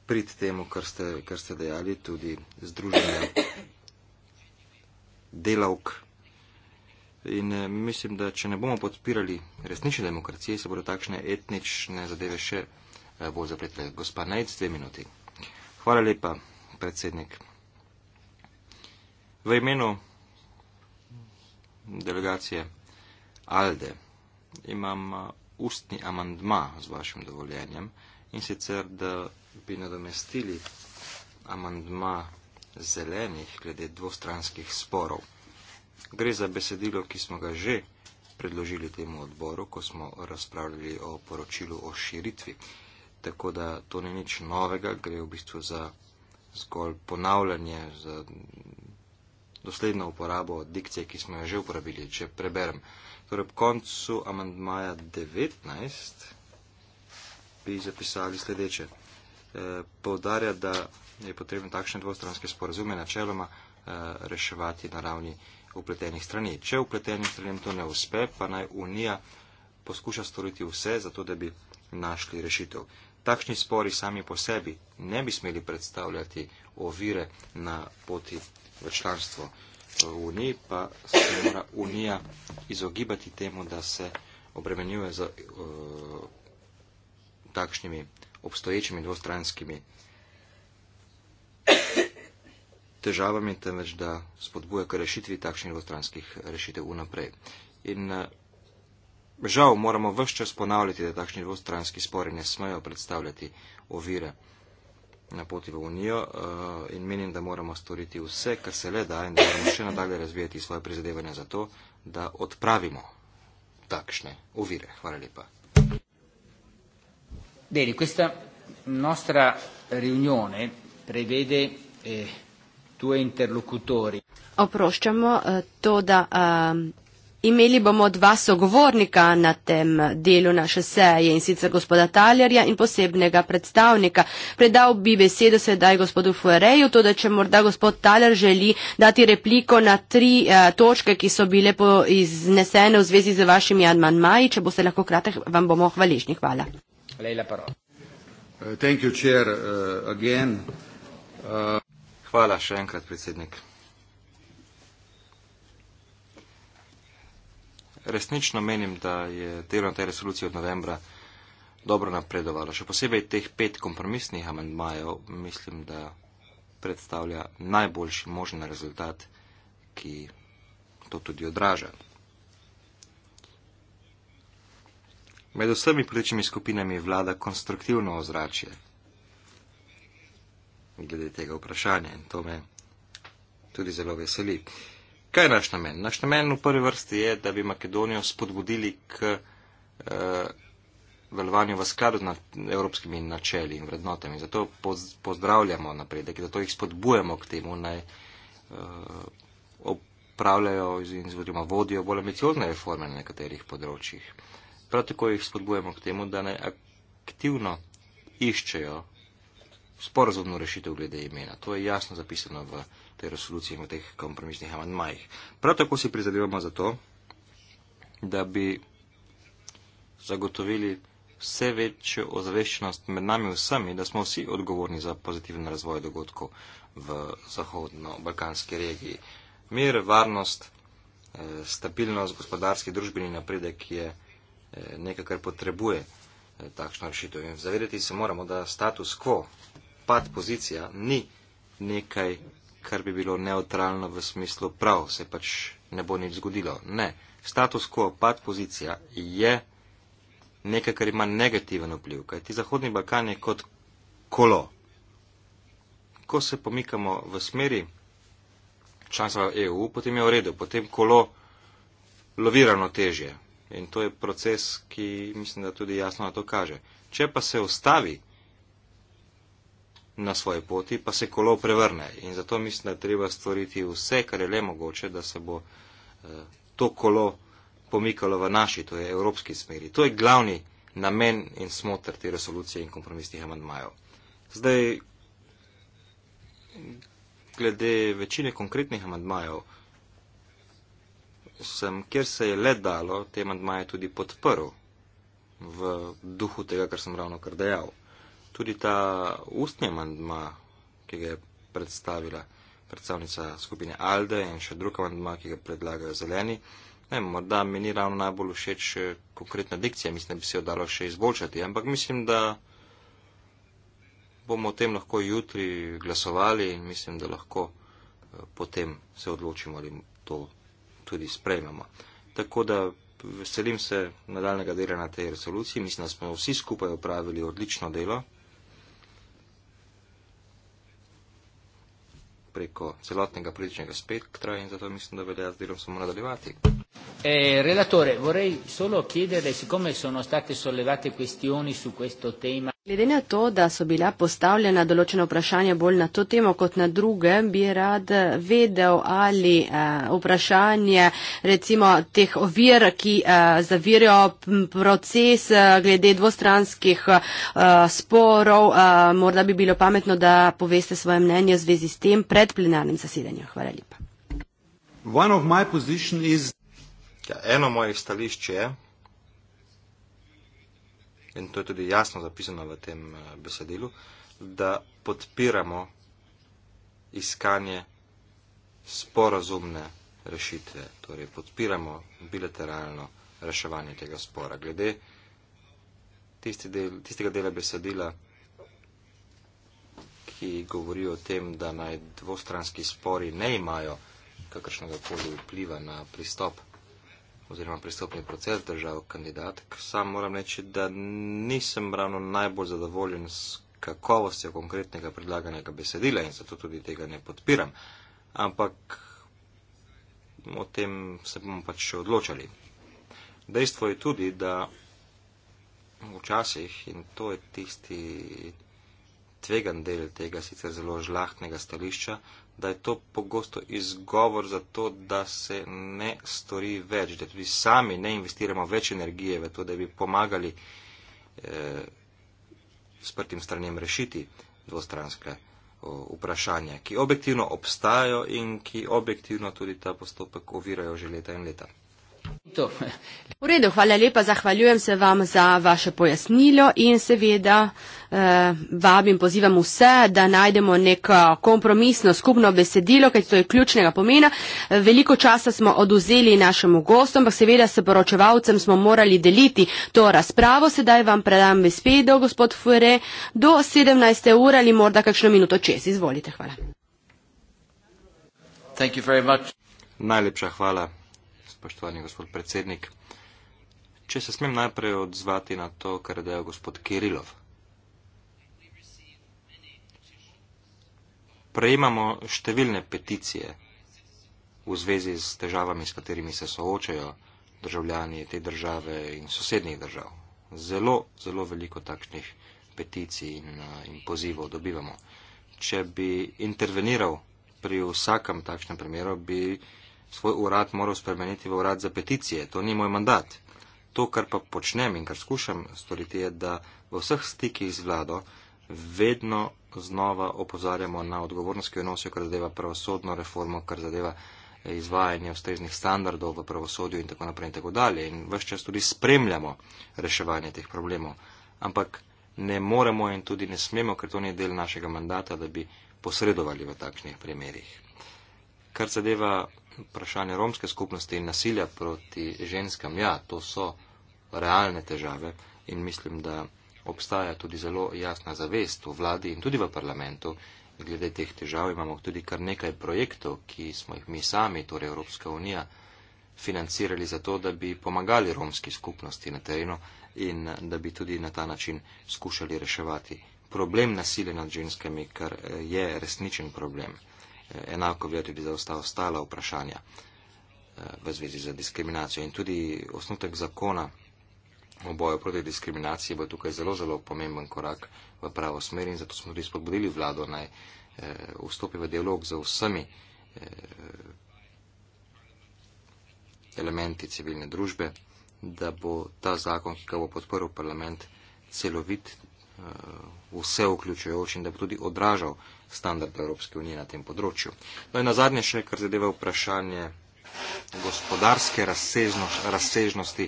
prid temu, kar ste, kar ste dejali, tudi združenje delavk. In eh, mislim, da če ne bomo podpirali resnične demokracije, se bodo takšne etnične zadeve še eh, bolj zapletle. Gospa Najc, dve minuti. Hvala lepa, predsednik. V imenu delegacije ALDE imam uh, ustni amandma z vašim dovoljenjem in sicer, da bi nadomestili amandma zelenih glede dvostranskih sporov. Gre za besedilo, ki smo ga že predložili temu odboru, ko smo razpravljali o poročilu o širitvi. Tako da to ni nič novega, gre v bistvu za zgolj ponavljanje, za dosledno uporabo dikcije, ki smo jo že uporabili, če preberem. Torej, ob koncu amandmaja 19 bi zapisali sledeče. E, eh, povdarja, da je potrebno takšne dvostranske sporazume načeloma e, reševati na ravni upletenih strani. Če upletenim stranem to ne uspe, pa naj Unija poskuša storiti vse, zato da bi našli rešitev. Takšni spori sami po sebi ne bi smeli predstavljati ovire na poti v članstvo. Uniji, pa se mora Unija izogibati temu, da se obremenjuje z eh, takšnimi obstoječimi dvostranskimi težavami, temveč da spodbuja k rešitvi takšnih dvostranskih rešitev vnaprej. In eh, žal moramo vse čas ponavljati, da takšni dvostranski spori ne smejo predstavljati ovire na poti v Unijo uh, in menim, da moramo storiti vse, kar se le da in da moramo še nadalje razvijati svoje prizadevanja za to, da odpravimo takšne ovire. Hvala lepa. Bene, questa nostra riunione prevede eh, due interlocutori. Oproščamo eh, to, da eh, Imeli bomo dva sogovornika na tem delu naše seje in sicer gospoda Taljarja in posebnega predstavnika. Predal bi besedo sedaj gospodu Fuereju, to da če morda gospod Taljar želi dati repliko na tri eh, točke, ki so bile iznesene v zvezi z vašimi admanmaji, če boste lahko kratek, vam bomo hvaležni. Hvala. Eh, eh, Hvala še enkrat, predsednik. resnično menim, da je delo na tej resoluciji od novembra dobro napredovalo. Še posebej teh pet kompromisnih amendmajev mislim, da predstavlja najboljši možen rezultat, ki to tudi odraža. Med vsemi političnimi skupinami vlada konstruktivno ozračje glede tega vprašanja in to me tudi zelo veseli. Kaj je naš namen? Naš namen v prvi vrsti je, da bi Makedonijo spodbudili k eh, valovanju v skladu z evropskimi načeli in vrednotami. Zato poz, pozdravljamo napredek, zato jih spodbujamo k temu, naj eh, opravljajo in zvodimo, vodijo bolj ambiciozne reforme na nekaterih področjih. Prav tako jih spodbujamo k temu, da naj aktivno iščejo sporozumno rešitev glede imena. To je jasno zapisano v te resolucije in v teh kompromisnih amandmajih. Prav tako si prizadevamo za to, da bi zagotovili vse večjo ozaveščenost med nami vsemi, da smo vsi odgovorni za pozitiven razvoj dogodkov v zahodno-balkanski regiji. Mir, varnost, eh, stabilnost, gospodarski, družbeni napredek je eh, nekaj, kar potrebuje eh, takšno rešitev. In zavedati se moramo, da status quo, pad pozicija, ni nekaj kar bi bilo neutralno v smislu prav, se pač ne bo nič zgodilo. Ne, status quo, pad pozicija je nekaj, kar ima negativen vpliv, kajti Zahodni Balkan je kot kolo. Ko se pomikamo v smeri članstva EU, potem je v redu, potem kolo lovirano težje. In to je proces, ki mislim, da tudi jasno na to kaže. Če pa se ustavi, na svoji poti, pa se kolo prevrne. In zato mislim, da treba stvoriti vse, kar je le mogoče, da se bo eh, to kolo pomikalo v naši, to je evropski smeri. To je glavni namen in smotr te resolucije in kompromisnih amandmajev. Zdaj, glede večine konkretnih amandmajev, sem, kjer se je le dalo, te amandmaje tudi podprl v duhu tega, kar sem ravno kar dejal tudi ta ustni mandma, ki ga je predstavila predstavnica skupine Alde in še druga mandma, ki ga predlagajo zeleni. Ne, morda mi ni ravno najbolj všeč eh, konkretna dikcija, mislim, da bi se jo dalo še izboljšati, ampak mislim, da bomo o tem lahko jutri glasovali in mislim, da lahko eh, potem se odločimo ali to tudi sprejmemo. Tako da veselim se nadaljnega dela na tej resoluciji, mislim, da smo vsi skupaj opravili odlično delo. preko celotnega političnega spektra in zato mislim, da velja z delom samo nadaljevati. Eh, relatore, vorrei solo chiederle, siccome sono state sollevate questioni su questo tema. Glede na to, da so bila postavljena določena vprašanja bolj na to temo kot na druge, bi rad vedel, ali eh, vprašanje recimo teh ovir, ki eh, zavirjajo proces eh, glede dvostranskih eh, sporov, eh, morda bi bilo pametno, da poveste svoje mnenje v zvezi s tem pred plenarnim zasedanjem. Hvala lepa. Ja, eno mojih stališč je, in to je tudi jasno zapisano v tem eh, besedilu, da podpiramo iskanje sporazumne rešitve, torej podpiramo bilateralno reševanje tega spora. Glede tisti del, tistega dela besedila, ki govori o tem, da naj dvostranski spori ne imajo kakršnega koli vpliva na pristop oziroma pristopni proces držav kandidatk. Sam moram reči, da nisem ravno najbolj zadovoljen s kakovostjo konkretnega predlaganega besedila in zato tudi tega ne podpiram. Ampak o tem se bomo pač še odločali. Dejstvo je tudi, da včasih, in to je tisti tvegan del tega sicer zelo žlahnega stališča, da je to pogosto izgovor za to, da se ne stori več, da tudi sami ne investiramo več energije v to, da bi pomagali eh, sprtim stranjem rešiti dvostranske vprašanja, ki objektivno obstajajo in ki objektivno tudi ta postopek ovirajo že leta in leta. V redu, hvala lepa, zahvaljujem se vam za vaše pojasnilo in seveda eh, vabim, pozivam vse, da najdemo neko eh, kompromisno skupno besedilo, ker to je ključnega pomena. Eh, veliko časa smo oduzeli našemu gostu, ampak seveda se poročevalcem smo morali deliti to razpravo. Sedaj vam predam vespedo, gospod Fure, do 17. ura ali morda kakšno minuto čez. Izvolite, hvala. Najlepša hvala spoštovani gospod predsednik. Če se smem najprej odzvati na to, kar je dejal gospod Kirilov. Prejemamo številne peticije v zvezi s težavami, s katerimi se soočajo državljani te države in sosednjih držav. Zelo, zelo veliko takšnih peticij in, in pozivov dobivamo. Če bi interveniral pri vsakem takšnem primeru, bi svoj urad moral spremeniti v urad za peticije. To ni moj mandat. To, kar pa počnem in kar skušam storiti, je, da v vseh stikih z vlado vedno znova opozarjamo na odgovornost, ki jo nosijo, kar zadeva pravosodno reformo, kar zadeva izvajanje ustreznih standardov v pravosodju in tako naprej in tako dalje. In vse čas tudi spremljamo reševanje teh problemov. Ampak ne moremo in tudi ne smemo, ker to ni del našega mandata, da bi posredovali v takšnih primerih. Kar zadeva vprašanje romske skupnosti in nasilja proti ženskam, ja, to so realne težave in mislim, da obstaja tudi zelo jasna zavest v vladi in tudi v parlamentu. Glede teh težav imamo tudi kar nekaj projektov, ki smo jih mi sami, torej Evropska unija, financirali za to, da bi pomagali romski skupnosti na terenu in da bi tudi na ta način skušali reševati problem nasilja nad ženskami, kar eh, je resničen problem enako velja tudi za vsa ostala vprašanja eh, v zvezi z diskriminacijo. In tudi osnutek zakona o boju proti diskriminaciji bo tukaj zelo, zelo pomemben korak v pravo smer in zato smo tudi spodbudili vlado naj eh, vstopi v dialog z vsemi eh, elementi civilne družbe, da bo ta zakon, ki ga bo podporil parlament, celovit, vse vključujoč in da bo tudi odražal standarda Evropske unije na tem področju. No in na zadnje še, kar zadeva vprašanje gospodarske razsežnosti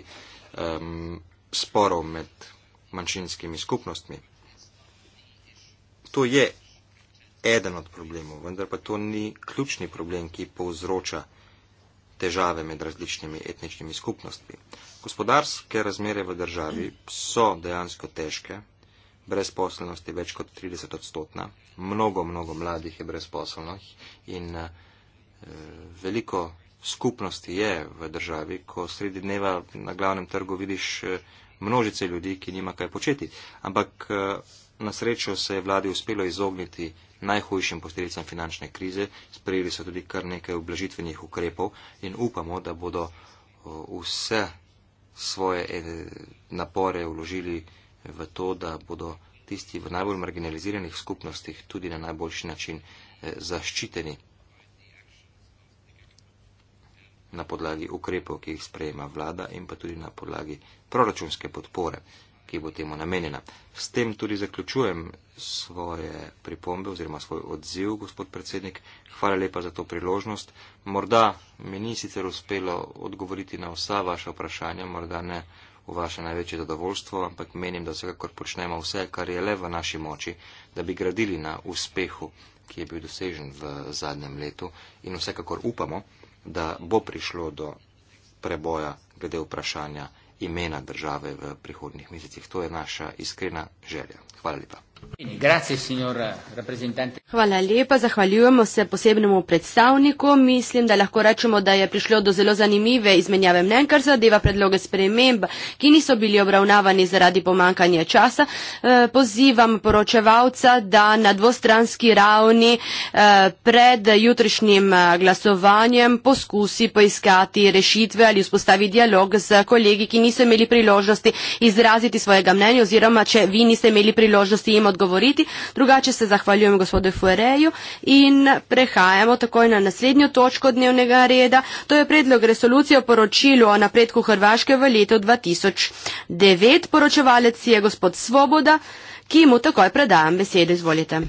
um, sporov med manjšinskimi skupnostmi. To je eden od problemov, vendar pa to ni ključni problem, ki povzroča težave med različnimi etničnimi skupnostmi. Gospodarske razmere v državi so dejansko težke, brezposelnost je več kot 30 odstotna, mnogo, mnogo mladih je brezposelnih in e, veliko skupnosti je v državi, ko sredi dneva na glavnem trgu vidiš eh, množice ljudi, ki nima kaj početi. Ampak e, na srečo se je vladi uspelo izogniti najhujšim posledicam finančne krize, sprejeli so tudi kar nekaj oblažitvenih ukrepov in upamo, da bodo o, vse svoje e, napore vložili v to, da bodo tisti v najbolj marginaliziranih skupnostih tudi na najboljši način eh, zaščiteni na podlagi ukrepov, ki jih sprejema vlada in pa tudi na podlagi proračunske podpore, ki bo temu namenjena. S tem tudi zaključujem svoje pripombe oziroma svoj odziv, gospod predsednik. Hvala lepa za to priložnost. Morda mi ni sicer uspelo odgovoriti na vsa vaša vprašanja, morda ne v vaše največje zadovoljstvo, ampak menim, da vsekakor počnemo vse, kar je le v naši moči, da bi gradili na uspehu, ki je bil dosežen v zadnjem letu in vsekakor upamo, da bo prišlo do preboja glede vprašanja imena države v prihodnih mesecih. To je naša iskrena želja. Hvala lepa. Hvala lepa, zahvaljujemo se posebnemu predstavniku. Mislim, da lahko rečemo, da je prišlo do zelo zanimive izmenjave mnen, kar zadeva predloge sprememb, ki niso bili obravnavani zaradi pomankanja časa. Eh, pozivam poročevalca, da na dvostranski ravni eh, pred jutrišnjim eh, glasovanjem poskusi poiskati rešitve ali vzpostavi dialog z kolegi, ki niso imeli priložnosti izraziti svojega mnenja oziroma če vi niste imeli priložnosti jim odgovoriti odgovoriti. Drugače se zahvaljujem gospodu Fuereju in prehajamo takoj na naslednjo točko dnevnega reda. To je predlog resolucije o poročilu o napredku Hrvaške v letu 2009. Poročevalec je gospod Svoboda, ki mu takoj predajam besede. Izvolite.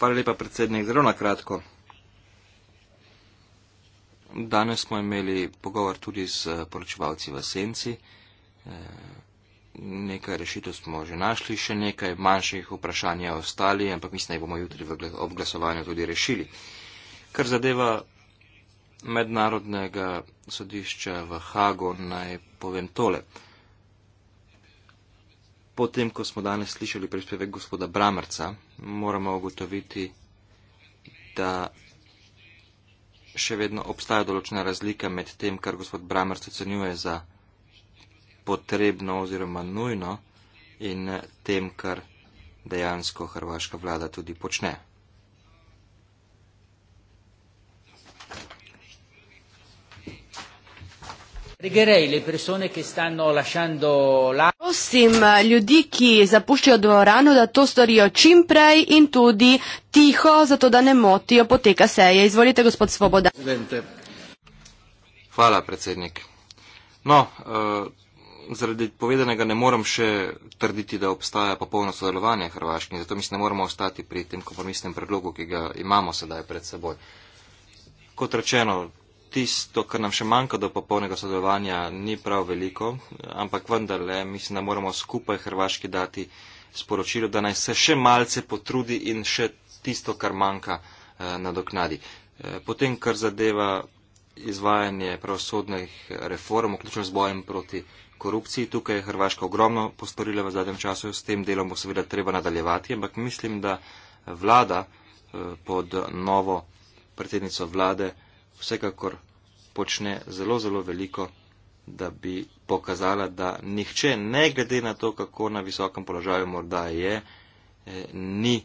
Hvala lepa, predsednik. Zelo na kratko. Danes smo imeli pogovor tudi s poročevalci v Senci. Eh, Nekaj rešitev smo že našli, še nekaj manjših vprašanj je ostali, ampak mislim, da bomo jutri ob glasovanju tudi rešili. Kar zadeva mednarodnega sodišča v Hago, naj povem tole. Potem, ko smo danes slišali prispevek gospoda Bramrca, moramo ugotoviti, da še vedno obstaja določena razlika med tem, kar gospod Bramrc ocenjuje za potrebno oziroma nujno in tem, kar dejansko hrvaška vlada tudi počne. Prosim eh, ljudi, ki zapuščajo dvorano, da to storijo čim prej in tudi tiho, zato da ne motijo poteka seje. Izvolite, gospod Svoboda. Hvala, predsednik. No, uh, zaradi povedanega ne morem še trditi, da obstaja popolno sodelovanje Hrvaški in zato mislim, da moramo ostati pri tem kompromisnem predlogu, ki ga imamo sedaj pred seboj. Kot rečeno, tisto, kar nam še manjka do popolnega sodelovanja, ni prav veliko, ampak vendarle mislim, da moramo skupaj Hrvaški dati sporočilo, da naj se še malce potrudi in še tisto, kar manjka, eh, nadoknadi. Eh, potem, kar zadeva izvajanje pravosodnih reform, vključno z bojem proti korupciji. Tukaj je Hrvaška ogromno postorila v zadnjem času, s tem delom bo seveda treba nadaljevati, ampak mislim, da vlada eh, pod novo predsednico vlade vsekakor počne zelo, zelo veliko, da bi pokazala, da nihče, ne glede na to, kako na visokem položaju morda je, eh, ni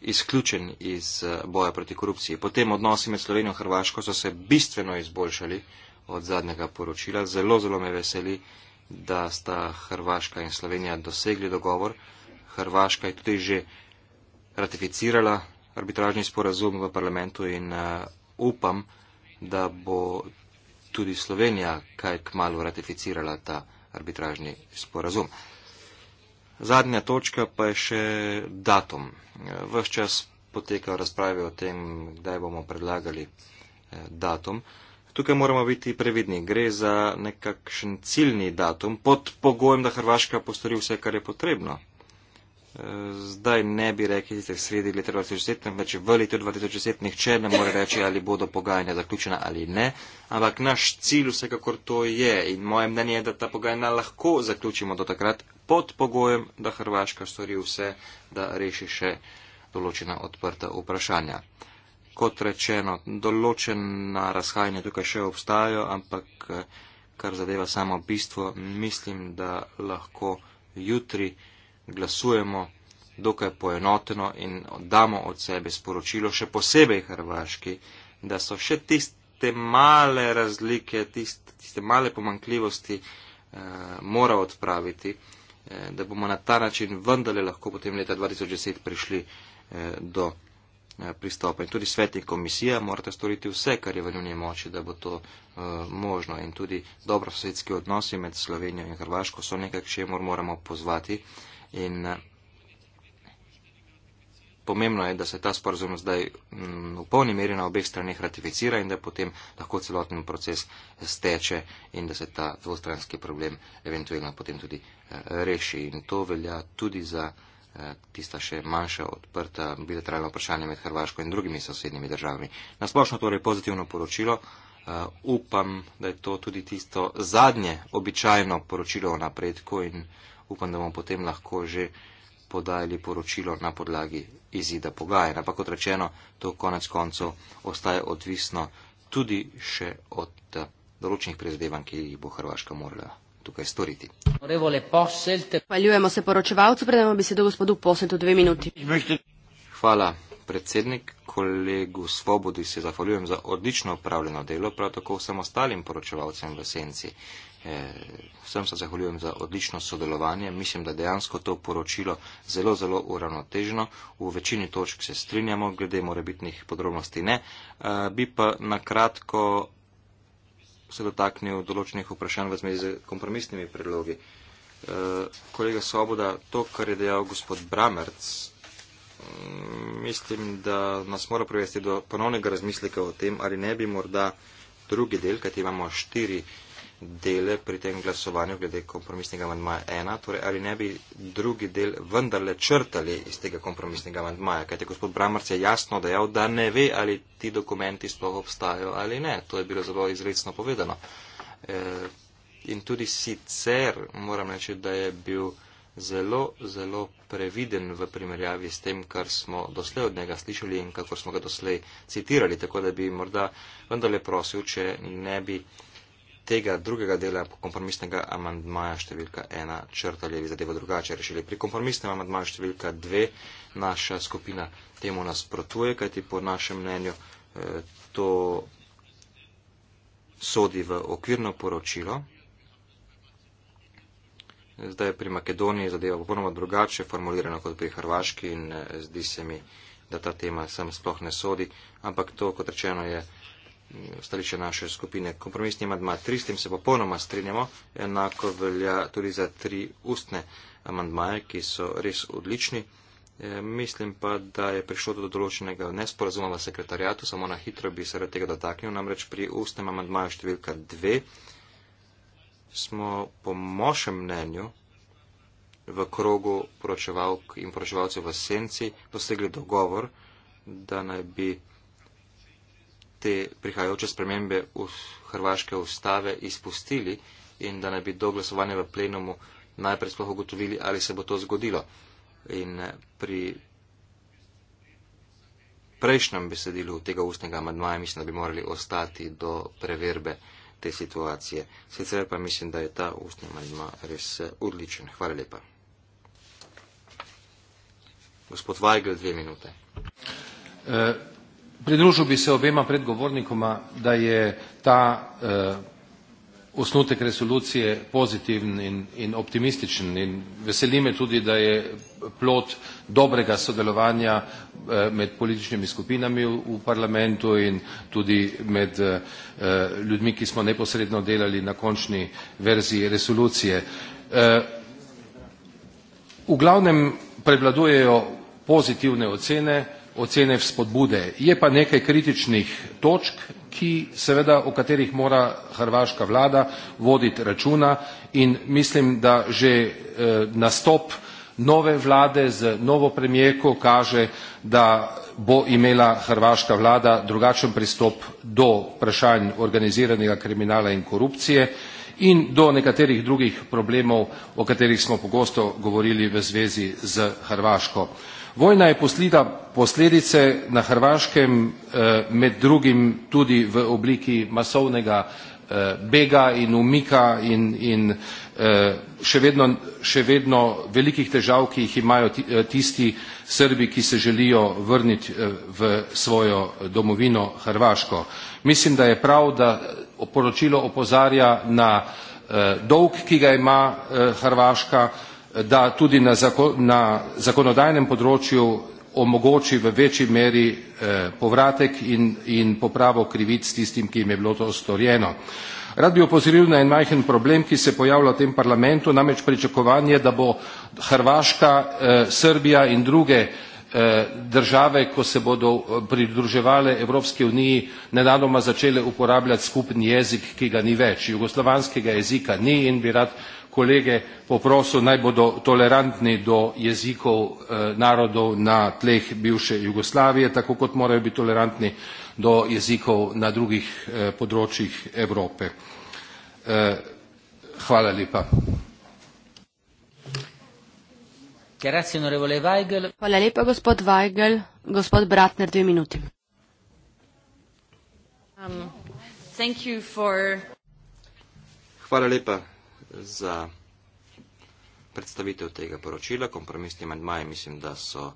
izključen iz eh, boja proti korupciji. Potem odnosi med Slovenijo in Hrvaško so se bistveno izboljšali od zadnjega poročila. Zelo, zelo me veseli, da sta Hrvaška in Slovenija dosegli dogovor. Hrvaška je tudi že ratificirala arbitražni sporazum v parlamentu in uh, upam, da bo tudi Slovenija kaj kmalo ratificirala ta arbitražni sporazum. Uh, Zadnja točka pa je še datum. Ves čas poteka razprave o tem, kdaj bomo predlagali eh, datum. Tukaj moramo biti previdni. Gre za nekakšen ciljni datum pod pogojem, da Hrvaška postori vse, kar je potrebno. Zdaj ne bi rekli, da je sredi leta 2010, ampak v letu 2010 nihče ne more reči, ali bodo pogajanja zaključena ali ne. Ampak naš cilj vsekakor to je in moje mnenje je, da ta pogajanja lahko zaključimo do takrat pod pogojem, da Hrvaška stori vse, da reši še določena odprta vprašanja. Kot rečeno, določena razhajanja tukaj še obstajajo, ampak eh, kar zadeva samo bistvo, mislim, da lahko jutri glasujemo dokaj poenoteno in damo od sebe sporočilo, še posebej Hrvaški, da so še tiste male razlike, tiste, tiste male pomankljivosti eh, mora odpraviti, eh, da bomo na ta način vendarle lahko potem leta 2010 prišli eh, do eh, pristopa. In tudi svetnik komisija morate storiti vse, kar je v njeni moči, da bo to eh, možno. In tudi dobrosvetski odnosi med Slovenijo in Hrvaško so nekaj, k čemu moramo pozvati. Eh, In eh, pomembno je, da se ta sporazum zdaj mm, v polni meri na obeh straneh ratificira in da potem lahko celoten proces steče in da se ta dvostranski problem eventualno potem tudi eh, reši. In to velja tudi za eh, tista še manjša odprta bilateralna vprašanja med Hrvaško in drugimi sosednjimi državami. Nasplošno torej pozitivno poročilo. Upam, da je to tudi tisto zadnje običajno poročilo o napredku in upam, da bomo potem lahko že podajali poročilo na podlagi izida pogajanja. Ampak kot rečeno, to konec koncev ostaje odvisno tudi še od eh, določenih prezadevanj, ki jih bo Hrvaška morala tukaj storiti. Hvaljujemo se poročevalcu, predajmo besedo gospodu Poseltu dve minuti. Hvala, predsednik. Kolegu Svobodi se zahvaljujem za odlično upravljeno delo, prav tako vsem ostalim poročevalcem v senci. Eh, vsem se zahvaljujem za odlično sodelovanje. Mislim, da dejansko to poročilo zelo, zelo uravnoteženo. V večini točk se strinjamo, glede morebitnih podrobnosti ne. Eh, bi pa na kratko se dotaknil določenih vprašanj v zmezi z kompromisnimi predlogi. Eh, kolega Svoboda, to, kar je dejal gospod Bramerc, mm, mislim, da nas mora privesti do ponovnega razmisleka o tem, ali ne bi morda drugi del, kajti imamo štiri dele pri tem glasovanju glede kompromisnega mandmaja ena, torej ali ne bi drugi del vendarle črtali iz tega kompromisnega mandmaja, kajte gospod Bramarc je jasno dejal, da ne ve, ali ti dokumenti sploh obstajajo ali ne. To je bilo zelo izredno povedano. E, in tudi sicer moram reči, da je bil zelo, zelo previden v primerjavi s tem, kar smo doslej od njega slišali in kako smo ga doslej citirali, tako da bi morda vendarle prosil, če ne bi tega drugega dela kompromisnega amandmaja številka 1 črtali ali zadevo drugače rešili. Pri kompromisnem amandmaju številka 2 naša skupina temu nasprotuje, kajti po našem mnenju eh, to sodi v okvirno poročilo. Zdaj pri Makedoniji zadeva popolnoma drugače formulirana kot pri Hrvaški in eh, zdi se mi, da ta tema sem sploh ne sodi, ampak to, kot rečeno, je stališče naše skupine kompromisni amadma 3, s tem se popolnoma strinjamo, enako velja tudi za tri ustne amadmaje, ki so res odlični. E, mislim pa, da je prišlo do določenega nesporazuma v sekretarijatu, samo na hitro bi se rad tega dotaknil, namreč pri ustnem amadmaju številka 2 smo po mošem mnenju v krogu poročevalk in poročevalcev v senci dosegli dogovor, da naj bi te prihajajoče spremembe v hrvaške ustave izpustili in da naj bi do glasovanja v plenumu najprej sploh ugotovili, ali se bo to zgodilo. In eh, pri prejšnjem besedilu tega ustnega amadmaja mislim, da bi morali ostati do preverbe te situacije. Sicer pa mislim, da je ta ustni amadma res eh, odličen. Hvala lepa. Gospod Weigl, dve minute. Eh, Pridružil bi se obema predgovornikoma, da je ta eh, osnutek resolucije pozitiven in, in optimističen in veseli me tudi, da je plot dobrega sodelovanja eh, med političnimi skupinami v, v parlamentu in tudi med eh, ljudmi, ki smo neposredno delali na končni verziji resolucije. Eh, v glavnem prevladujejo pozitivne ocene, ocene vzpodbude. Je pa nekaj kritičnih točk, ki seveda o katerih mora hrvaška vlada voditi računa in mislim, da že eh, nastop nove vlade z novo premijerko kaže, da bo imela hrvaška vlada drugačen pristop do vprašanj organiziranega kriminala in korupcije in do nekaterih drugih problemov, o katerih smo pogosto govorili v zvezi z Hrvaško. Vojna je poslila posledice na Hrvaškem eh, med drugim tudi v obliki masovnega eh, bega in umika in, in eh, še, vedno, še vedno velikih težav, ki jih imajo tisti Srbi, ki se želijo vrniti v svojo domovino Hrvaško. Mislim, da je prav, da poročilo opozarja na dolg, ki ga ima Hrvaška, da tudi na, zakon, na zakonodajnem področju omogoči v večji meri eh, povratek in, in popravo krivic tistim, ki jim je bilo to storjeno. Rad bi opozoril na en majhen problem, ki se pojavlja v tem parlamentu, namreč pričakovanje, da bo Hrvaška, eh, Srbija in druge eh, Eh, države ko se bodo eh, pridruževale evropski uniji nenadoma začele uporabljati skupni jezik ki ga ni več jugoslovanskega jezika ni in bi rad kolege poprosil naj bodo tolerantni do jezikov eh, narodov na tleh bivše jugoslavije tako kot morajo biti tolerantni do jezikov na drugih področjih evrope hvala lepa Grazie, onorevole Weigel. Hvala lepa, gospod Weigel. Gospod Bratner, dve minuti. Um, thank you for... Hvala lepa za predstavitev tega poročila. Kompromisni amandmaji mislim, da so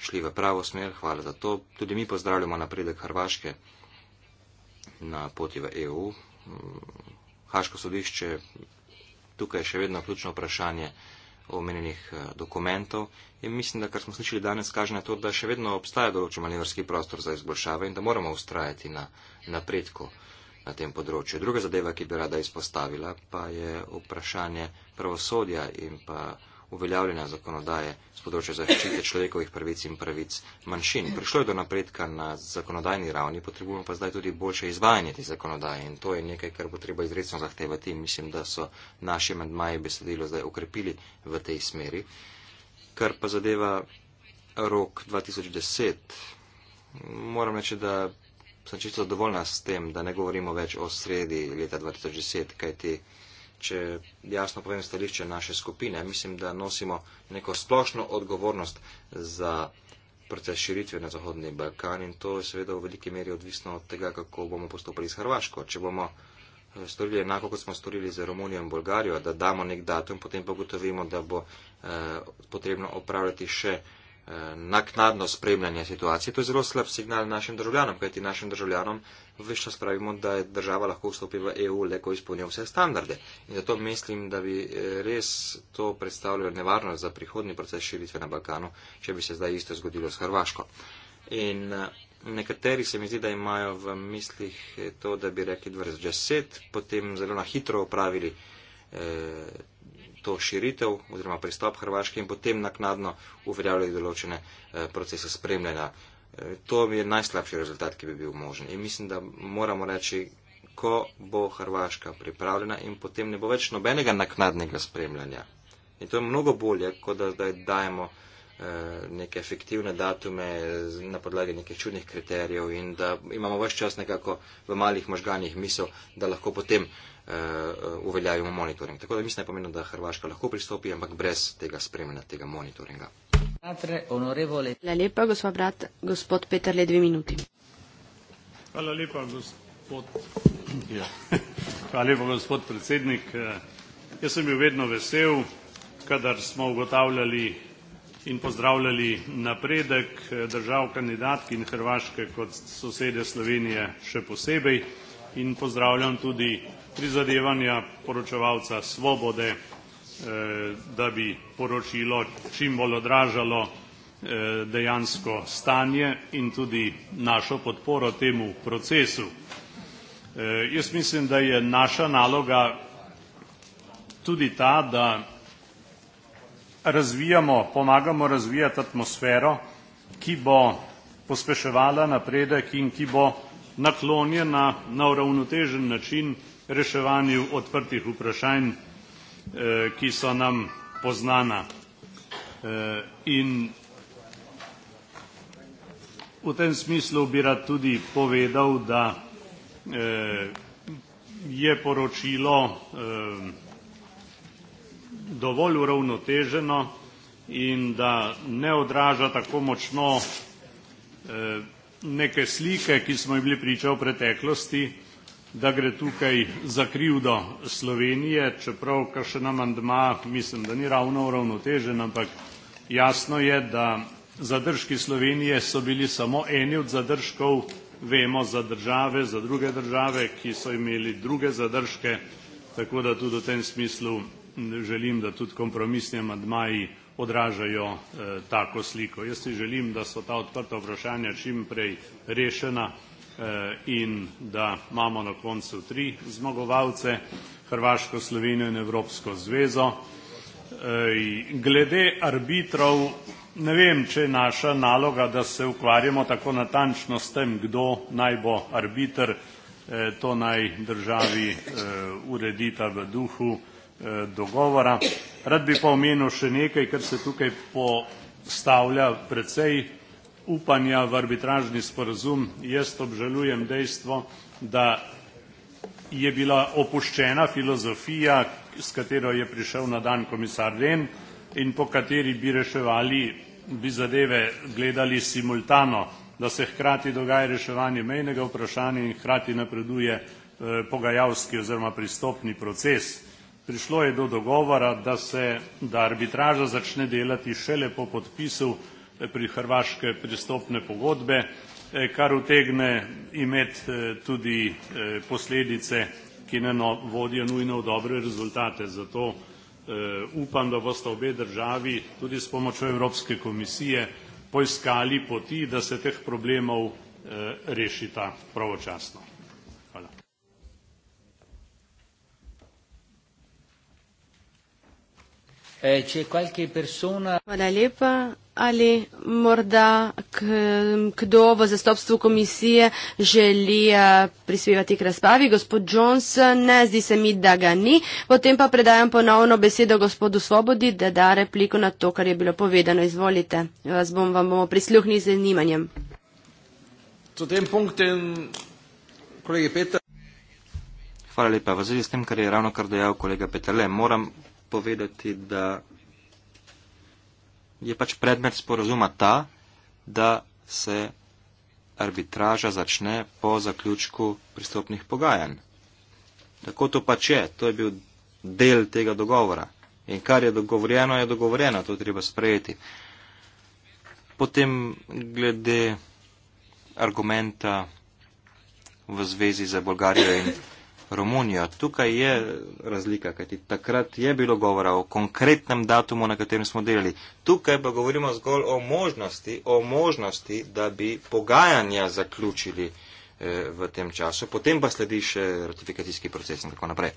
šli v pravo smer. Hvala za to. Tudi mi pozdravljamo napredek Hrvaške na poti v EU. Haško sodišče, tukaj je še vedno ključno vprašanje omenjenih eh, dokumentov. In mislim, da kar smo slišali danes, kaže na to, da še vedno obstaja določen manevrski prostor za izboljšave in da moramo ustrajati na napredku na tem področju. Druga zadeva, ki bi rada izpostavila, pa je vprašanje pravosodja in pa uveljavljanja zakonodaje z področja zaščite človekovih pravic in pravic manjšin. Prišlo je do napredka na zakonodajni ravni, potrebujemo pa zdaj tudi boljše izvajanje te zakonodaje in to je nekaj, kar bo treba izredno zahtevati in mislim, da so naše medmaje besedilo zdaj ukrepili v tej smeri. Kar pa zadeva rok 2010, moram reči, da sem čisto zadovoljna s tem, da ne govorimo več o sredi leta 2010, kajti če jasno povem stališče naše skupine. Mislim, da nosimo neko splošno odgovornost za proces širitve na Zahodni Balkan in to je seveda v veliki meri odvisno od tega, kako bomo postopili s Hrvaško. Če bomo eh, storili enako, kot smo storili za Romunijo in Bolgarijo, da damo nek datum, potem pa gotovimo, da bo eh, potrebno opravljati še naknadno spremljanje situacije. To je zelo slab signal našim državljanom, kajti našim državljanom veščas pravimo, da je država lahko vstopi v EU le, ko izpolnijo vse standarde. In zato mislim, da bi eh, res to predstavljalo nevarnost za prihodni proces širitve na Balkanu, če bi se zdaj isto zgodilo s Hrvaško. In eh, nekateri se mi zdi, da imajo v mislih eh, to, da bi rekli 2010, potem zelo na hitro upravili. Eh, to širitev oziroma pristop Hrvaške in potem naknadno uveljavljali določene eh, procese spremljanja. Eh, to je najslabši rezultat, ki bi bil možen. In mislim, da moramo reči, ko bo Hrvaška pripravljena in potem ne bo več nobenega naknadnega spremljanja. In to je mnogo bolje, kot da zdaj dajemo eh, neke efektivne datume na podlagi nekih čudnih kriterijev in da imamo vse čas nekako v malih možganjih misel, da lahko potem uh, uveljavimo monitoring. Tako da mislim, da je pomembno, da Hrvaška lahko pristopi, ampak brez tega spremljanja, tega monitoringa. Hvala lepa, gospod, brat, gospod Peter, le dve minuti. Hvala lepa, gospod, ja. Hvala lepa, gospod predsednik. Eh, jaz sem bil vedno vesel, kadar smo ugotavljali in pozdravljali napredek eh, držav kandidatk in Hrvaške kot sosede Slovenije še posebej in pozdravljam tudi prizadevanja poročevalca svobode, eh, da bi poročilo čim bolj odražalo eh, dejansko stanje in tudi našo podporo temu procesu. Eh, jaz mislim, da je naša naloga tudi ta, da razvijamo, pomagamo razvijati atmosfero, ki bo pospeševala napredek in ki bo naklonjena na uravnotežen način reševanju odprtih vprašanj, eh, ki so nam poznana. Eh, in v tem smislu bi rad tudi povedal, da eh, je poročilo dovolj uravnoteženo in da ne odraža tako močno neke slike, ki smo jim bili priča v preteklosti, da gre tukaj za krivdo Slovenije, čeprav kakšen amandma mislim, da ni ravno uravnotežen, ampak jasno je, da zadržki Slovenije so bili samo eni od zadržkov, vemo za države, za druge države, ki so imeli druge zadržke, tako da tudi v tem smislu želim, da tudi kompromisni amandmaji odražajo eh, tako sliko. Jaz si želim, da so ta odprta vprašanja čim prej rešena, Eh, in da imamo na koncu tri zmagovalce, Hrvaško, Slovenijo in Evropsko zvezo. Eh, glede arbitrov, ne vem, če je naša naloga, da se ukvarjamo tako natančno s tem, kdo naj bo arbiter, eh, to naj državi uredita v duhu dogovora. Rad bi pa omenil še nekaj, kar se tukaj postavlja precej upanja v arbitražni sporazum. Jaz obžalujem dejstvo, da je bila opuščena filozofija, s katero je prišel na dan komisar Len in po kateri bi reševali, bi zadeve gledali simultano, da se hkrati dogaja reševanje mejnega vprašanja in hkrati napreduje eh, pogajalski oziroma pristopni proces. Prišlo je do dogovora, da se da arbitraža začne delati šele po podpisu Eh, pri hrvaške pristopne pogodbe, eh, kar utegne imeti eh, tudi posledice, ki ne no-, vodijo nujno v dobre rezultate. Zato upam, da boste obe državi tudi s pomočjo Evropske komisije poiskali poti, da se teh problemov rešita pravočasno. Hvala lepa ali morda kdo v zastopstvu komisije želi eh, prispevati k razpravi. Gospod Jones, ne, zdi se mi, da ga ni. Potem pa predajam ponovno besedo gospodu Svobodi, da da repliko na to, kar je bilo povedano. Izvolite, vas bom vam bomo prisluhnili z zanimanjem. Hvala lepa. V zvezi s tem, kar je ravno kar dejal kolega Petele, moram povedati, da je pač predmet sporozuma ta, da se arbitraža začne po zaključku pristopnih pogajanj. Tako to pač je, to je bil del tega dogovora. In kar je dogovorjeno, je dogovorjeno, to treba sprejeti. Potem glede argumenta v zvezi za Bolgarijo in Romunijo. Tukaj je razlika, kajti takrat je bilo govora o konkretnem datumu, na katerem smo delali. Tukaj pa govorimo zgolj o možnosti, o možnosti, da bi pogajanja zaključili eh, v tem času, potem pa sledi še ratifikacijski proces in tako naprej.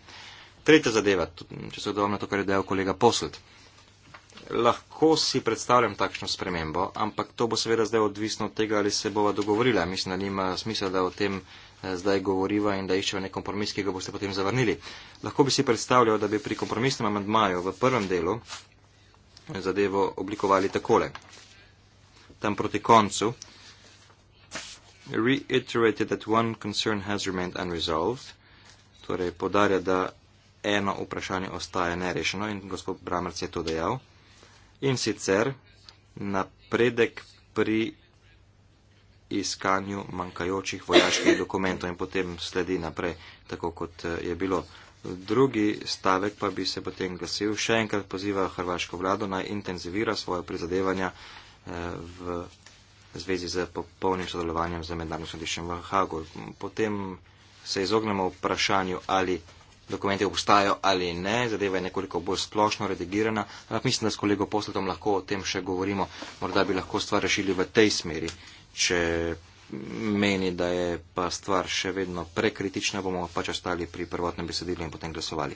Tretja zadeva, če se odobam na to, kar je dejal kolega Poselt lahko si predstavljam takšno spremembo, ampak to bo seveda zdaj odvisno od tega, ali se bova dogovorila. Mislim, da nima smisla, da o tem eh, zdaj govoriva in da iščeva nek kompromis, ki ga boste potem zavrnili. Lahko bi si predstavljal, da bi pri kompromisnem amandmaju v prvem delu eh, zadevo oblikovali takole. Tam proti koncu. Reiterated that one concern has remained unresolved. Torej podarja, da eno vprašanje ostaja nerešeno in gospod Bramerc je to dejal in sicer napredek pri iskanju manjkajočih vojaških dokumentov in potem sledi naprej, tako kot eh, je bilo. Drugi stavek pa bi se potem glasil, še enkrat poziva hrvaško vlado naj intenzivira svoje prizadevanja eh, v zvezi z popolnim sodelovanjem z mednarodnim sodiščem v Hagu. Potem se izognemo vprašanju, ali dokumenti obstajajo ali ne, zadeva je nekoliko bolj splošno redigirana, ampak mislim, da s kolego posletom lahko o tem še govorimo, morda bi lahko stvar rešili v tej smeri. Če meni, da je pa stvar še vedno prekritična, bomo pač ostali pri prvotnem besedilu in potem glasovali.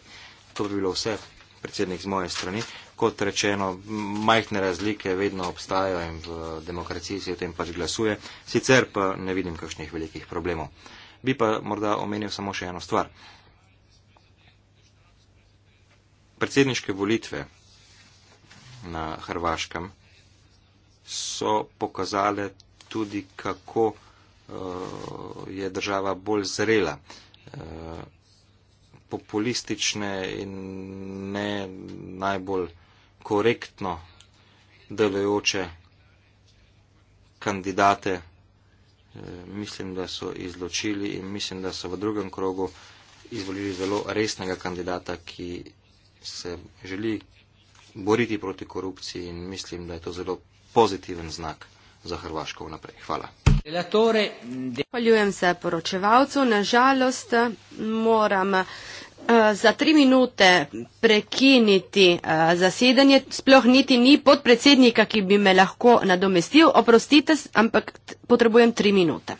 To bi bilo vse, predsednik z moje strani. Kot rečeno, majhne razlike vedno obstajajo in v demokraciji se o tem pač glasuje, sicer pa ne vidim kakšnih velikih problemov. Bi pa morda omenil samo še eno stvar predsedniške volitve na Hrvaškem so pokazale tudi, kako uh, je država bolj zrela. Uh, populistične in ne najbolj korektno delujoče kandidate eh, mislim, da so izločili in mislim, da so v drugem krogu izvolili zelo resnega kandidata, ki se želi boriti proti korupciji in mislim, da je to zelo pozitiven znak za Hrvaško vnaprej. Hvala. Hvaljujem se poročevalcu. Nažalost moram eh, za tri minute prekiniti eh, zasedanje, sploh niti ni podpredsednika, ki bi me lahko nadomestil. Oprostite, ampak potrebujem tri minute.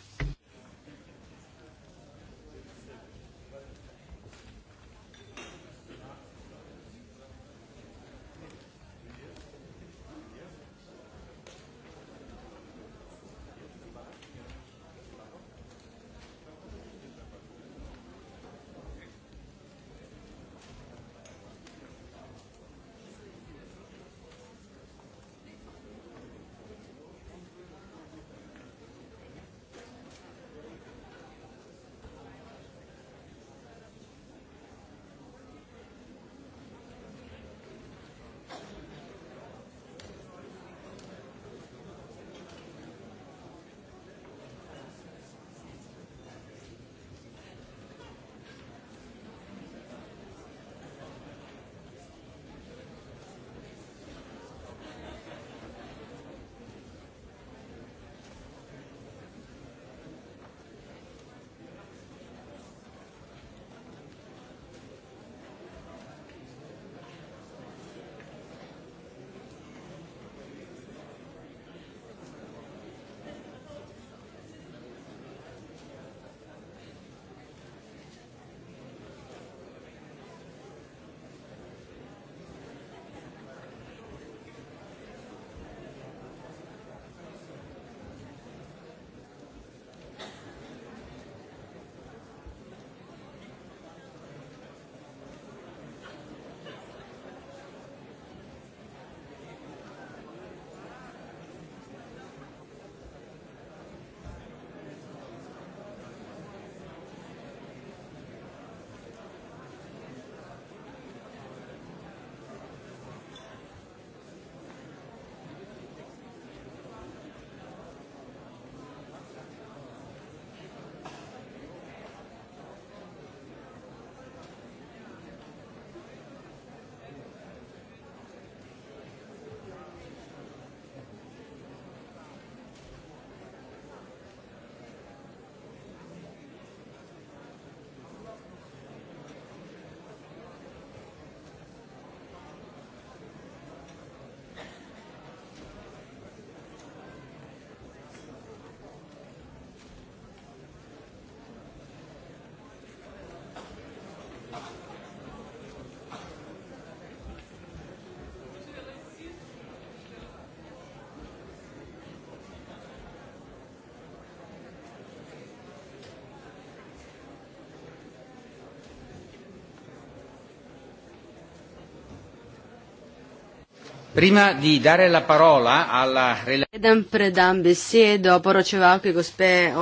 Preden predam besedo poročevalki gospe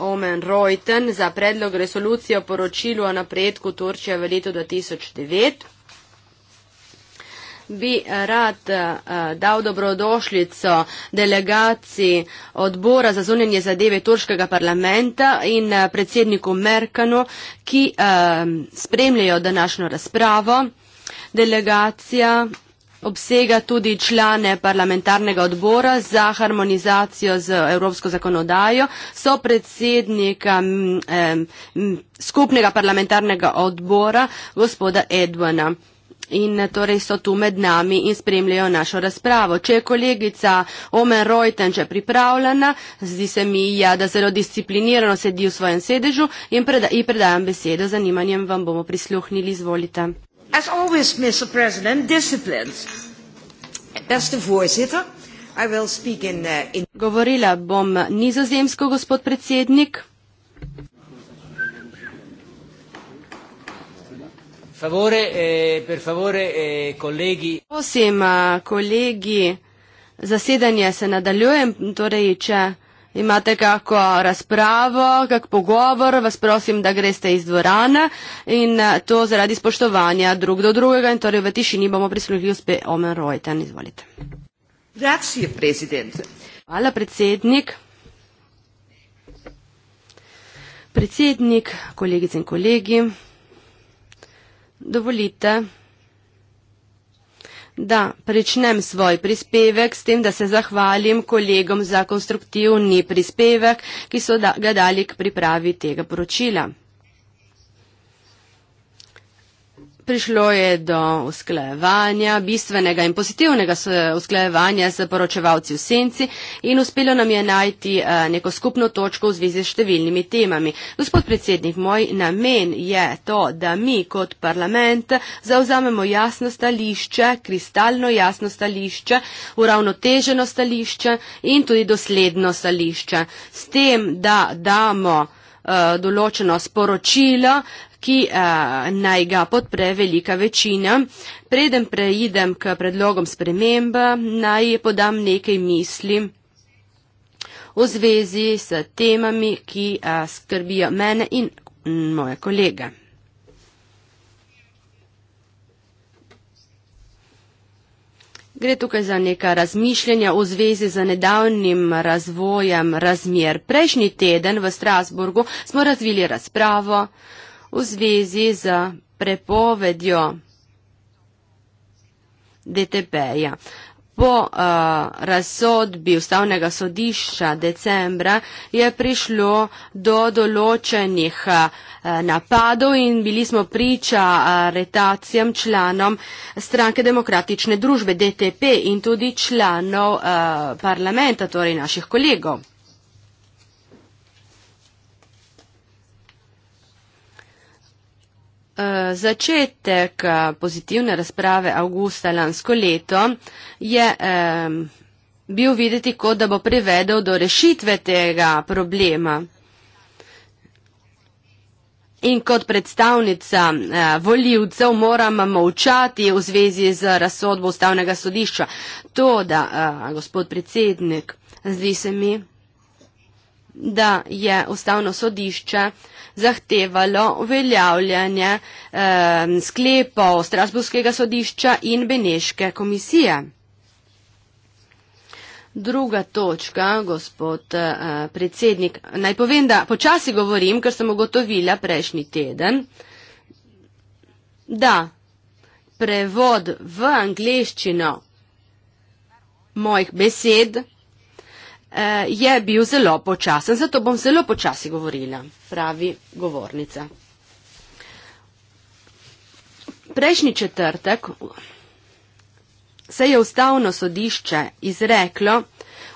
Omen Reuten za predlog resolucije o poročilu o napredku Turčije v letu 2009, bi rad eh, dal dobrodošljico delegaciji odbora za zunanje zadeve turškega parlamenta in eh, predsedniku Merkanu, ki eh, spremljajo današnjo razpravo. Delegacija obsega tudi člane parlamentarnega odbora za harmonizacijo z evropsko zakonodajo, so predsednika eh, skupnega parlamentarnega odbora gospoda Edvana. In eh, torej so tu med nami in spremljajo našo razpravo. Če je kolegica Omen Reuten že pripravljena, zdi se mi, ja, da zelo disciplinirano sedi v svojem sedežu in, preda in predajam besedo, zanimanjem vam bomo prisluhnili, izvolite. As always, Mr. President, disciplines. Beste voorzitter, I will speak in, uh, in... Govorila bom nizozemsko, gospod predsednik. Favore, eh, per favore, eh, kolegi. Prosim, eh, kolegi, zasedanje se nadaljuje, torej če imate kako razpravo, kak pogovor, vas prosim, da greste iz dvorana in eh, to zaradi spoštovanja drug do drugega in torej v tišini bomo prisluhili uspe Omen Reuten. Izvolite. Hvala, predsednik. Predsednik, kolegice in kolegi, dovolite. Da, pričnem svoj prispevek s tem, da se zahvalim kolegom za konstruktivni prispevek, ki so da, ga dali k pripravi tega poročila. prišlo je do usklajevanja, bistvenega in pozitivnega usklajevanja z poročevalci v senci in uspelo nam je najti eh, neko skupno točko v zvezi s številnimi temami. Gospod predsednik, moj namen je to, da mi kot parlament zauzamemo jasno stališče, kristalno jasno stališče, uravnoteženo stališče in tudi dosledno stališče. S tem, da damo eh, določeno sporočilo, ki eh, naj ga podpre velika večina. Preden preidem k predlogom sprememb, naj podam nekaj misli v zvezi s temami, ki eh, skrbijo mene in moje kolege. Gre tukaj za neka razmišljanja v zvezi z nedavnim razvojem razmer. Prejšnji teden v Strasburgu smo razvili razpravo, v zvezi z prepovedjo DTP-ja. Po uh, razsodbi ustavnega sodišča decembra je prišlo do določenih uh, napadov in bili smo priča uh, retacijam članom stranke demokratične družbe DTP in tudi članov uh, parlamenta, torej naših kolegov. Eh, začetek eh, pozitivne razprave avgusta lansko leto je bil videti, kot da bo privedel do rešitve tega problema. In kot predstavnica eh, voljivcev moram molčati v zvezi z razsodbo ustavnega sodišča. To, da, gospod predsednik, zdi se mi, da je ustavno sodišče zahtevalo uveljavljanje eh, sklepov Strasburskega sodišča in Beneške komisije. Druga točka, gospod eh, predsednik, naj povem, da počasi govorim, ker sem ugotovila prejšnji teden, da prevod v angleščino mojih besed Eh, je bil zelo počasen, zato bom zelo počasi govorila, pravi govornica. Prejšnji četrtek se je ustavno sodišče izreklo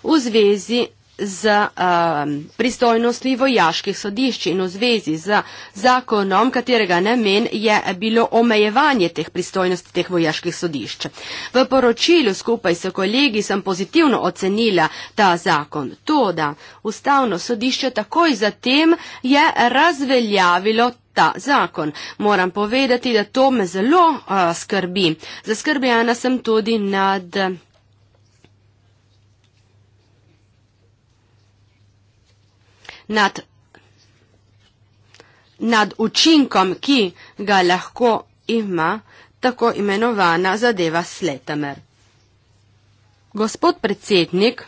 v zvezi z um, pristojnostmi vojaških sodišč in v zvezi z zakonom, katerega namen je bilo omejevanje teh pristojnosti teh vojaških sodišč. V poročilu skupaj s kolegi sem pozitivno ocenila ta zakon. To, da ustavno sodišče takoj zatem je razveljavilo ta zakon. Moram povedati, da to me zelo uh, skrbi. Zaskrbljena sem tudi nad. Uh, nad, nad učinkom, ki ga lahko ima tako imenovana zadeva Sletemer. Gospod predsednik,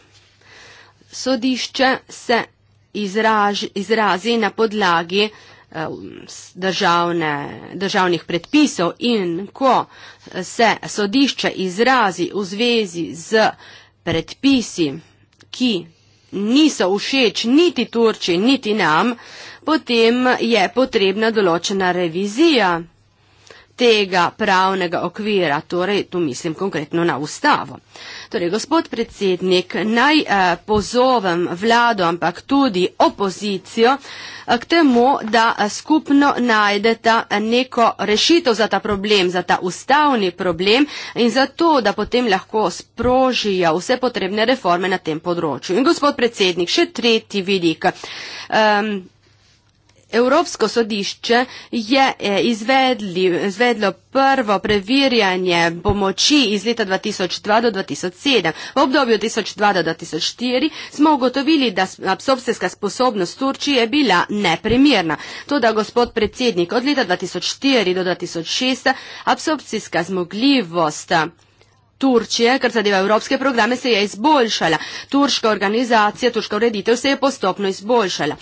sodišče se izraž, izrazi na podlagi eh, Državne, državnih predpisov in ko eh, se sodišče izrazi v zvezi z predpisi, ki niso všeč niti Turčiji, niti nam, potem je potrebna določena revizija tega pravnega okvira, torej tu mislim konkretno na ustavo. Torej, gospod predsednik, naj eh, pozovem vlado, ampak tudi opozicijo, eh, k temu, da eh, skupno najdete neko rešitev za ta problem, za ta ustavni problem in za to, da potem lahko sprožijo vse potrebne reforme na tem področju. In gospod predsednik, še tretji vidik. Um, Evropsko sodišče je eh, izvedli, izvedlo prvo preverjanje pomoči iz leta 2002 do 2007. V obdobju 2002 do 2004 smo ugotovili, da absorpcijska sposobnost Turčije je bila neprimerna. To, da gospod predsednik od leta 2004 do 2006 absorpcijska zmogljivost Turčije, kar zadeva evropske programe, se je izboljšala. Turška organizacija, turška ureditev se je postopno izboljšala.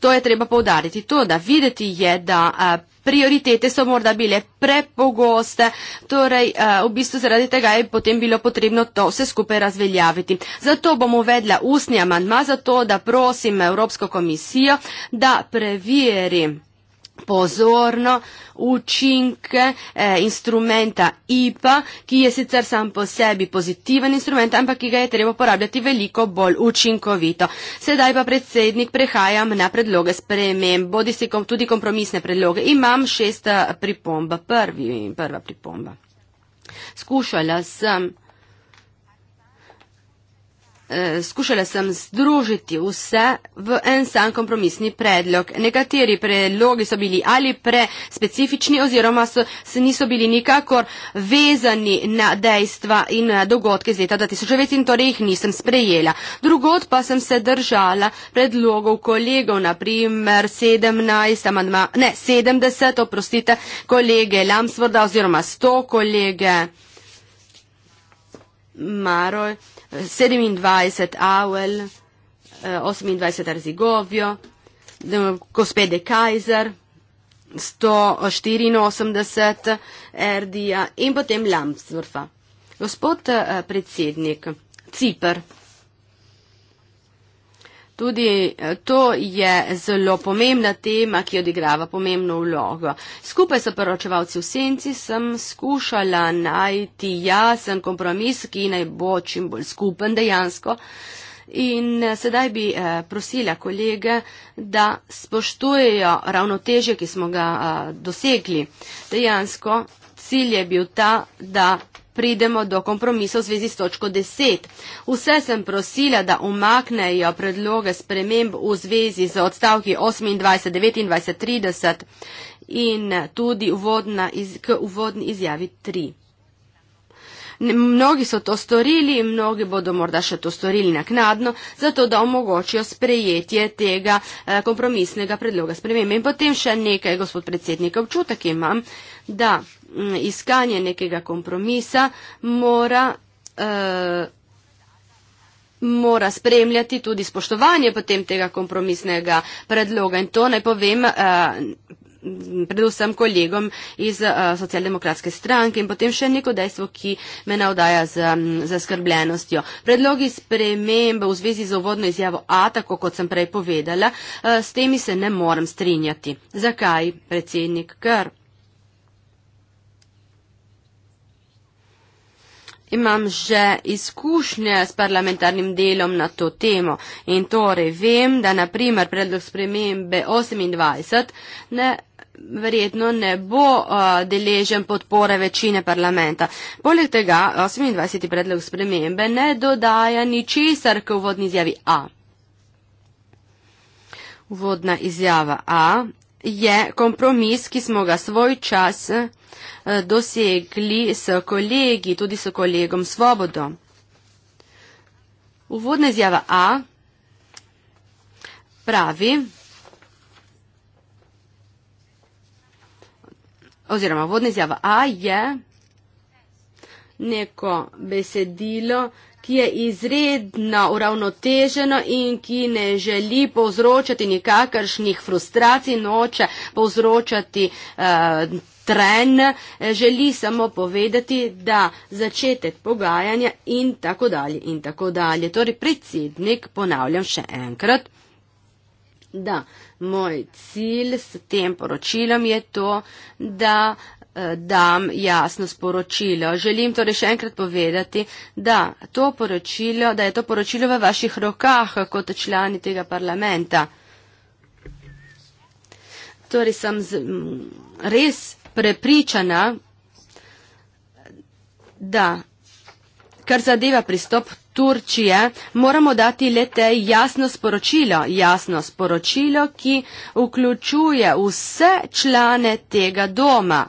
To je treba povdariti. To, da videti je, da a, prioritete so morda bile prepogoste, torej a, v bistvu zaradi tega je potem bilo potrebno to vse skupaj razveljaviti. Zato bomo vedla ustni amandma, zato da prosim Evropsko komisijo, da preveri pozorno učinke eh, instrumenta IPA, ki je sicer sam po sebi pozitiven instrument, ampak ki ga je treba uporabljati veliko bolj učinkovito. Sedaj pa predsednik prehajam na predloge sprememb, bodi si kom, tudi kompromisne predloge. Imam šesta eh, pripomba, prvi in prva pripomba. Skušala sem Eh, skušala sem združiti vse v en sam kompromisni predlog. Nekateri predlogi so bili ali prespecifični oziroma so, so niso bili nikakor vezani na dejstva in na dogodke iz leta 2009 in torej jih nisem sprejela. Drugod pa sem se držala predlogov kolegov, naprimer 17, amadma, ne 70, oprostite, kolege Lamsvorda oziroma 100 kolege Maroj. 27 Avel, 28 Arzigovjo, gospede Kajzer, 184 Erdija in potem Lambsdorfa. Gospod eh, predsednik, Cipr. Tudi eh, to je zelo pomembna tema, ki odigrava pomembno vlogo. Skupaj so poročevalci v senci, sem skušala najti jasen kompromis, ki naj bo čim bolj skupen dejansko. In eh, sedaj bi eh, prosila kolege, da spoštujejo ravnotežje, ki smo ga dosegli. Dejansko cilj je bil ta, da pridemo do kompromisa v zvezi s točko 10. Vse sem prosila, da umaknejo predloge sprememb v zvezi z odstavki 28, 29, 30 in tudi uvodna iz, k uvodni izjavi 3. Mnogi so to storili in mnogi bodo morda še to storili naknadno, zato da omogočijo sprejetje tega eh, kompromisnega predloga spremembe. In potem še nekaj, gospod predsednik, občutek imam, da Mm, iskanje nekega kompromisa mora, uh, mora spremljati tudi spoštovanje potem tega kompromisnega predloga in to naj povem. Uh, predvsem kolegom iz uh, socialdemokratske stranke in potem še neko dejstvo, ki me navdaja z, mm, z skrbljenostjo. Predlogi spremembe v zvezi z uvodno izjavo A, tako kot sem prej povedala, uh, s temi se ne morem strinjati. Zakaj, predsednik, ker imam že izkušnje s parlamentarnim delom na to temo in torej vem, da naprimer predlog spremembe 28 ne, verjetno ne bo uh, deležen podpore večine parlamenta. Poleg tega 28. predlog spremembe ne dodaja ničesar k uvodni izjavi A. Uvodna izjava A je kompromis, ki smo ga svoj čas eh, dosegli s kolegi, tudi s kolegom Svobodo. Uvodna izjava A pravi, oziroma uvodna izjava A je neko besedilo, ki je izredno uravnoteženo in ki ne želi povzročati nikakršnih frustracij, noče povzročati uh, tren, želi samo povedati, da začetek pogajanja in tako dalje in tako dalje. Torej, predsednik, ponavljam še enkrat, da moj cilj s tem poročilom je to, da uh, dam jasno sporočilo. Želim torej še enkrat povedati, da, poročilo, da je to poročilo v vaših rokah kot člani tega parlamenta. Torej sem z, m, mm, res prepričana, da kar zadeva pristop Turčije, moramo dati le te jasno sporočilo, jasno sporočilo, ki vključuje vse člane tega doma.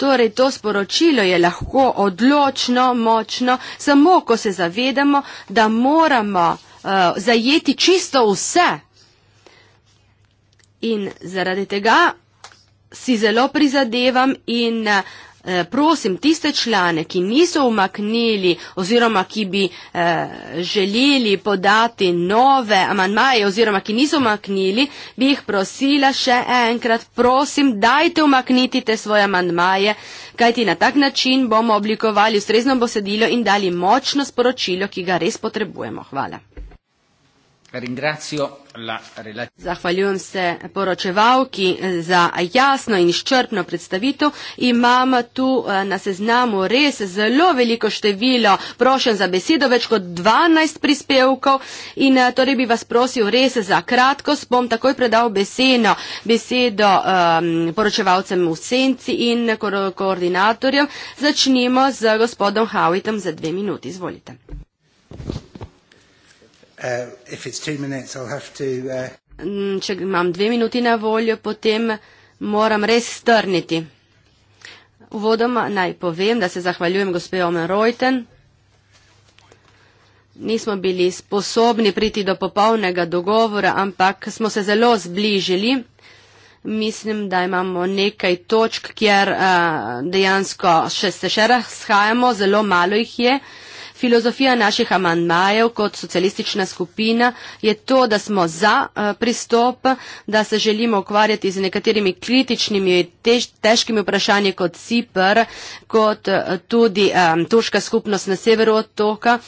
Torej, to sporočilo je lahko odločno, močno, samo ko se zavedamo, da moramo uh, zajeti čisto vse. In zaradi tega si zelo prizadevam in uh, Eh, prosim tiste člane, ki niso umaknili oziroma ki bi eh, želeli podati nove amandmaje oziroma ki niso umaknili, bi jih prosila še enkrat, prosim, dajte umakniti te svoje amandmaje, kajti na tak način bomo oblikovali ustrezno besedilo in dali močno sporočilo, ki ga res potrebujemo. Hvala. Ringrazio la relat- Zahvaljujem se poročevalki za jasno in izčrpno predstavitev. Imam tu eh, na seznamu res zelo veliko število, prošen za besedo, več kot 12 prispevkov in eh, torej bi vas prosil res za kratko, bom takoj predal besedo, besedo um, poročevalcem v senci in ko- koordinatorjem. Začnimo z gospodom Howitom za dve minuti. Izvolite. Uh, if it's two minutes, I'll have to, uh... Mm, če imam dve minuti na voljo, potem moram res strniti. Uvodoma naj povem, da se zahvaljujem gospe Omen Reuten. Nismo bili sposobni priti do popolnega dogovora, ampak smo se zelo zbližili. Mislim, da imamo nekaj točk, kjer uh, dejansko še se še razhajamo, zelo malo jih je. Uh, Filozofija naših amandmajev kot socialistična skupina je to, da smo za eh, pristop, da se želimo ukvarjati z nekaterimi kritičnimi, tež, težkimi vprašanji kot CIPR, kot eh, tudi um, turška skupnost na severu otoka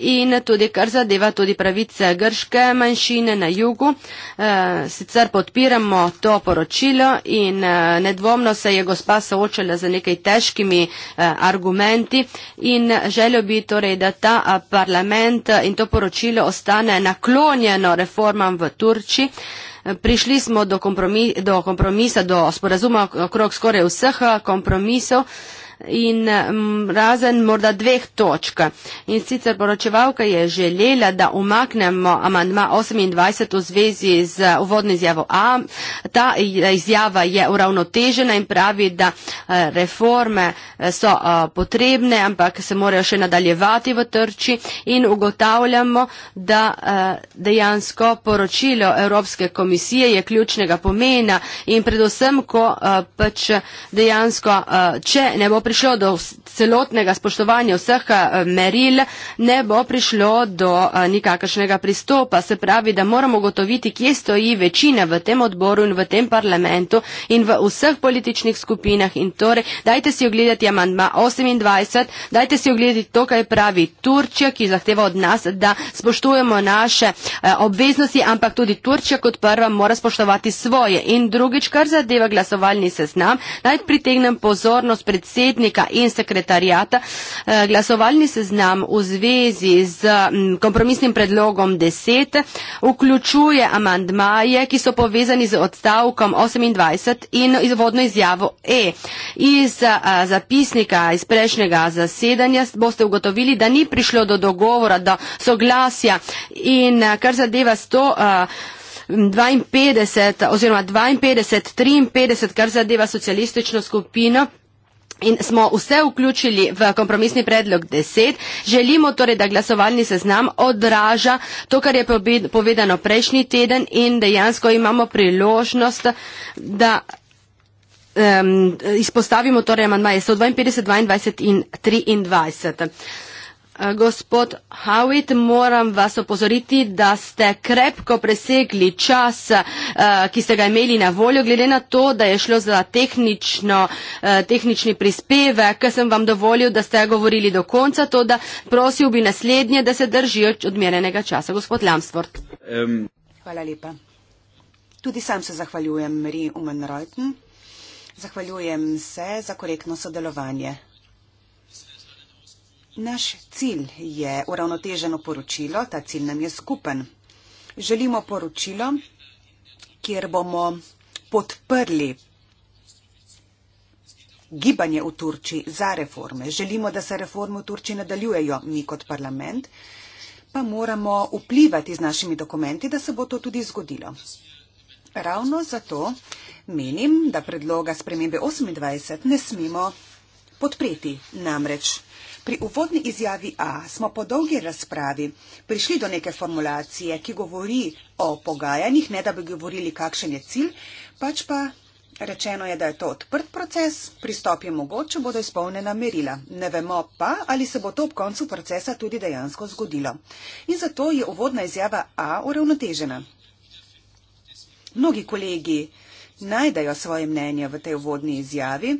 in tudi kar zadeva tudi pravice grške manjšine na jugu. Eh, sicer podpiramo to poročilo in eh, nedvomno se je gospa soočala z nekaj težkimi eh, argumenti in želel bi torej, da ta parlament in to poročilo ostane naklonjeno reformam v Turčji. Prišli smo do kompromisa, do sporazuma okrog skoraj vseh kompromisov in mm, razen morda dveh točk. In sicer poročevalka je želela, da umaknemo amandma 28 v zvezi z uvodno izjavo A. Ta izjava je uravnotežena in pravi, da eh, reforme eh, so eh, potrebne, ampak se morajo še nadaljevati v trči in ugotavljamo, da dejansko poročilo Evropske komisije je ključnega pomena in predvsem, ko pač dejansko, če ne bo prišlo do celotnega spoštovanja vseh eh, meril, ne bo prišlo do eh, nikakršnega pristopa. Se pravi, da moramo gotoviti, kje stoji večina v tem odboru in v tem parlamentu in v vseh političnih skupinah. In torej, dajte si ogledati amandma 28, dajte si ogledati to, kaj pravi Turčija, ki zahteva od nas, da spoštujemo naše eh, obveznosti, ampak tudi Turčija kot prva mora spoštovati svoje. In drugič, kar zadeva glasovalni seznam, naj pritegnem pozornost predsednika, predsednika in sekretarjata. Eh, glasovalni seznam v zvezi z mm, kompromisnim predlogom 10 vključuje amandmaje, ki so povezani z odstavkom 28 in izvodno izjavo E. Iz eh, zapisnika iz prejšnjega zasedanja boste ugotovili, da ni prišlo do dogovora, do soglasja in eh, kar zadeva 100. 52 oziroma 52, 53, kar zadeva socialistično skupino, in smo vse vključili v kompromisni predlog 10. Želimo torej, da glasovalni seznam odraža to, kar je povedano prejšnji teden in dejansko imamo priložnost, da um, izpostavimo torej manjvaje 152, 22 in 23. Eh, gospod Howitt, moram vas opozoriti, da ste krepko presegli čas, eh, ki ste ga imeli na voljo, glede na to, da je šlo za tehnično, eh, tehnični prispevek, ker sem vam dovolil, da ste govorili do konca, to da prosil bi naslednje, da se držijo odmerenega časa. Gospod Lamsford. Um. Hvala lepa. Tudi sam se zahvaljujem Marii Umenreuten. Zahvaljujem se za korektno sodelovanje. Naš cilj je uravnoteženo poročilo, ta cilj nam je skupen. Želimo poročilo, kjer bomo podprli gibanje v Turčiji za reforme. Želimo, da se reforme v Turčiji nadaljujejo, mi kot parlament, pa moramo vplivati z našimi dokumenti, da se bo to tudi zgodilo. Ravno zato menim, da predloga spremembe 28 ne smemo podpreti namreč. Pri uvodni izjavi A smo po dolgi razpravi prišli do neke formulacije, ki govori o pogajanjih, ne da bi govorili, kakšen je cilj, pač pa rečeno je, da je to odprt proces, pristop je mogoče, bodo izpolnjena merila. Ne vemo pa, ali se bo to ob koncu procesa tudi dejansko zgodilo. In zato je uvodna izjava A uravnotežena. Mnogi kolegi najdejo svoje mnenje v tej uvodni izjavi.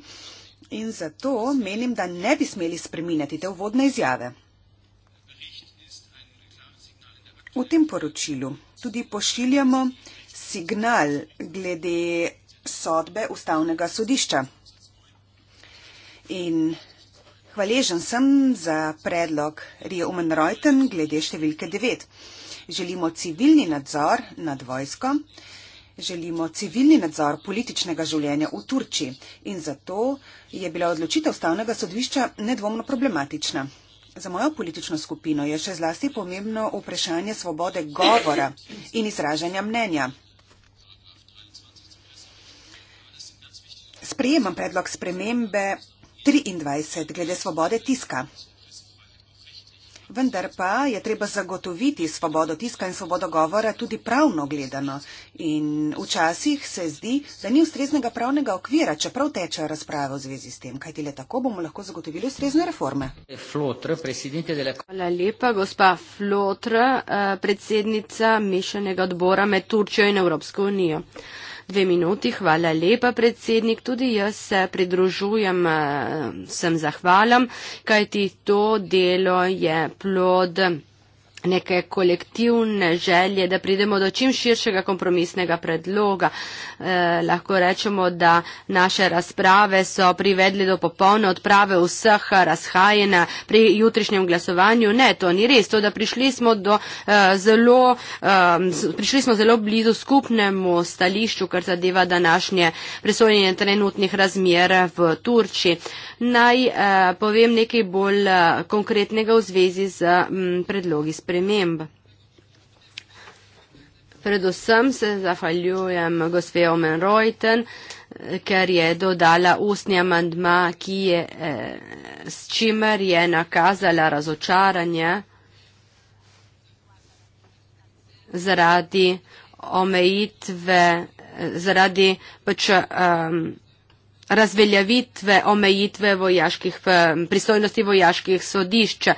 In zato menim, da ne bi smeli spreminjati te uvodne izjave. V tem poročilu tudi pošiljamo signal glede sodbe ustavnega sodišča. In hvaležen sem za predlog Rio Human Reuten glede številke 9. Želimo civilni nadzor nad vojsko želimo civilni nadzor političnega življenja v Turčiji in zato je bila odločitev ustavnega sodišča nedvomno problematična. Za mojo politično skupino je še zlasti pomembno vprašanje svobode govora in izražanja mnenja. Sprejemam predlog spremembe 23 glede svobode tiska. Vendar pa je treba zagotoviti svobodo tiska in svobodo govora tudi pravno gledano. In včasih se zdi, da ni ustreznega pravnega okvira, čeprav teče razprava v zvezi s tem, kaj tile tako bomo lahko zagotovili ustrezne reforme. Hvala lepa, gospa Flotr, eh, predsednica Mešanega odbora med Turčjo in Evropsko unijo. Dve minuti, hvala lepa predsednik. Tudi jaz se pridružujem eh, sem zahvalam, kajti to delo je plod neke kolektivne želje, da pridemo do čim širšega kompromisnega predloga. Eh, lahko rečemo, da naše razprave so privedli do popolne odprave vseh razhajena pri jutrišnjem glasovanju. Ne, to ni res. To, da prišli smo, do, eh, zelo, eh, prišli smo zelo blizu skupnemu stališču, kar zadeva današnje presojenje trenutnih razmer v Turčiji. Naj eh, povem nekaj bolj eh, konkretnega v zvezi z m, mm, predlogi spremljanja sprememb. Predvsem se zahvaljujem gospe Omen Reuten, ker je dodala ustni amandma, ki je, eh, s čimer je nakazala razočaranje zaradi omejitve, eh, zaradi pač um, razveljavitve omejitve vojaških, pristojnosti vojaških sodišča.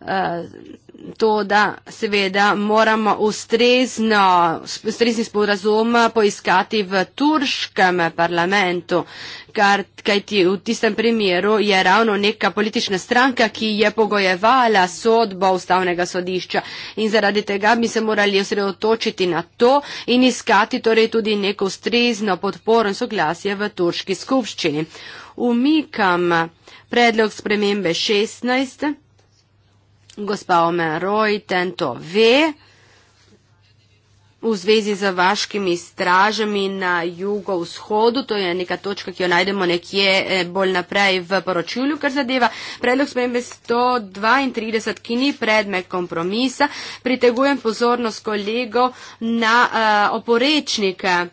Uh, eh, to, da seveda moramo ustrezno, ustrezni sporazum poiskati v turškem parlamentu, kar, kaj ti v tistem primeru je ravno neka politična stranka, ki je pogojevala sodbo ustavnega sodišča in zaradi tega bi se morali osredotočiti na to in iskati torej tudi neko ustrezno podporo in soglasje v turški skupščini. Umikam predlog spremembe 16. Gospa Omeroj, ten to ve. V zvezi z vaškimi stražami na jugovzhodu, to je neka točka, ki jo najdemo nekje eh, bolj naprej v poročilju, kar zadeva predlog spremembe 132, ki ni predmet kompromisa, pritegujem pozornost kolegov na uh, oporečnike uh,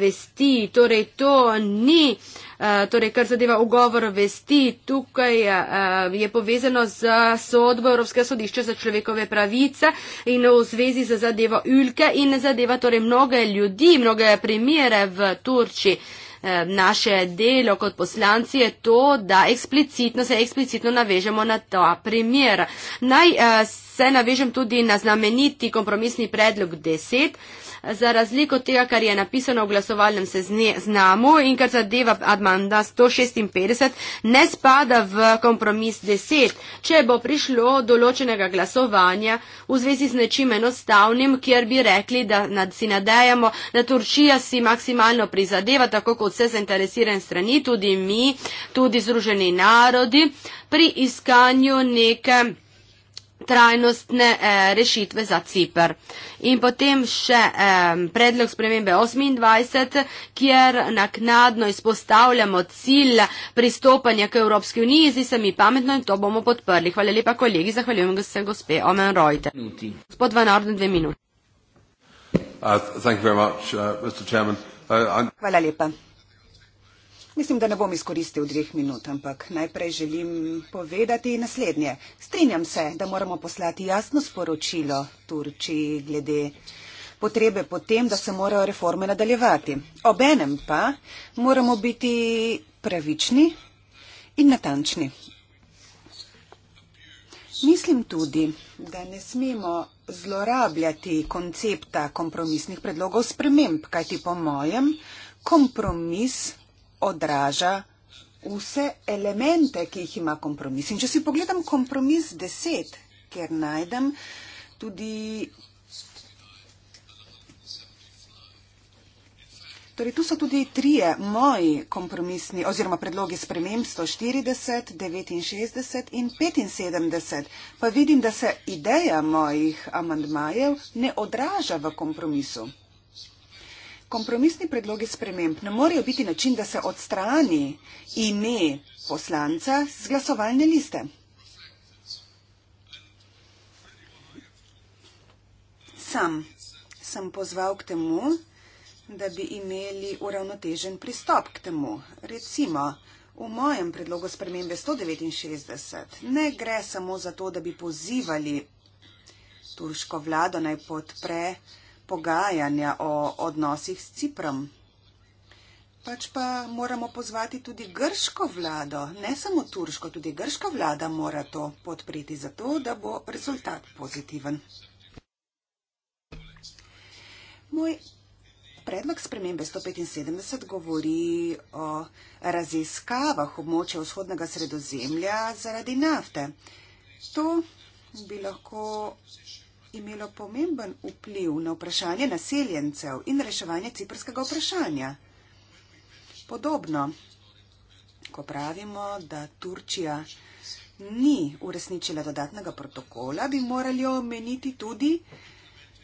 vesti, torej to ni uh, Eh, torej kar zadeva ugovor vesti, tukaj eh, je povezano z sodbo Evropskega sodišča za človekove pravice in v zvezi z zadevo Ülke in zadeva torej mnoge ljudi, mnoge primere v Turčiji. Eh, naše delo kot poslanci je to, da eksplicitno se eksplicitno navežemo na ta primer. Naj se navežem tudi na znameniti kompromisni predlog 10, za razliko od tega, kar je napisano v glasovalnem seznamu in kar zadeva Admanda 156, ne spada v kompromis 10. Če bo prišlo določenega glasovanja v zvezi z nečim enostavnim, kjer bi rekli, da nad, si nadejamo, da Turčija si maksimalno prizadeva, tako kot vse zainteresirane strani, tudi mi, tudi Združeni narodi, pri iskanju nekaj trajnostne eh, rešitve za Cipr. In potem še eh, predlog spremembe 28, kjer naknadno izpostavljamo cilj pristopanja k Evropski uniji, zdi se mi pametno in to bomo podprli. Hvala lepa kolegi, zahvaljujem se gospe Omen Rojte. Gospod Van Orden, dve minuti. Uh, thank you very much, uh, Mr. Chairman. Uh, Hvala lepa. Mislim, da ne bom izkoristil dveh minut, ampak najprej želim povedati naslednje. Strinjam se, da moramo poslati jasno sporočilo Turčiji glede potrebe po tem, da se morajo reforme nadaljevati. Obenem pa moramo biti pravični in natančni. Mislim tudi, da ne smemo zlorabljati koncepta kompromisnih predlogov sprememb, kajti po mojem kompromis odraža vse elemente, ki jih ima kompromis. In če si pogledam kompromis deset, ker najdem tudi. Torej, tu so tudi trije moji kompromisni oziroma predlogi sprememb 140, 69 in 75. Pa vidim, da se ideja mojih amandmajev ne odraža v kompromisu kompromisni predlogi sprememb ne morejo biti način, da se odstrani ime poslanca z glasovalne liste. Sam sem pozval k temu, da bi imeli uravnotežen pristop k temu. Recimo, v mojem predlogu spremembe 169 ne gre samo za to, da bi pozivali turško vlado naj podpre pogajanja o odnosih s Ciprom. Pač pa moramo pozvati tudi grško vlado, ne samo turško, tudi grška vlada mora to podpreti, zato da bo rezultat pozitiven. Moj predlog spremembe 175 govori o raziskavah območja vzhodnega sredozemlja zaradi nafte. To bi lahko imelo pomemben vpliv na vprašanje naseljencev in reševanje ciprskega vprašanja. Podobno, ko pravimo, da Turčija ni uresničila dodatnega protokola, bi morali omeniti tudi,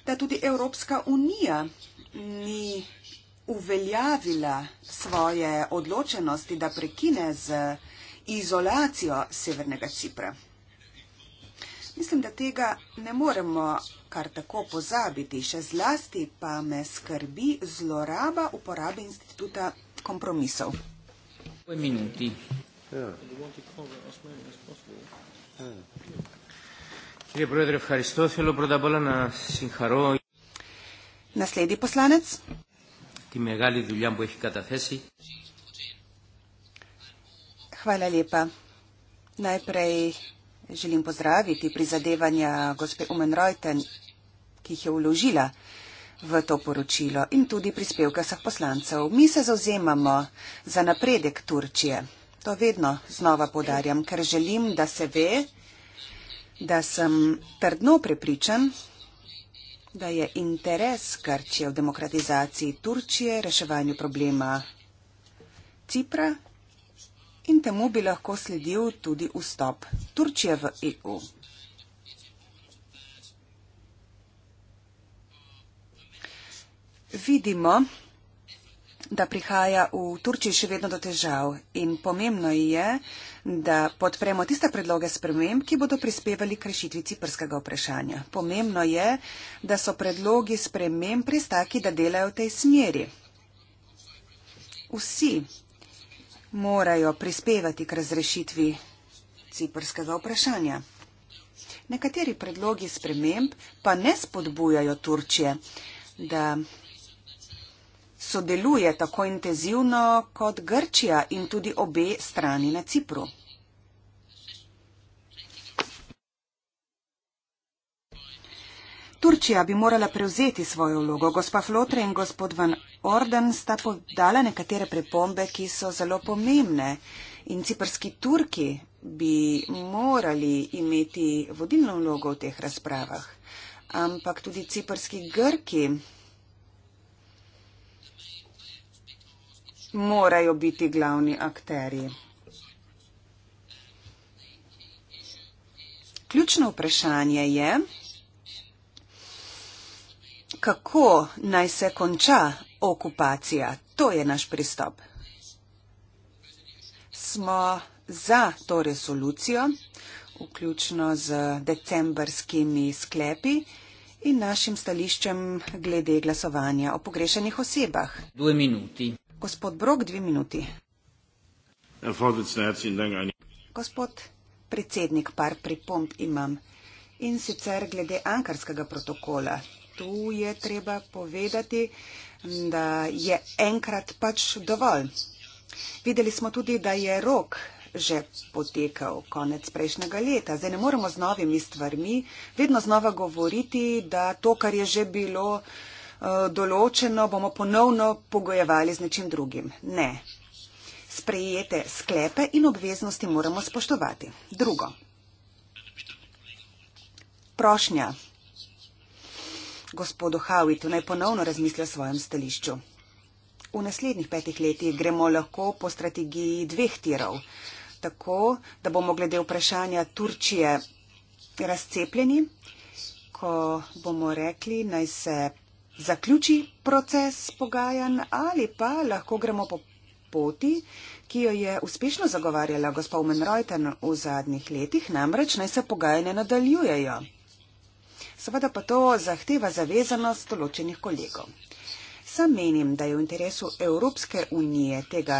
da tudi Evropska unija ni uveljavila svoje odločenosti, da prekine z izolacijo Severnega Cipra. Mislim, da tega ne moremo kar tako pozabiti, še zlasti pa me skrbi zloraba uporabe instituta kompromisov. Ja. Ja. Naslednji poslanec. Hvala lepa. Najprej Želim pozdraviti prizadevanja gospe Umenrojten, ki jih je uložila v to poročilo in tudi prispevke vseh poslancev. Mi se zauzemamo za napredek Turčije. To vedno znova podarjam, ker želim, da se ve, da sem trdno prepričan, da je interes Grčije v demokratizaciji Turčije, reševanju problema Cipra in temu bi lahko sledil tudi vstop Turčije v EU. Vidimo, da prihaja v Turčiji še vedno do težav in pomembno je, da podpremo tiste predloge sprememb, ki bodo prispevali k rešitvi ciprskega vprašanja. Pomembno je, da so predlogi sprememb pristaki, da delajo v tej smeri. Vsi morajo prispevati k razrešitvi ciprskega vprašanja. Nekateri predlogi sprememb pa ne spodbujajo Turčije, da sodeluje tako intenzivno kot Grčija in tudi obe strani na Cipru. Turčija bi morala prevzeti svojo vlogo. Gospa Flotre in gospod Van Orden sta podala nekatere prepombe, ki so zelo pomembne. In ciprski Turki bi morali imeti vodilno vlogo v teh razpravah. Ampak tudi ciprski Grki morajo biti glavni akteri. Ključno vprašanje je, kako naj se konča okupacija. To je naš pristop. Smo za to resolucijo, vključno z decembrskimi sklepi in našim stališčem glede glasovanja o pogrešenih osebah. Dve minuti. Gospod Brok, dve minuti. Gospod predsednik, par pripomb imam. In sicer glede ankarskega protokola tu je treba povedati, da je enkrat pač dovolj. Videli smo tudi, da je rok že potekal konec prejšnjega leta. Zdaj ne moremo z novimi stvarmi vedno znova govoriti, da to, kar je že bilo eh, določeno, bomo ponovno pogojevali z nečim drugim. Ne. Sprejete sklepe in obveznosti moramo spoštovati. Drugo. Prošnja gospodu Hawitu naj ponovno razmisli o svojem stališču. V naslednjih petih letih gremo lahko po strategiji dveh tirov, tako da bomo glede vprašanja Turčije razcepljeni, ko bomo rekli, naj se zaključi proces pogajan ali pa lahko gremo po poti, ki jo je uspešno zagovarjala gospod Menrojten v zadnjih letih, namreč naj se pogajanja nadaljujejo. Seveda pa to zahteva zavezanost določenih kolegov. Sam menim, da je v interesu Evropske unije tega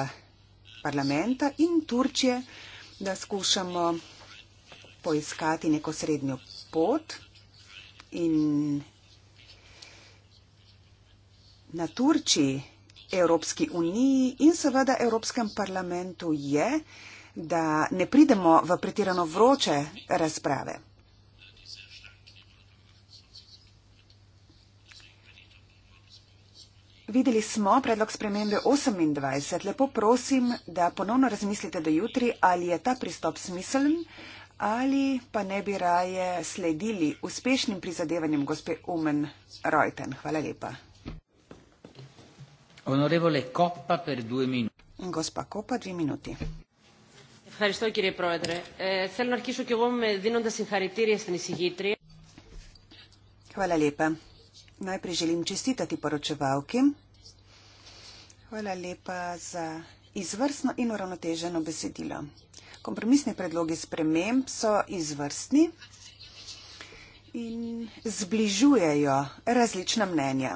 parlamenta in Turčije, da skušamo poiskati neko srednjo pot in na Turčiji, Evropski uniji in seveda Evropskem parlamentu je, da ne pridemo v pretirano vroče razprave. Videli smo predlog spremembe 28. Lepo prosim, da ponovno razmislite do jutri, ali je ta pristop smiseln ali pa ne bi raje sledili uspešnim prizadevanjem gospe Umen Reuten. Hvala lepa. Onorevole Koppa, per due minuti. Gospa Koppa, dve minuti. Hvala lepa. Najprej želim čestitati poročevalki. Hvala lepa za izvrstno in uravnoteženo besedilo. Kompromisni predlogi sprememb so izvrstni in zbližujejo različna mnenja.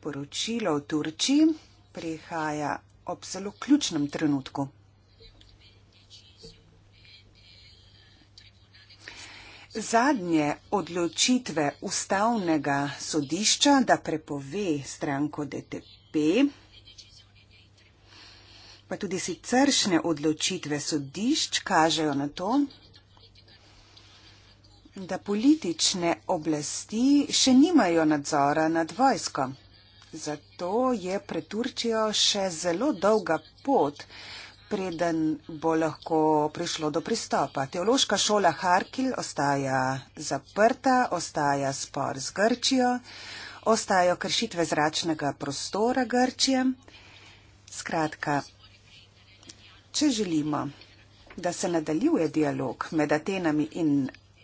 Poročilo v Turčiji prihaja ob zelo ključnem trenutku. Zadnje odločitve ustavnega sodišča, da prepove stranko DTP, pa tudi siceršne odločitve sodišč kažejo na to, da politične oblasti še nimajo nadzora nad vojsko. Zato je pred Turčijo še zelo dolga pot preden bo lahko prišlo do pristopa. Teološka šola Harkil ostaja zaprta, ostaja spor z Grčijo, ostajajo kršitve zračnega prostora Grčije. Skratka, če želimo, da se nadaljuje dialog med Atenami in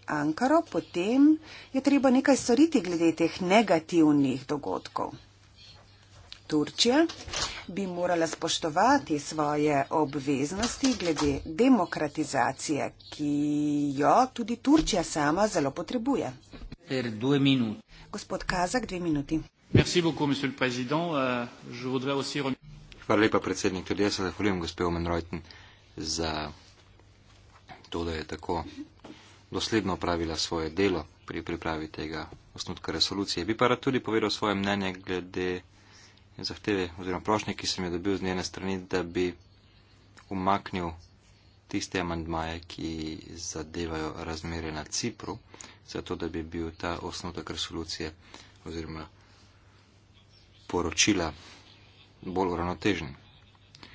Ankaro, potem je treba nekaj storiti glede teh negativnih dogodkov. Turčija bi morala spoštovati svoje obveznosti glede demokratizacije, ki jo tudi Turčija sama zelo potrebuje. Gospod Kazak, dve minuti. Euh, Hvala lepa, predsednik. Tudi jaz se zahvaljujem gospodu Menrojten za to, da je tako dosledno opravila svoje delo pri pripravi tega osnutka resolucije. Bi pa rad tudi povedal svoje mnenje glede zahteve oziroma prošnje, ki sem jo dobil z njene strani, da bi umaknil tiste amandmaje, ki zadevajo razmere na Cipru, zato da bi bil ta osnutek resolucije oziroma poročila bolj uravnotežen.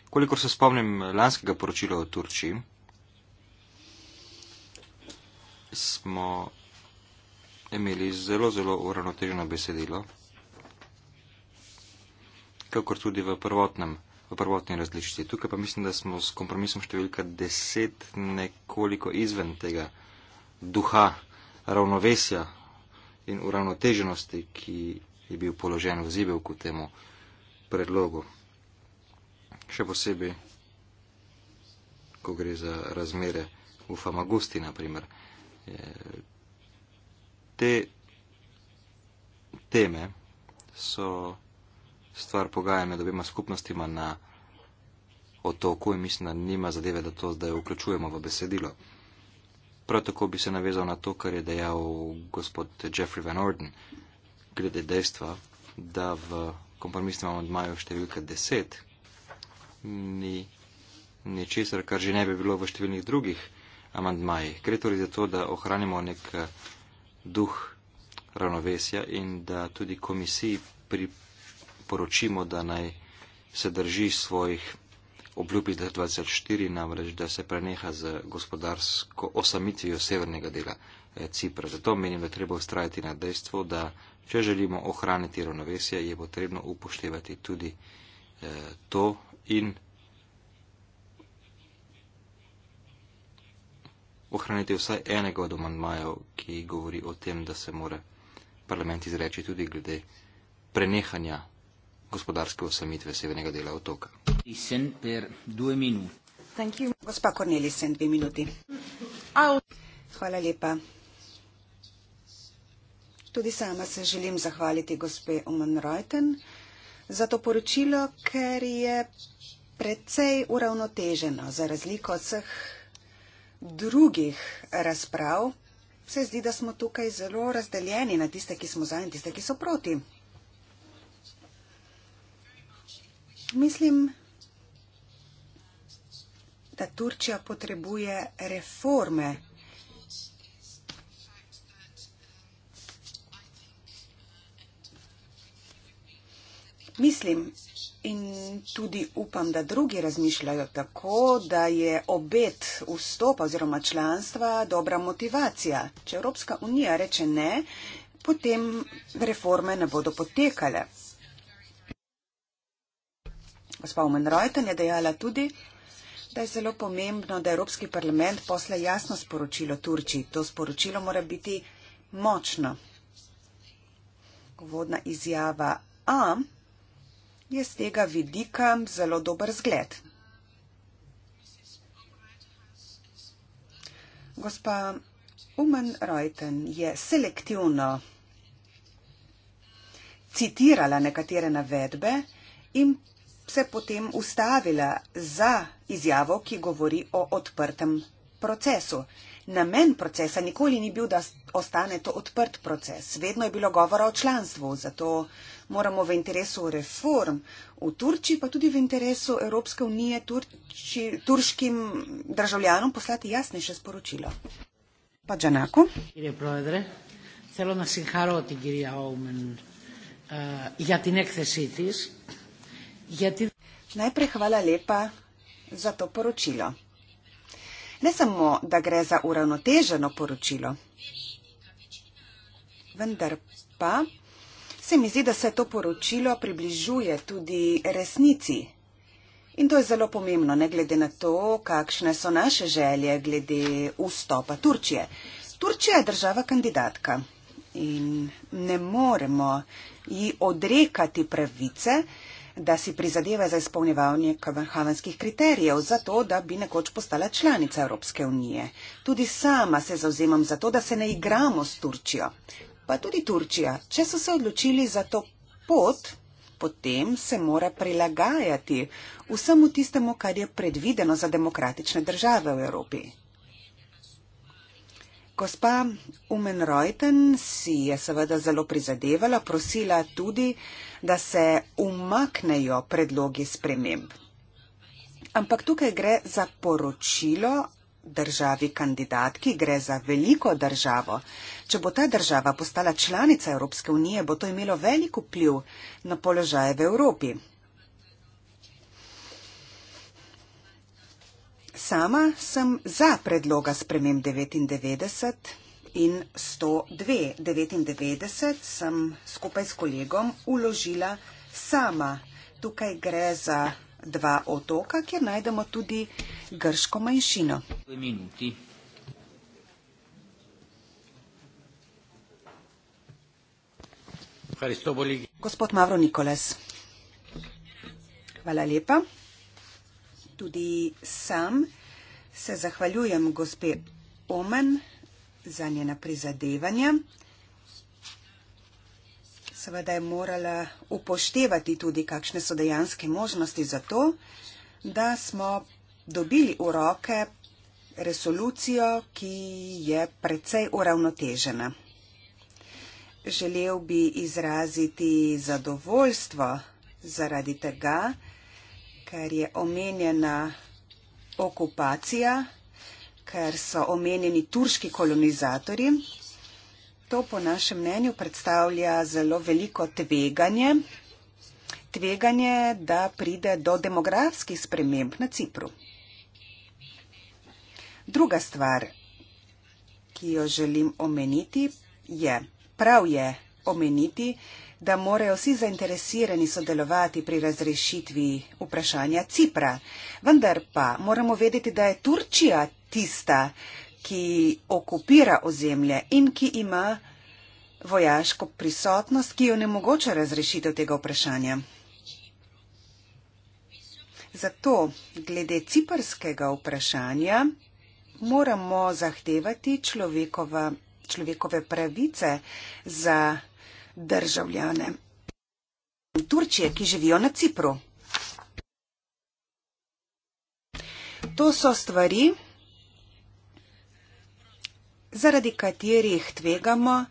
Kolikor se spomnim lanskega poročila o Turčiji, smo imeli zelo, zelo uravnoteženo besedilo kakor tudi v, v prvotni različici. Tukaj pa mislim, da smo s kompromisom številka deset nekoliko izven tega duha ravnovesja in uravnoteženosti, ki je bil položen v zibel k temu predlogu. Še posebej, ko gre za razmere v Famagusti, naprimer. Te teme so stvar pogaja med obima skupnostima na otoku in mislim, da nima zadeve, da to zdaj vključujemo v besedilo. Prav tako bi se navezal na to, kar je dejal gospod Jeffrey Van Orden, glede dejstva, da v kompromisnem amandmaju številka 10 ni ničesar, kar že ne bi bilo v številnih drugih amandmajih. Gre torej za to, da ohranimo nek eh, duh ravnovesja in da tudi komisiji pri sporočimo, da naj se drži svojih obljub iz 2004, namreč da se preneha z gospodarsko osamitvijo severnega dela eh, Cipra. Zato menim, da treba ustrajati na dejstvo, da če želimo ohraniti ravnovesje, je potrebno upoštevati tudi eh, to in ohraniti vsaj enega od omanjmajev, ki govori o tem, da se mora parlament izreči tudi glede prenehanja gospodarske osamitve severnega dela otoka. Hvala lepa. Tudi sama se želim zahvaliti gospe Oman Reuten za to poročilo, ker je precej uravnoteženo za razliko od vseh drugih razprav. Se zdi, da smo tukaj zelo razdeljeni na tiste, ki smo za in tiste, ki so proti. mislim, da Turčija potrebuje reforme. Mislim in tudi upam, da drugi razmišljajo tako, da je obet vstopa oziroma članstva dobra motivacija. Če Evropska unija reče ne, potem reforme ne bodo potekale. Gospa Omenrojten je dejala tudi, da je zelo pomembno, da Evropski parlament posle jasno sporočilo Turčiji. To sporočilo mora biti močno. Vodna izjava A je z tega vidika zelo dober zgled. Gospa Umen Reuten je selektivno citirala nekatere navedbe in se potem ustavila za izjavo, ki govori o odprtem procesu. Namen procesa nikoli ni bil, da ostane to odprt proces. Vedno je bilo govora o članstvu, zato moramo v interesu reform v Turčiji, pa tudi v interesu Evropske unije Turči, turškim državljanom poslati jasnejše sporočilo. Pa Džanako. Uh, ja, ti nekaj se sitiš. Najprej hvala lepa za to poročilo. Ne samo, da gre za uravnoteženo poročilo, vendar pa se mi zdi, da se to poročilo približuje tudi resnici. In to je zelo pomembno, ne glede na to, kakšne so naše želje glede vstopa Turčije. Turčija je država kandidatka in ne moremo ji odrekati pravice, da si prizadeva za izpolnjevanje kvenhavenskih kriterijev, zato da bi nekoč postala članica Evropske unije. Tudi sama se zauzemam za to, da se ne igramo s Turčijo. Pa tudi Turčija, če so se odločili za to pot, potem se mora prilagajati vsemu tistemu, kar je predvideno za demokratične države v Evropi. Gospa Umenrojten si je seveda zelo prizadevala, prosila tudi, da se umaknejo predlogi sprememb. Ampak tukaj gre za poročilo državi kandidatki, gre za veliko državo. Če bo ta država postala članica Evropske unije, bo to imelo veliko pliv na položaje v Evropi. Sama sem za predloga spremem 99 in 102. 99 sem skupaj s kolegom uložila sama. Tukaj gre za dva otoka, kjer najdemo tudi grško manjšino. Minuti. Gospod Mavro Nikoles. Hvala lepa. Tudi sam se zahvaljujem gospe Omen za njena prizadevanja. Seveda je morala upoštevati tudi, kakšne so dejanske možnosti za to, da smo dobili v roke resolucijo, ki je precej uravnotežena. Želel bi izraziti zadovoljstvo zaradi tega, da ker je omenjena okupacija, ker so omenjeni turški kolonizatori. To po našem mnenju predstavlja zelo veliko tveganje, tveganje, da pride do demografskih sprememb na Cipru. Druga stvar, ki jo želim omeniti, je, prav je omeniti, da morajo vsi zainteresirani sodelovati pri razrešitvi vprašanja Cipra. Vendar pa moramo vedeti, da je Turčija tista, ki okupira ozemlje in ki ima vojaško prisotnost, ki jo ne mogoče razrešitev tega vprašanja. Zato, glede ciprskega vprašanja, moramo zahtevati človekova, človekove pravice za državljane. Turčije, ki živijo na Cipru. To so stvari, zaradi katerih tvegamo,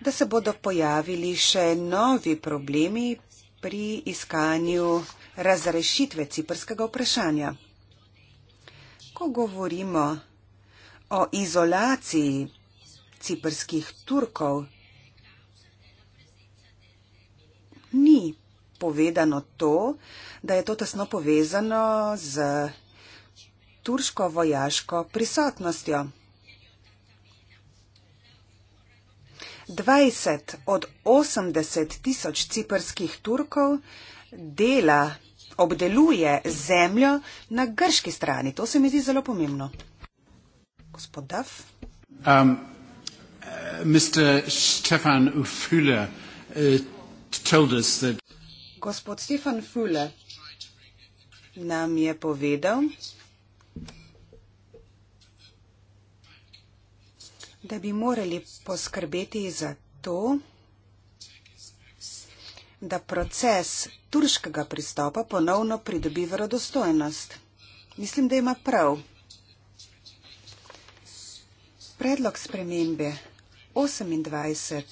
da se bodo pojavili še novi problemi pri iskanju razrešitve ciprskega vprašanja. Ko govorimo o izolaciji ciprskih Turkov, ni povedano to, da je to tesno povezano z turško vojaško prisotnostjo. 20 od 80 tisoč ciperskih Turkov dela, obdeluje zemljo na grški strani. To se mi zdi zelo pomembno. Gospod Duff. Um, uh, eh, Mr. Stefan Ufula, uh, eh, Gospod Stefan Fule nam je povedal, da bi morali poskrbeti za to, da proces turškega pristopa ponovno pridobi verodostojnost. Mislim, da ima prav. Predlog spremembe 28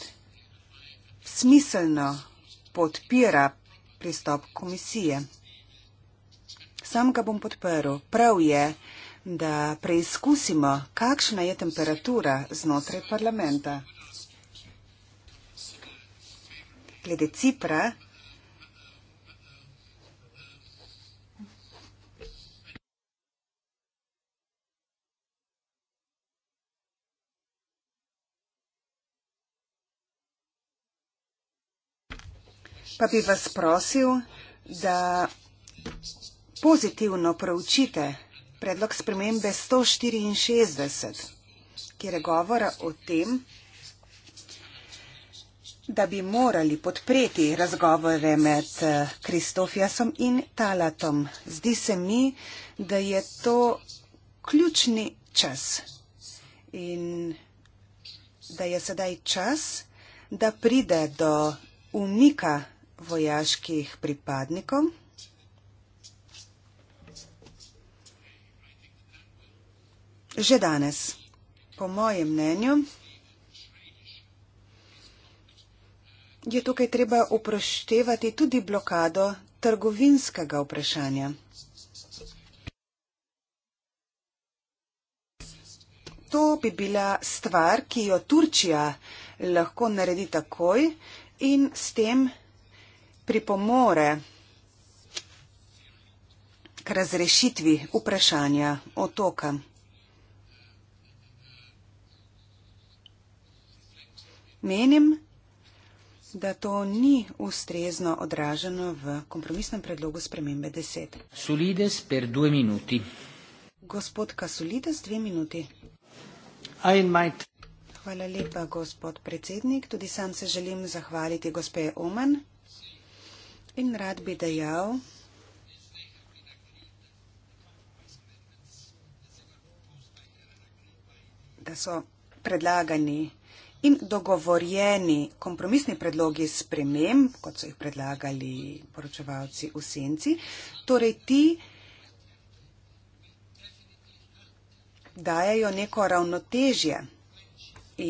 smiselno podpira pristop komisije. Sam ga bom podprl. Prav je, da preizkusimo, kakšna je temperatura znotraj parlamenta. Glede Cipra pa bi vas prosil, da pozitivno proučite predlog spremembe 164, kjer je govora o tem, da bi morali podpreti razgovore med eh, Kristofijasom in Talatom. Zdi se mi, da je to ključni čas in da je sedaj čas, da pride do umika vojaških pripadnikov. Že danes, po mojem mnenju, je tukaj treba uproštevati tudi blokado trgovinskega vprašanja. To bi bila stvar, ki jo Turčija lahko naredi takoj in s tem pripomore k razrešitvi vprašanja otoka. Menim, da to ni ustrezno odraženo v kompromisnem predlogu spremembe deset. Solides per due minuti. Gospod Kasulides, dve minuti. Hvala lepa, gospod predsednik. Tudi sam se želim zahvaliti gospe Oman in rad bi dejal, da so predlagani in dogovorjeni kompromisni predlogi sprememb, kot so jih predlagali poročevalci v senci, torej ti dajajo neko ravnotežje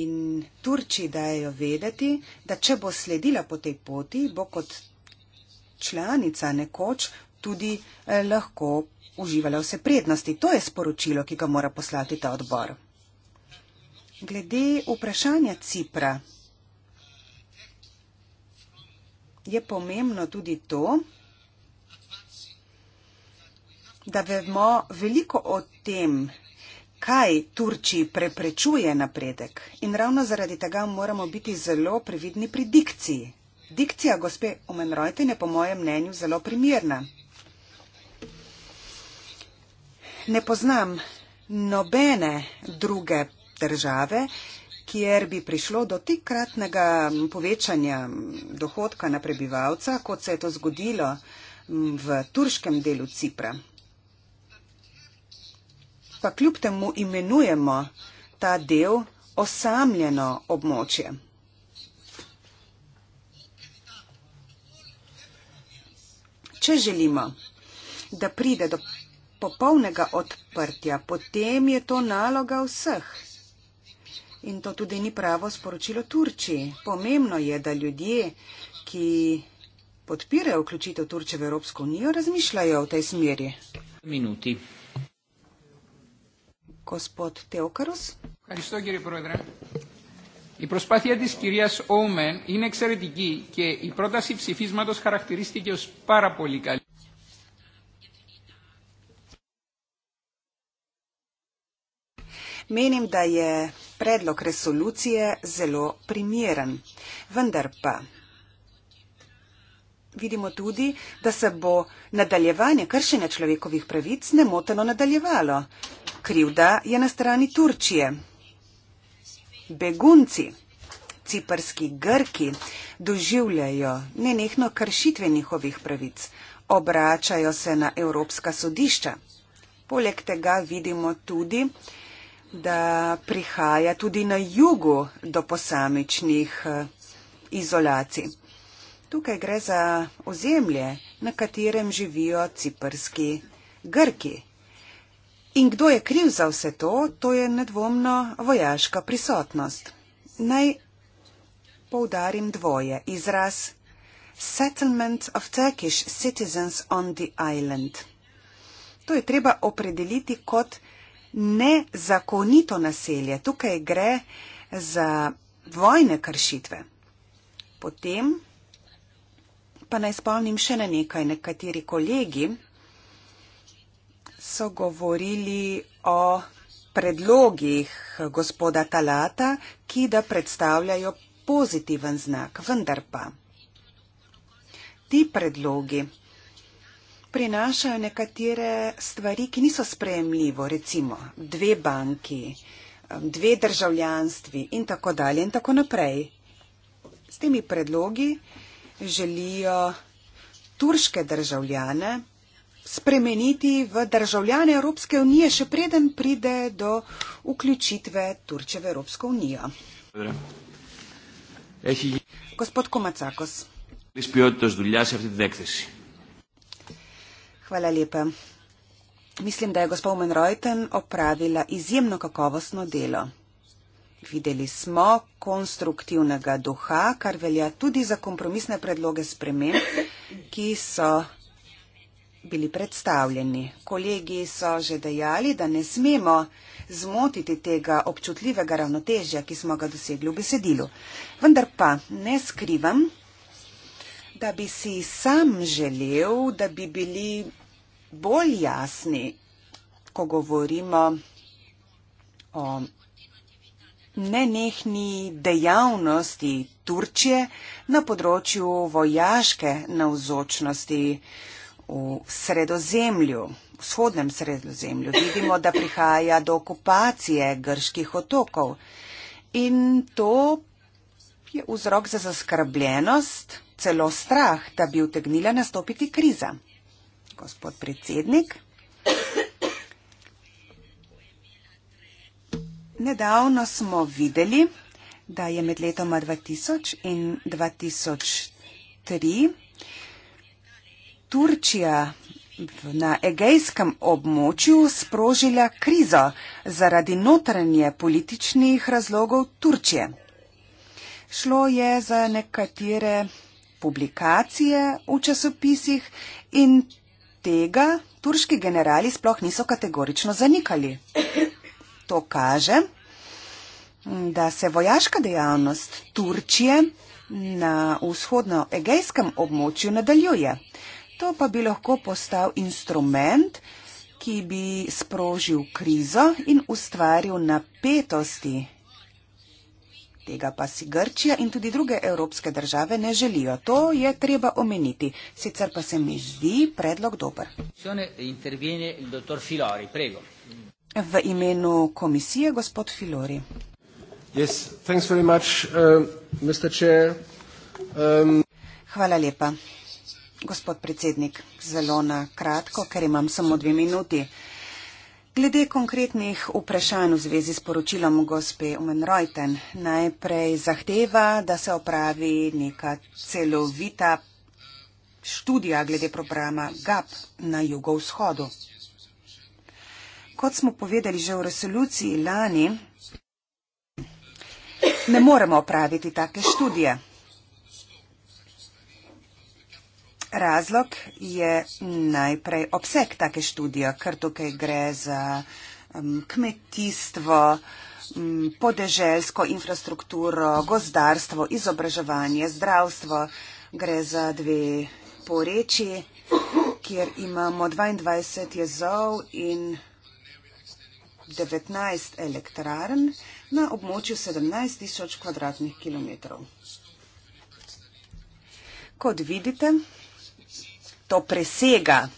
in Turčji dajajo vedeti, da če bo sledila po tej poti, bo kot članica nekoč tudi eh, lahko uživala vse prednosti. To je sporočilo, ki ga mora poslati ta odbor. Glede vprašanja Cipra je pomembno tudi to, da vemo veliko o tem, kaj Turčiji preprečuje napredek. In ravno zaradi tega moramo biti zelo previdni pri dikciji. Dikcija gospe Omenrojten je po mojem mnenju zelo primirna. Ne poznam nobene druge države, kjer bi prišlo do tikratnega povečanja dohodka na prebivalca, kot se je to zgodilo v turškem delu Cipra. Pa kljub temu imenujemo ta del osamljeno območje. Če želimo, da pride do popolnega odprtja, potem je to naloga vseh. In to tudi ni pravo sporočilo Turčiji. Pomembno je, da ljudje, ki podpirajo vključitev Turčije v Evropsko unijo, razmišljajo v tej smeri. Minuti. Gospod Teokarus. Η προσπάθεια της κυρίας Όμεν είναι εξαιρετική και η πρόταση ψηφίσματος χαρακτηρίστηκε ως πάρα πολύ καλή. Menim, da je predlog resolucije zelo primeren. Vendar pa vidimo tudi, da se bo nadaljevanje kršenja človekovih pravic nemoteno nadaljevalo. Krivda je na strani Turčije begunci, ciprski grki, doživljajo nenehno kršitve njihovih pravic, obračajo se na Evropska sodišča. Poleg tega vidimo tudi, da prihaja tudi na jugu do posamičnih eh, izolacij. Tukaj gre za ozemlje, na katerem živijo ciprski grki. In kdo je kriv za vse to, to je nedvomno vojaška prisotnost. Naj poudarim dvoje. Izraz settlement of Turkish citizens on the island. To je treba opredeliti kot nezakonito naselje. Tukaj gre za vojne kršitve. Potem pa naj spomnim še na nekaj. Nekateri kolegi so govorili o predlogih gospoda Talata, ki da predstavljajo pozitiven znak. Vendar pa ti predlogi prinašajo nekatere stvari, ki niso sprejemljivo, recimo dve banki, dve državljanstvi in tako dalje in tako naprej. S temi predlogi želijo turške državljane spremeniti v državljane Evropske unije, še preden pride do vključitve Turčije v Evropsko unijo. Gospod Komacakos. Hvala lepa. Mislim, da je gospod Menrojten opravila izjemno kakovostno delo. Videli smo konstruktivnega duha, kar velja tudi za kompromisne predloge sprememb, ki so bili predstavljeni. Kolegi so že dejali, da ne smemo zmotiti tega občutljivega ravnotežja, ki smo ga dosegli v besedilu. Vendar pa ne skrivam, da bi si sam želel, da bi bili bolj jasni, ko govorimo o nenehni dejavnosti Turčije na področju vojaške navzočnosti v sredozemlju, vzhodnem sredozemlju, vidimo, da prihaja do okupacije grških otokov. In to je vzrok za zaskrbljenost, celo strah, da bi utegnila nastopiti kriza. Gospod predsednik. Nedavno smo videli, da je med letoma 2000 in 2003 Turčija na egejskem območju sprožila krizo zaradi notranje političnih razlogov Turčije. Šlo je za nekatere publikacije v časopisih in tega turški generali sploh niso kategorično zanikali. To kaže, da se vojaška dejavnost Turčije na vzhodno egejskem območju nadaljuje. To pa bi lahko postal instrument, ki bi sprožil krizo in ustvaril napetosti. Tega pa si Grčija in tudi druge evropske države ne želijo. To je treba omeniti. Sicer pa se mi zdi predlog dober. V imenu komisije, gospod Filori. Yes, much, uh, um... Hvala lepa. Gospod predsednik, zelo na kratko, ker imam samo dve minuti. Glede konkretnih vprašanj v zvezi s poročilom gospe Umenrojten, najprej zahteva, da se opravi neka celovita študija glede programa GAP na jugovzhodu. Kot smo povedali že v resoluciji lani, ne moremo opraviti take študije. Razlog je najprej obseg take študije, ker tukaj gre za um, kmetijstvo, um, podeželsko infrastrukturo, gozdarstvo, izobraževanje, zdravstvo. Gre za dve poreči, kjer imamo 22 jezov in 19 elektrarn na območju 17 tisoč km2. Kot vidite, to presega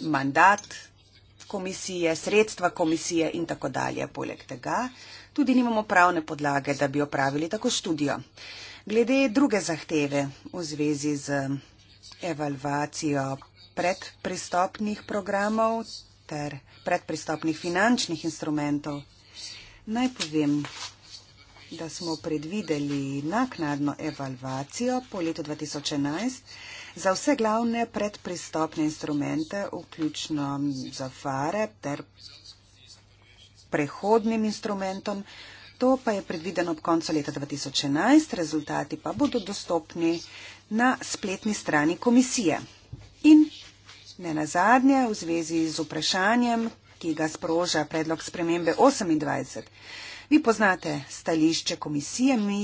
mandat komisije, sredstva komisije in tako dalje. Poleg tega tudi nimamo pravne podlage, da bi opravili tako študijo. Glede druge zahteve v zvezi z evalvacijo predpristopnih programov ter predpristopnih finančnih instrumentov, naj povem, da smo predvideli naknadno evalvacijo po letu 2011 Za vse glavne predpristopne instrumente, vključno za fare ter prehodnim instrumentom, to pa je predvideno ob koncu leta 2011, rezultati pa bodo dostopni na spletni strani komisije. In ne nazadnje, v zvezi z vprašanjem, ki ga sproža predlog spremembe 28. Vi poznate stališče komisije, mi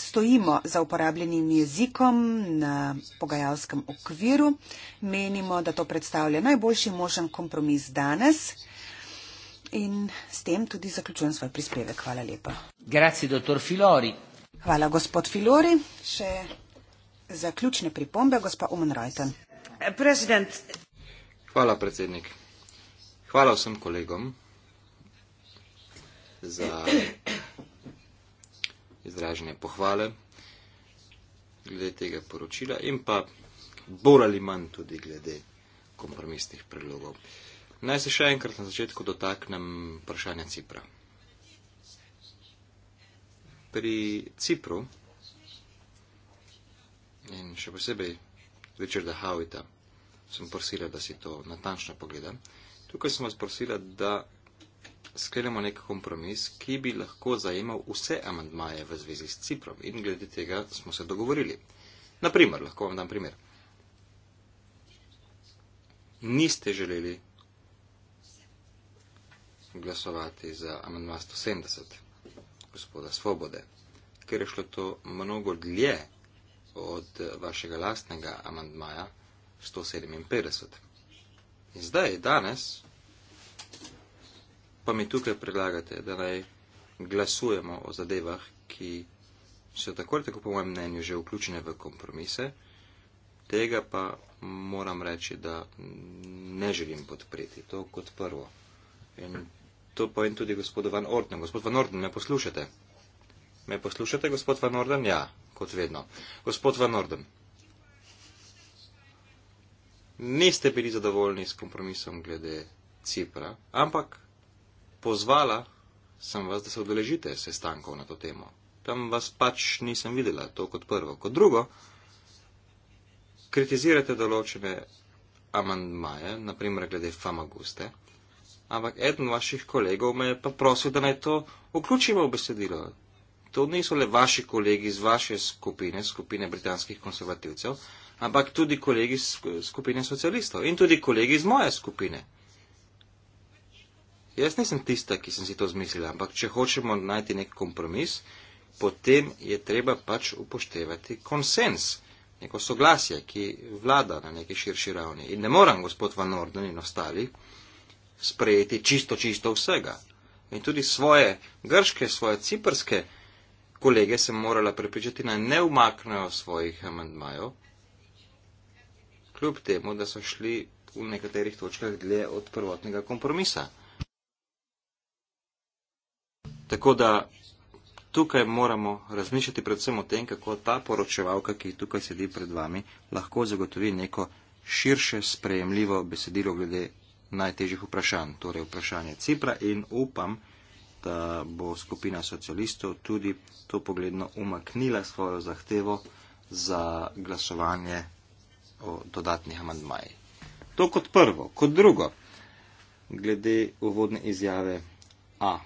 stojimo za uporabljenim jezikom na pogajalskem okviru. Menimo, da to predstavlja najboljši možen kompromis danes. In s tem tudi zaključujem svoj prispevek. Hvala lepa. Grazie, dottor Filori. Hvala, gospod Filori. Še zaključne pripombe, gospa Umanrojten. President. Hvala, predsednik. Hvala vsem kolegom za izražene pohvale glede tega poročila in pa bolj ali manj tudi glede kompromisnih predlogov. Naj se še enkrat na začetku dotaknem vprašanja Cipra. Pri Cipru in še posebej Richarda Howita sem prosila, da si to natančno pogleda. Tukaj sem vas prosila, da sklenemo nek kompromis, ki bi lahko zajemal vse amandmaje v zvezi s Ciprom in glede tega smo se dogovorili. Naprimer, lahko vam dam primer. Niste želeli glasovati za amandma 170 gospoda Svobode, ker je šlo to mnogo dlje od vašega lastnega amandmaja 157. In zdaj, danes, pa mi tukaj predlagate, da naj glasujemo o zadevah, ki so tako ali tako po mojem mnenju že vključene v kompromise, tega pa moram reči, da ne želim podpreti. To kot prvo. In to povem tudi gospodu Van Orden. Gospod Van Orden, me poslušate? Me poslušate, gospod Van Orden? Ja, kot vedno. Gospod Van Orden. Niste bili zadovoljni s kompromisom glede Cipra, ampak pozvala sem vas, da se odeležite sestankov na to temo. Tam vas pač nisem videla, to kot prvo. Kot drugo, kritizirate določene amandmaje, naprimer glede famaguste, ampak eden vaših kolegov me je pa prosil, da naj to vključimo v besedilo. To niso le vaši kolegi iz vaše skupine, skupine britanskih konservativcev, ampak tudi kolegi iz skupine socialistov in tudi kolegi iz moje skupine. Jaz nisem tista, ki sem si to zmislila, ampak če hočemo najti nek kompromis, potem je treba pač upoštevati konsens, neko soglasje, ki vlada na neki širši ravni. In ne moram, gospod Van Orden in ostali, sprejeti čisto, čisto vsega. In tudi svoje grške, svoje ciprske kolege sem morala prepričati, naj ne umaknejo svojih amandmajev, kljub temu, da so šli v nekaterih točkah dlje od prvotnega kompromisa. Tako da tukaj moramo razmišljati predvsem o tem, kako ta poročevalka, ki tukaj sedi pred vami, lahko zagotovi neko širše sprejemljivo besedilo glede najtežjih vprašanj, torej vprašanje Cipra in upam, da bo skupina socialistov tudi to pogledno umaknila svojo zahtevo za glasovanje o dodatnih amandmajih. To kot prvo. Kot drugo, glede uvodne izjave A.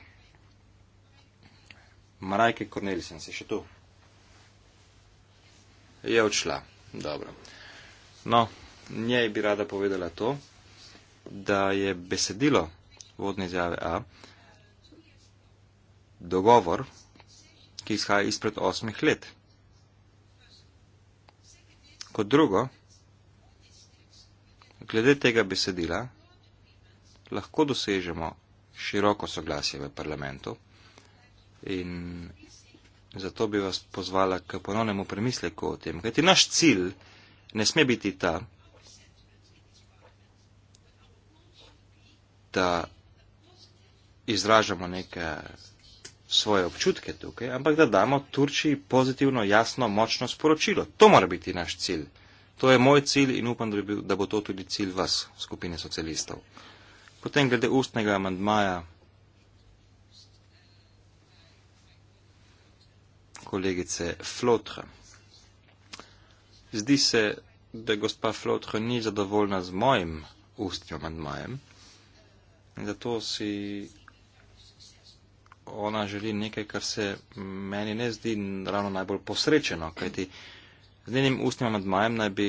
Marajke Korneljsen, si še tu? Je odšla, dobro. No, njej bi rada povedala to, da je besedilo vodne izjave A dogovor, ki izhaja izpred osmih let. Kot drugo, glede tega besedila lahko dosežemo široko soglasje v parlamentu, In zato bi vas pozvala k ponovnemu premisleku o tem, kajti naš cilj ne sme biti ta, da izražamo neke svoje občutke tukaj, ampak da damo Turčiji pozitivno, jasno, močno sporočilo. To mora biti naš cilj. To je moj cilj in upam, da bo to tudi cilj vas, skupine socialistov. Potem glede ustnega amandmaja. kolegice Flotre. Zdi se, da gospa Flotre ni zadovoljna z mojim ustnim amandmajem. Zato si ona želi nekaj, kar se meni ne zdi ravno najbolj posrečeno, kajti z njenim ustnim amandmajem naj bi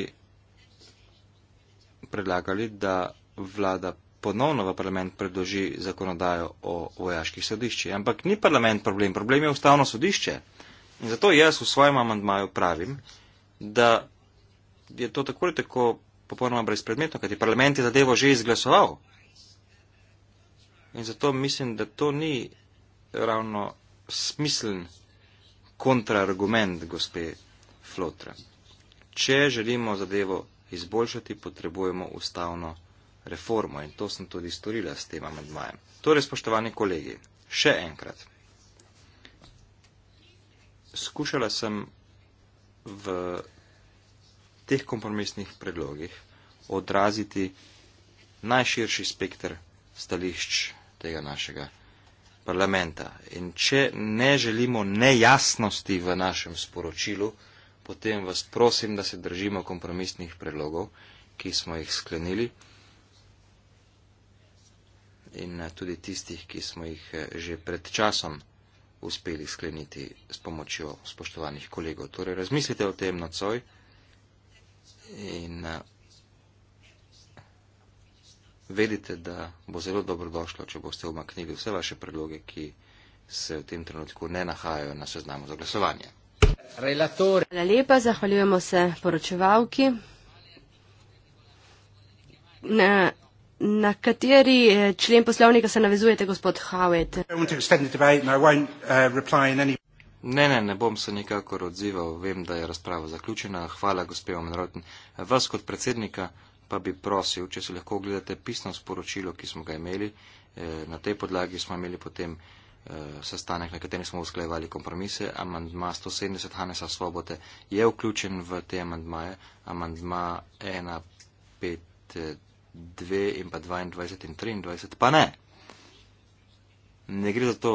predlagali, da vlada ponovno v parlament predloži zakonodajo o vojaških sodiščih. Ampak ni parlament problem, problem je ustavno sodišče. In zato jaz v svojem amandmaju pravim, da je to tako ali tako popolnoma brezpredmetno, kajti parlament je zadevo že izglasoval. In zato mislim, da to ni ravno smislen kontrargument, gospe Flotra. Če želimo zadevo izboljšati, potrebujemo ustavno reformo in to sem tudi storila s tem amandmajem. Torej, spoštovani kolegi, še enkrat skušala sem v teh kompromisnih predlogih odraziti najširši spekter stališč tega našega parlamenta. In če ne želimo nejasnosti v našem sporočilu, potem vas prosim, da se držimo kompromisnih predlogov, ki smo jih sklenili in tudi tistih, ki smo jih eh, že pred časom sklenili uspeli skleniti s pomočjo spoštovanih kolegov. Torej, razmislite o tem nocoj in eh, vedite, da bo zelo dobro došlo, če boste umaknili vse vaše predloge, ki se v tem trenutku ne nahajajo na seznamu za glasovanje. Hvala lepa, zahvaljujemo se poročevalki. Na Na kateri eh, člen poslovnika se navezujete, gospod Havet? Eh, ne, ne, ne bom se nikakor odzival, vem, da je razprava zaključena. Hvala, gospod Omenroten. Vas kot predsednika pa bi prosil, če si lahko ogledate pisno sporočilo, ki smo ga imeli. Eh, na tej podlagi smo imeli potem sestanek, na kateri smo usklajevali kompromise. Amandma 170 Hanesa Svobode je vključen v te amandmaje. Amandma 153. 2 in pa 22 in 23, pa ne. Ne gre za to,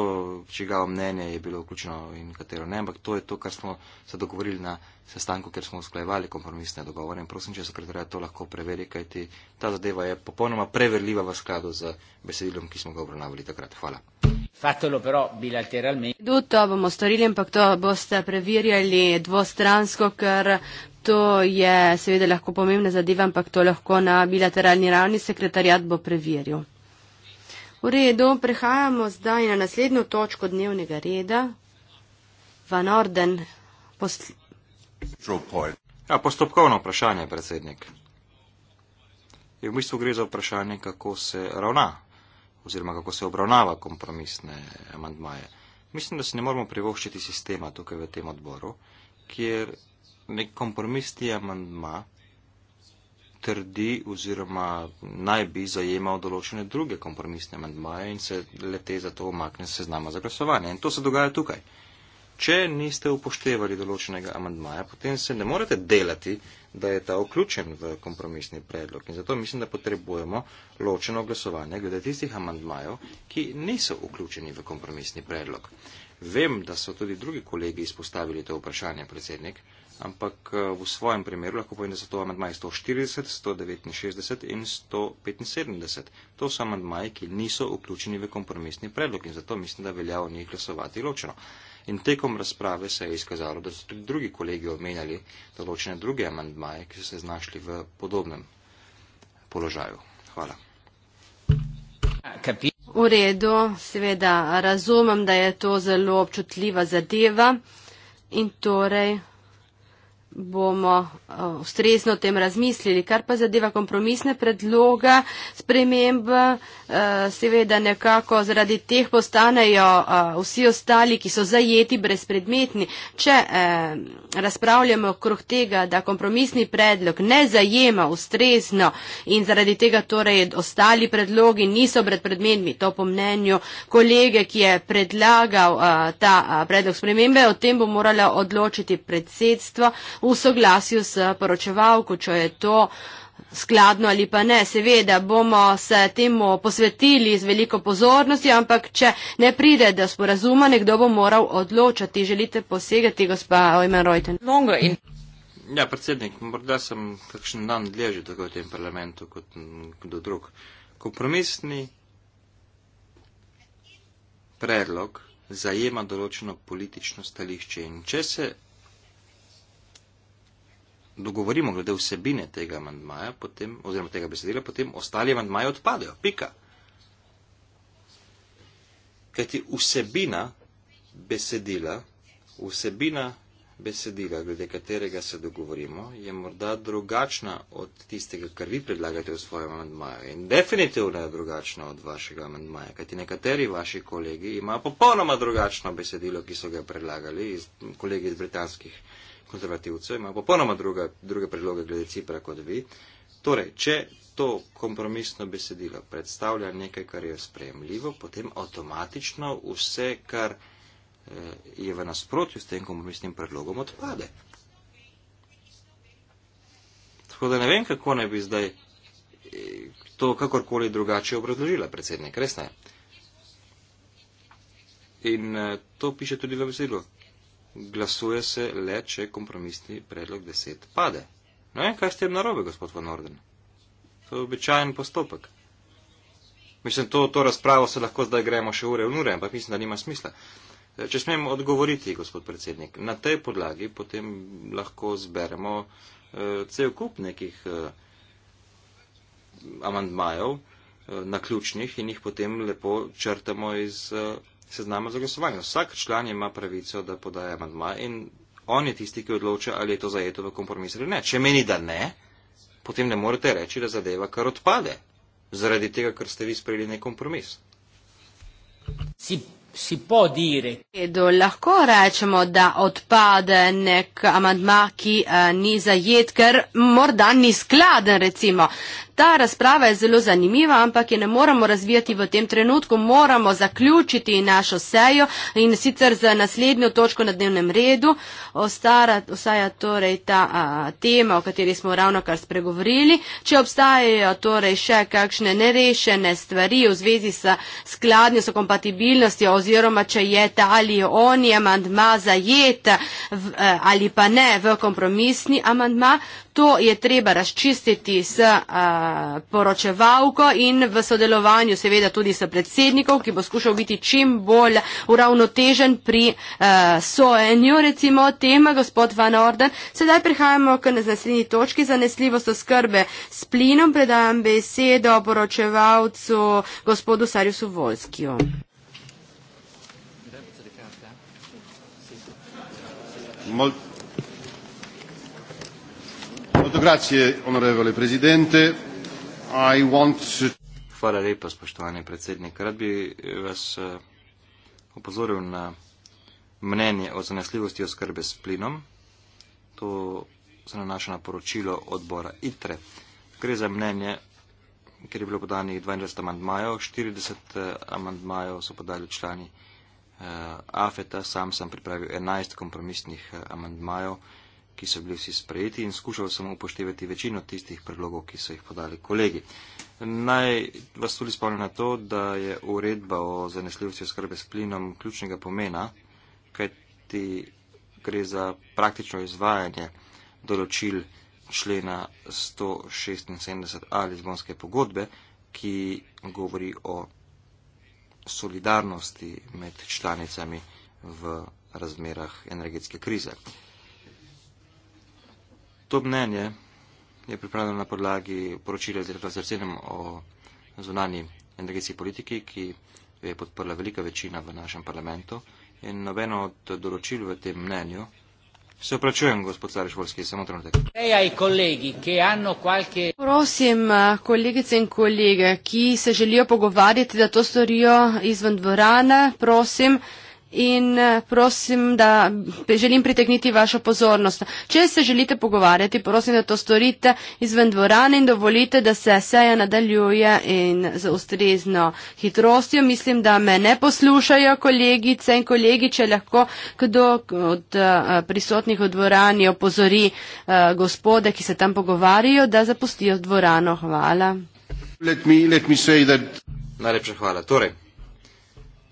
čigavo mnenje je bilo vključeno in katero ne, ampak to je to, kar smo se dogovorili na sestanku, ker smo usklajevali kompromisne dogovore. In prosim, če sekretarja to lahko preveri, kajti ta zadeva je popolnoma preverljiva v skladu z besedilom, ki smo ga obravnavali takrat. Hvala. To bomo storili, ampak to boste preverjali dvostransko, ker To je seveda lahko pomembna zadeva, ampak to lahko na bilateralni ravni sekretarjat bo preveril. V redu, prehajamo zdaj na naslednjo točko dnevnega reda. Van Orden. Post... Ja, postopkovno vprašanje, predsednik. Je v bistvu gre za vprašanje, kako se ravna oziroma kako se obravnava kompromisne amandmaje. Mislim, da se ne moramo privoščiti sistema tukaj v tem odboru, kjer nek kompromisni amandma trdi oziroma naj bi zajemal določene druge kompromisne amandmaje in se lete za to omakne se znama za glasovanje. In to se dogaja tukaj. Če niste upoštevali določenega amandmaja, potem se ne morete delati, da je ta vključen v kompromisni predlog. In zato mislim, da potrebujemo ločeno glasovanje glede tistih amandmajev, ki niso vključeni v kompromisni predlog. Vem, da so tudi drugi kolegi izpostavili to vprašanje, predsednik ampak eh, v svojem primeru lahko povem, da so to amantmaji 140, 169 in 175. To so amantmaji, ki niso vključeni v kompromisni predlog in zato mislim, da velja o njih glasovati ločeno. In tekom razprave se je izkazalo, da so tudi drugi kolegi omenjali določene druge amantmaje, ki so se znašli v podobnem položaju. Hvala. V redu, seveda razumem, da je to zelo občutljiva zadeva in torej bomo eh, ustrezno o tem razmislili. Kar pa zadeva kompromisne predloga sprememb, eh, seveda nekako zaradi teh postanejo eh, vsi ostali, ki so zajeti brezpredmetni. Če razpravljamo okrog tega, da kompromisni predlog ne zajema ustrezno in zaradi tega torej ostali predlogi niso brezpredmetni, to po mnenju kolege, ki je predlagal ta predlog spremembe, o tem bo morala odločiti predsedstvo v soglasju s poročevalko, če je to skladno ali pa ne. Seveda bomo se temu posvetili z veliko pozornosti, ampak če ne pride do sporazuma, nekdo bo moral odločati. Želite posegati, gospa Ojmen Rojten? Ja, predsednik, morda sem kakšen dan dlje že tako v tem parlamentu kot kdo drug. Kompromisni predlog zajema določeno politično stališče in če se dogovorimo glede vsebine tega amandmaja, potem, oziroma tega besedila, potem ostali amandmaji odpadejo. Pika. Kaj ti vsebina besedila, vsebina besedila, glede katerega se dogovorimo, je morda drugačna od tistega, kar vi predlagate v svojem amandmaju. In definitivno je drugačna od vašega amandmaja, kajti nekateri vaši kolegi imajo popolnoma drugačno besedilo, ki so ga predlagali iz, kolegi iz britanskih uh, konzervativcev imajo popolnoma druga, druge predloge glede Cipra kot vi. Torej, če to kompromisno besedilo predstavlja nekaj, kar je sprejemljivo, potem avtomatično vse, kar eh, je v nasprotju s tem kompromisnim predlogom, odpade. Tako da ne vem, kako naj bi zdaj eh, to kakorkoli drugače obrazložila predsednik, res ne. In eh, to piše tudi v besedilu glasuje se le, če kompromisni predlog deset pade. No in kaj ste jim narobe, gospod Van Orden? To je običajen postopek. Mislim, to, to razpravo se lahko zdaj gremo še ure in ure, ampak mislim, da nima smisla. E, če smem odgovoriti, gospod predsednik, na tej podlagi potem lahko zberemo eh, cel kup nekih eh, amandmajev eh, na ključnih in jih potem lepo črtamo iz eh, seznama za glasovanje. Vsak član ima pravico, da podaja amadma in on je tisti, ki odloča, ali je to zajeto v kompromis ali ne. Če meni, da ne, potem ne morete reči, da zadeva kar odpade, zaradi tega, ker ste vi sprejeli nek kompromis. Si. Si può dire. Chiedo, lahko rečemo, da odpade nek amadma, ki uh, ni zajet, ker morda ni skladen, recimo. Ta razprava je zelo zanimiva, ampak je ne moramo razvijati v tem trenutku. Moramo zaključiti našo sejo in sicer za naslednjo točko na dnevnem redu. Ostara, ostaja torej ta a, tema, o kateri smo ravno kar spregovorili. Če obstajajo torej še kakšne nerešene stvari v zvezi s skladnjo, s kompatibilnostjo oziroma če je ta ali on je mandma zajet v, ali pa ne v kompromisni mandma, To je treba razčistiti s uh, poročevalko in v sodelovanju seveda tudi s predsednikom, ki bo skušal biti čim bolj uravnotežen pri uh, sojenju, recimo tema gospod Van Orden. Sedaj prihajamo k naslednji točki zanesljivost oskrbe s plinom. Predajam besedo poročevalcu gospodu Sarjusu Volskiju. Molt. Hvala lepa, spoštovani predsednik. Rad bi eh, vas eh, opozoril na mnenje o zanesljivosti oskrbe s plinom. To se nanaša na poročilo odbora ITRE. Gre za mnenje, ker je bilo podanih 22 amantmajev, 40 eh, amantmajev so podali člani AFETA, sam sem pripravil 11 kompromisnih amantmajev ki so bili vsi sprejeti in skušal sem upoštevati večino tistih predlogov, ki so jih podali kolegi. Naj vas tudi spomnim na to, da je uredba o zanesljivosti oskrbe s plinom ključnega pomena, kajti gre za praktično izvajanje določil člena 176 ali zbonske pogodbe, ki govori o solidarnosti med članicami v razmerah energetske krize. To mnenje je pripravljeno na podlagi poročila iz leta 2007 o zunani energetski politiki, ki je podprla velika večina v našem parlamentu in nobeno od določil v tem mnenju. Se opračujem, gospod Sariš Volski, samo trenutek. Prosim, eh, kolegice in kolege, ki se želijo pogovarjati, da to storijo izven dvorana, prosim, in eh, prosim, da želim pritegniti vašo pozornost. Če se želite pogovarjati, prosim, da to storite izven dvorane in dovolite, da se seja nadaljuje in z ustrezno hitrostjo. Mislim, da me ne poslušajo kolegice in kolegi, če lahko kdo od eh, prisotnih v dvorani opozori eh, gospode, ki se tam pogovarjajo, da zapustijo dvorano. Hvala. Let me, let me Najlepša hvala. Torej,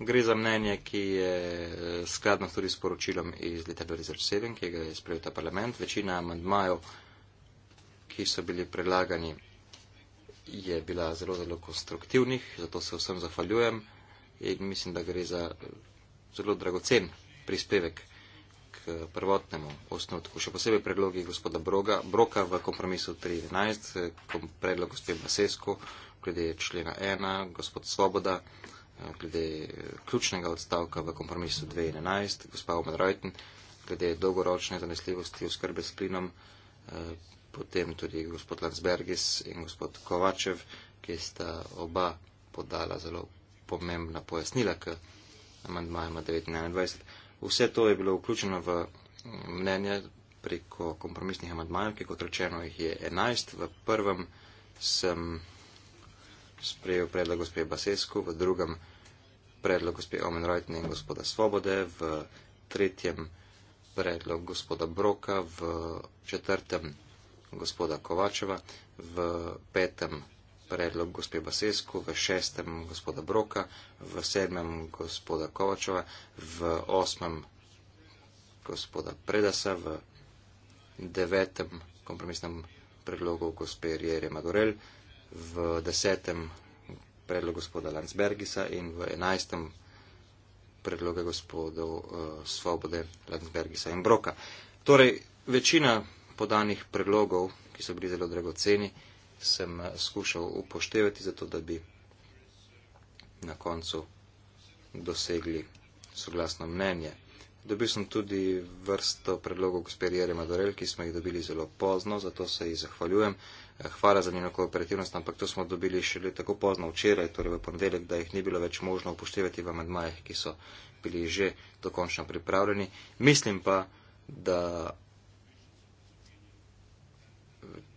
Gre za mnenje, ki je eh, skladno tudi s poročilom iz leta 2007, ki ga je sprejel ta parlament. Večina amandmajev, ki so bili predlagani, je bila zelo, zelo konstruktivnih, zato se vsem zahvaljujem in mislim, da gre za eh, zelo dragocen prispevek k prvotnemu osnutku. Še posebej predlogi gospoda Broga, Broka v kompromisu 3.11, eh, predlog gospod Masesko, glede člena 1, gospod Svoboda. Eh, glede eh, ključnega odstavka v kompromisu 2011, gospa Omedrojten, glede dolgoročne zanesljivosti oskrbe s plinom, eh, potem tudi gospod Landsbergis in gospod Kovačev, ki sta oba podala zelo pomembna pojasnila k amandmajem 2021. Vse to je bilo vključeno v mm, mnenje preko kompromisnih amandmajev, ki kot rečeno jih je 11. V prvem sem sprejel predlog gospe Basesku, v drugem predlog gospe Omen Rojtne in gospoda Svobode, v tretjem predlog gospoda Broka, v četrtem gospoda Kovačeva, v petem predlog gospe Basesku, v šestem gospoda Broka, v sedmem gospoda Kovačeva, v osmem gospoda Predasa, v devetem kompromisnem predlogu gospe Rjere Madurel, v desetem predlog gospoda Landsbergisa in v enajstem predloga gospodov uh, Svobode, Landsbergisa in Broka. Torej, večina podanih predlogov, ki so bili zelo dragoceni, sem eh, skušal upoštevati, zato da bi na koncu dosegli soglasno mnenje. Dobil sem tudi vrsto predlogov gospodarja Madorel, ki smo jih dobili zelo pozno, zato se jih zahvaljujem hvala za njeno kooperativnost, ampak to smo dobili šele tako pozno včeraj, torej v ponedeljek, da jih ni bilo več možno upoštevati v amedmajih, ki so bili že dokončno pripravljeni. Mislim pa, da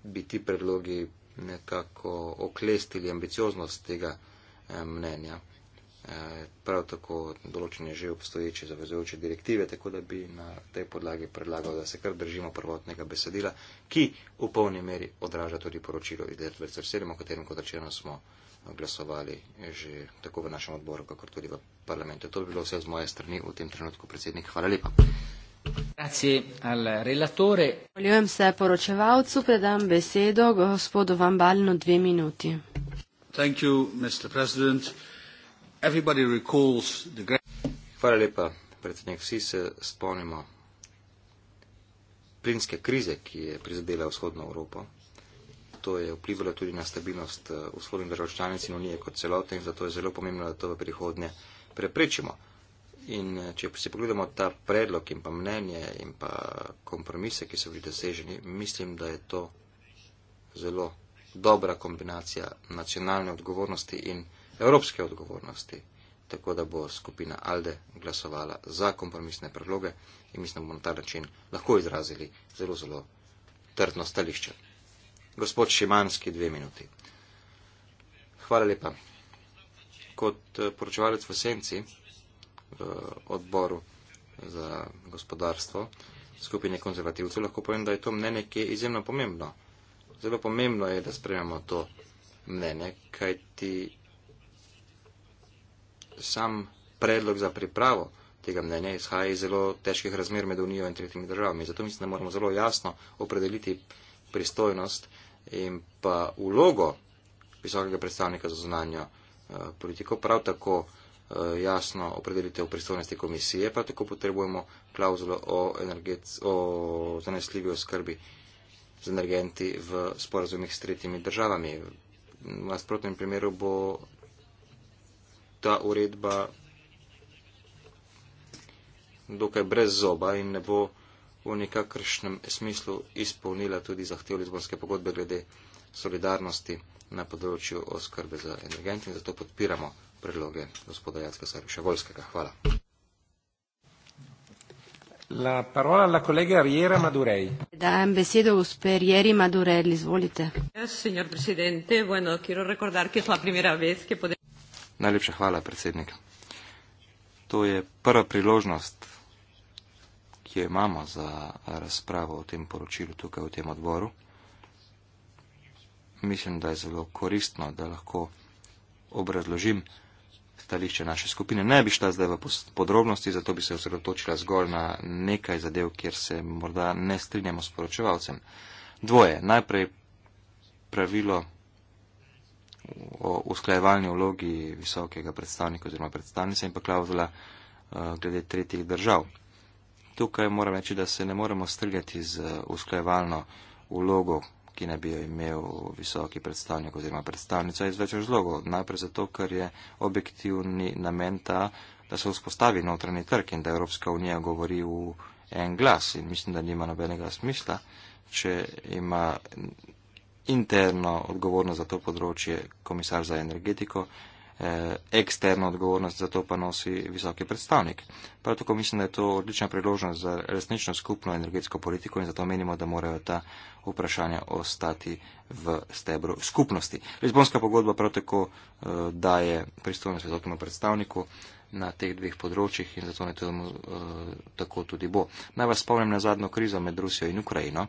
bi ti predlogi nekako oklestili ambicioznost tega eh, mnenja prav tako določene že obstoječe zavezujoče direktive, tako da bi na tej podlagi predlagal, da se kar držimo prvotnega besedila, ki v polni meri odraža tudi poročilo iz 2007, o katerem, kot rečeno, smo glasovali že tako v našem odboru, kakor tudi v parlamentu. To bi bilo vse z moje strani v tem trenutku, predsednik. Hvala lepa. Grazie al relatore. Voljujem se poročevalcu, predam besedo gospodu Van Balinu dve minuti. Thank you, Mr. President. Hvala lepa, predsednik. Vsi se spomnimo plinske krize, ki je prizadela vzhodno Evropo. To je vplivalo tudi na stabilnost eh, vzhodnih držav članic in unije kot celote in zato je zelo pomembno, da to v prihodnje preprečimo. In eh, če si pogledamo ta predlog in pa mnenje in pa kompromise, ki so bili doseženi, mislim, da je to zelo dobra kombinacija nacionalne odgovornosti in odgovornosti evropske odgovornosti, tako da bo skupina Alde glasovala za kompromisne predloge in mislim, da bomo na ta način lahko izrazili zelo, zelo trdno stališče. Gospod Šimanski, dve minuti. Hvala lepa. Kot eh, poročevalec v Senci, v odboru za gospodarstvo skupine konzervativcev, lahko povem, da je to mnenje, ki je izjemno pomembno. Zelo pomembno je, da spremljamo to mnenje, kajti sam predlog za pripravo tega mnenja izhaja iz zelo težkih razmer med Unijo in tretjimi državami. Zato mislim, da moramo zelo jasno opredeliti pristojnost in pa ulogo visokega predstavnika za zunanjo eh, politiko, prav tako eh, jasno opredelitev pristojnosti komisije, prav tako potrebujemo klauzulo o, o zanesljivi oskrbi z energenti v sporazumih s tretjimi državami. V nasprotnem primeru bo ta uredba dokaj brez zoba in ne bo v nekakršnem smislu izpolnila tudi zahtev Lizbonske pogodbe glede solidarnosti na področju oskrbe za energente in zato podpiramo predloge gospoda Jacka Sarviša Volskega. Hvala. La parola alla collega Riera Madurei. Dajem besedo gospe Rieri Madurei, izvolite. Yes, signor Presidente, bueno, quiero recordar que es la primera vez que podemos... Najlepša hvala, predsednik. To je prva priložnost, ki jo imamo za razpravo o tem poročilu tukaj v tem odboru. Mislim, da je zelo koristno, da lahko obrazložim stališče naše skupine. Ne bi šla zdaj v podrobnosti, zato bi se osredotočila zgolj na nekaj zadev, kjer se morda ne strinjamo s poročevalcem. Dvoje. Najprej pravilo o usklajevalni vlogi visokega predstavnika oziroma predstavnice in pa klauzula eh, glede tretjih držav. Tukaj moram reči, da se ne moremo strgati z eh, usklajevalno vlogo, ki ne bi jo imel visoki predstavnik oziroma predstavnica iz več razlogov. Najprej zato, ker je objektivni namen ta, da se vzpostavi notranji trg in da Evropska unija govori v en glas in mislim, da nima nobenega smisla, če ima interno odgovornost za to področje komisar za energetiko, eh, eksterno odgovornost za to pa nosi visoki predstavnik. Prav tako mislim, da je to odlična priložnost za resnično skupno energetsko politiko in zato menimo, da morajo ta vprašanja ostati v stebru skupnosti. Lizbonska pogodba prav tako eh, daje pristojnost visokemu predstavniku na teh dveh področjih in zato ne tudi, eh, tako tudi bo. Naj vas spomnim na zadnjo krizo med Rusijo in Ukrajino.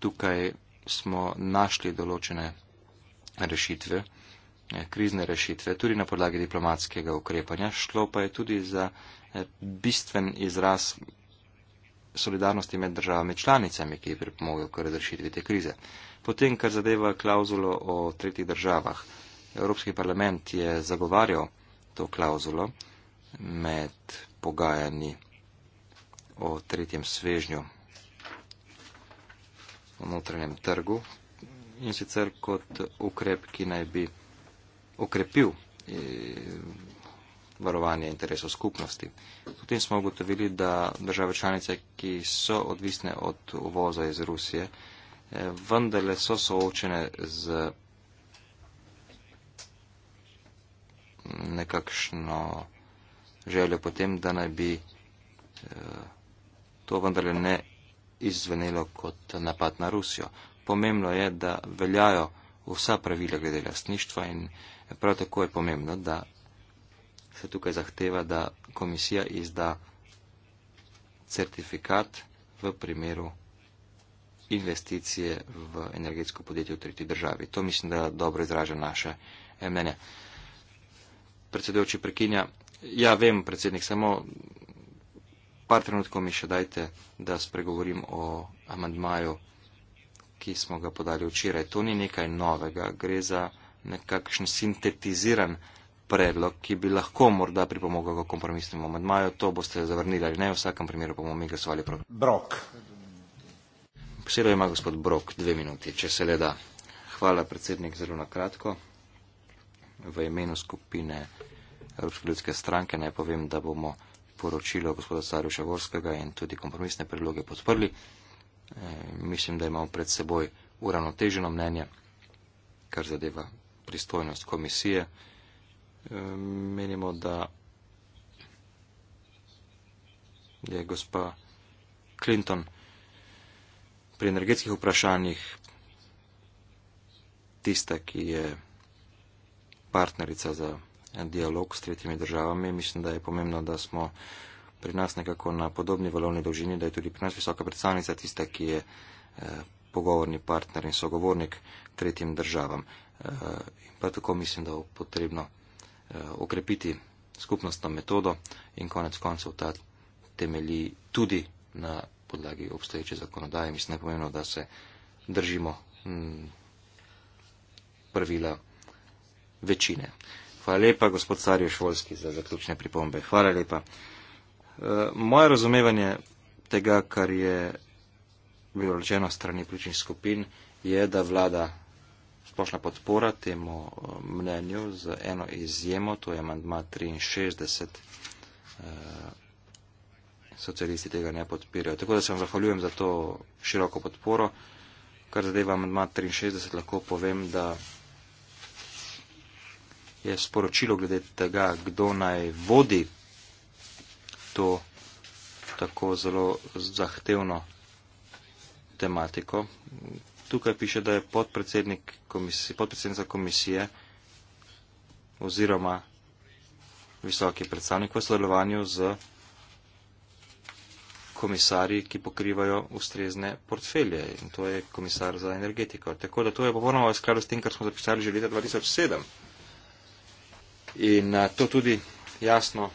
Tukaj smo našli določene rešitve, eh, krizne rešitve, tudi na podlagi diplomatskega ukrepanja. Šlo pa je tudi za eh, bistven izraz solidarnosti med državami članicami, ki je pripomogel k razrešitvi te krize. Potem, kar zadeva klauzulo o tretjih državah, Evropski parlament je zagovarjal to klauzulo med pogajanji o tretjem svežnju notranjem trgu in sicer kot ukrep, ki naj bi okrepil eh, varovanje interesov skupnosti. Potem smo ugotovili, da države članice, ki so odvisne od uvoza iz Rusije, eh, vendarle so soočene z nekakšno željo potem, da naj bi eh, to vendarle ne izzvenelo kot napad na Rusijo. Pomembno je, da veljajo vsa pravila glede lastništva in prav tako je pomembno, da se tukaj zahteva, da komisija izda certifikat v primeru investicije v energetsko podjetje v tretji državi. To mislim, da dobro izraža naše eh, mnenje. Predsedujoči prekinja. Ja, vem, predsednik, samo par trenutkov mi še dajte, da spregovorim o amandmaju, ki smo ga podali včeraj. To ni nekaj novega, gre za nekakšen sintetiziran predlog, ki bi lahko morda pripomogel k kompromisnemu amandmaju. To boste zavrnili ali ne, v vsakem primeru bomo mi glasovali proti. Brok. Besedo ima gospod Brok, dve minuti, če se le da. Hvala, predsednik, zelo na kratko. V imenu skupine Evropske ljudske stranke naj povem, da bomo poročilo gospoda Saruša Gorskega in tudi kompromisne predloge podprli. E, mislim, da imamo pred seboj uravnoteženo mnenje, kar zadeva pristojnost komisije. E, menimo, da je gospa Clinton pri energetskih vprašanjih tista, ki je partnerica za dialog s tretjimi državami. Mislim, da je pomembno, da smo pri nas nekako na podobni valovni dolžini, da je tudi pri nas visoka predstavnica tista, ki je eh, pogovorni partner in sogovornik tretjim državam. Eh, in pa tako mislim, da je potrebno eh, okrepiti skupnostno metodo in konec koncev ta temelji tudi na podlagi obstoječe zakonodaje. Mislim, da je pomembno, da se držimo hm, pravila večine. Hvala lepa, gospod Sarjo Šolski, za zaključne pripombe. Hvala lepa. E, moje razumevanje tega, kar je bilo rečeno strani ključnih skupin, je, da vlada splošna podpora temu e, mnenju z eno izjemo, to je mandma 63, e, socialisti tega ne podpirajo. Tako da se vam zahvaljujem za to široko podporo. Kar zadeva mandma 63, lahko povem, da je sporočilo glede tega, kdo naj vodi to tako zelo zahtevno tematiko. Tukaj piše, da je podpredsednik komisije, podpredsednica komisije oziroma visoki predstavnik v sodelovanju z komisarji, ki pokrivajo ustrezne portfelje. In to je komisar za energetiko. Tako da to je popolnoma v skladu s tem, kar smo zapisali že leta 2007. In to tudi jasno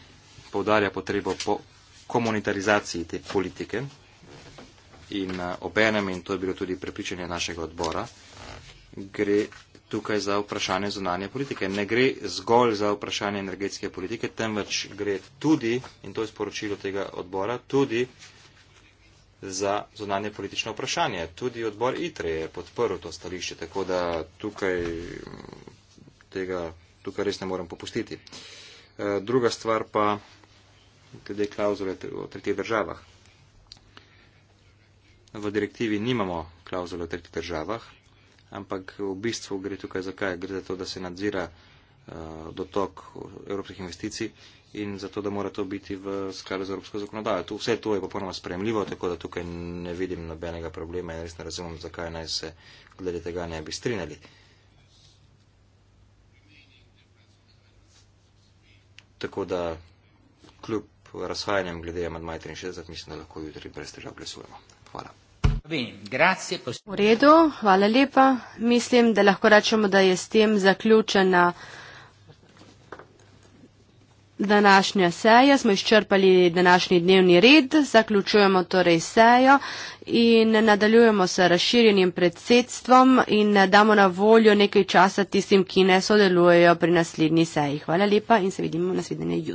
povdarja potrebo po komunitarizaciji te politike in obenem, in to je bilo tudi prepričanje našega odbora, gre tukaj za vprašanje zunanje politike. Ne gre zgolj za vprašanje energetske politike, temveč gre tudi, in to je sporočilo tega odbora, tudi za zunanje politično vprašanje. Tudi odbor ITRE je podprl to stališče, tako da tukaj tega tukaj res ne morem popustiti. E, druga stvar pa, glede klauzule o tretjih državah. V direktivi nimamo klauzule o tretjih državah, ampak v bistvu gre tukaj za kaj? Gre za to, da se nadzira e, dotok evropskih investicij in zato, da mora to biti v skladu z evropsko zakonodajo. Vse to je popolnoma spremljivo, tako da tukaj ne vidim nobenega problema in res ne razumem, zakaj naj se glede tega ne bi strinjali. Uh, Tako da kljub razhajanjem glede amadmaja 63, mislim, da lahko jutri brez težav glasujemo. Hvala. V redu, hvala lepa. Mislim, da lahko rečemo, da je s tem zaključena današnja seja, smo izčrpali današnji dnevni red, zaključujemo torej sejo in nadaljujemo s razširjenim predsedstvom in damo na voljo nekaj časa tistim, ki ne sodelujejo pri naslednji seji. Hvala lepa in se vidimo naslednje jutro.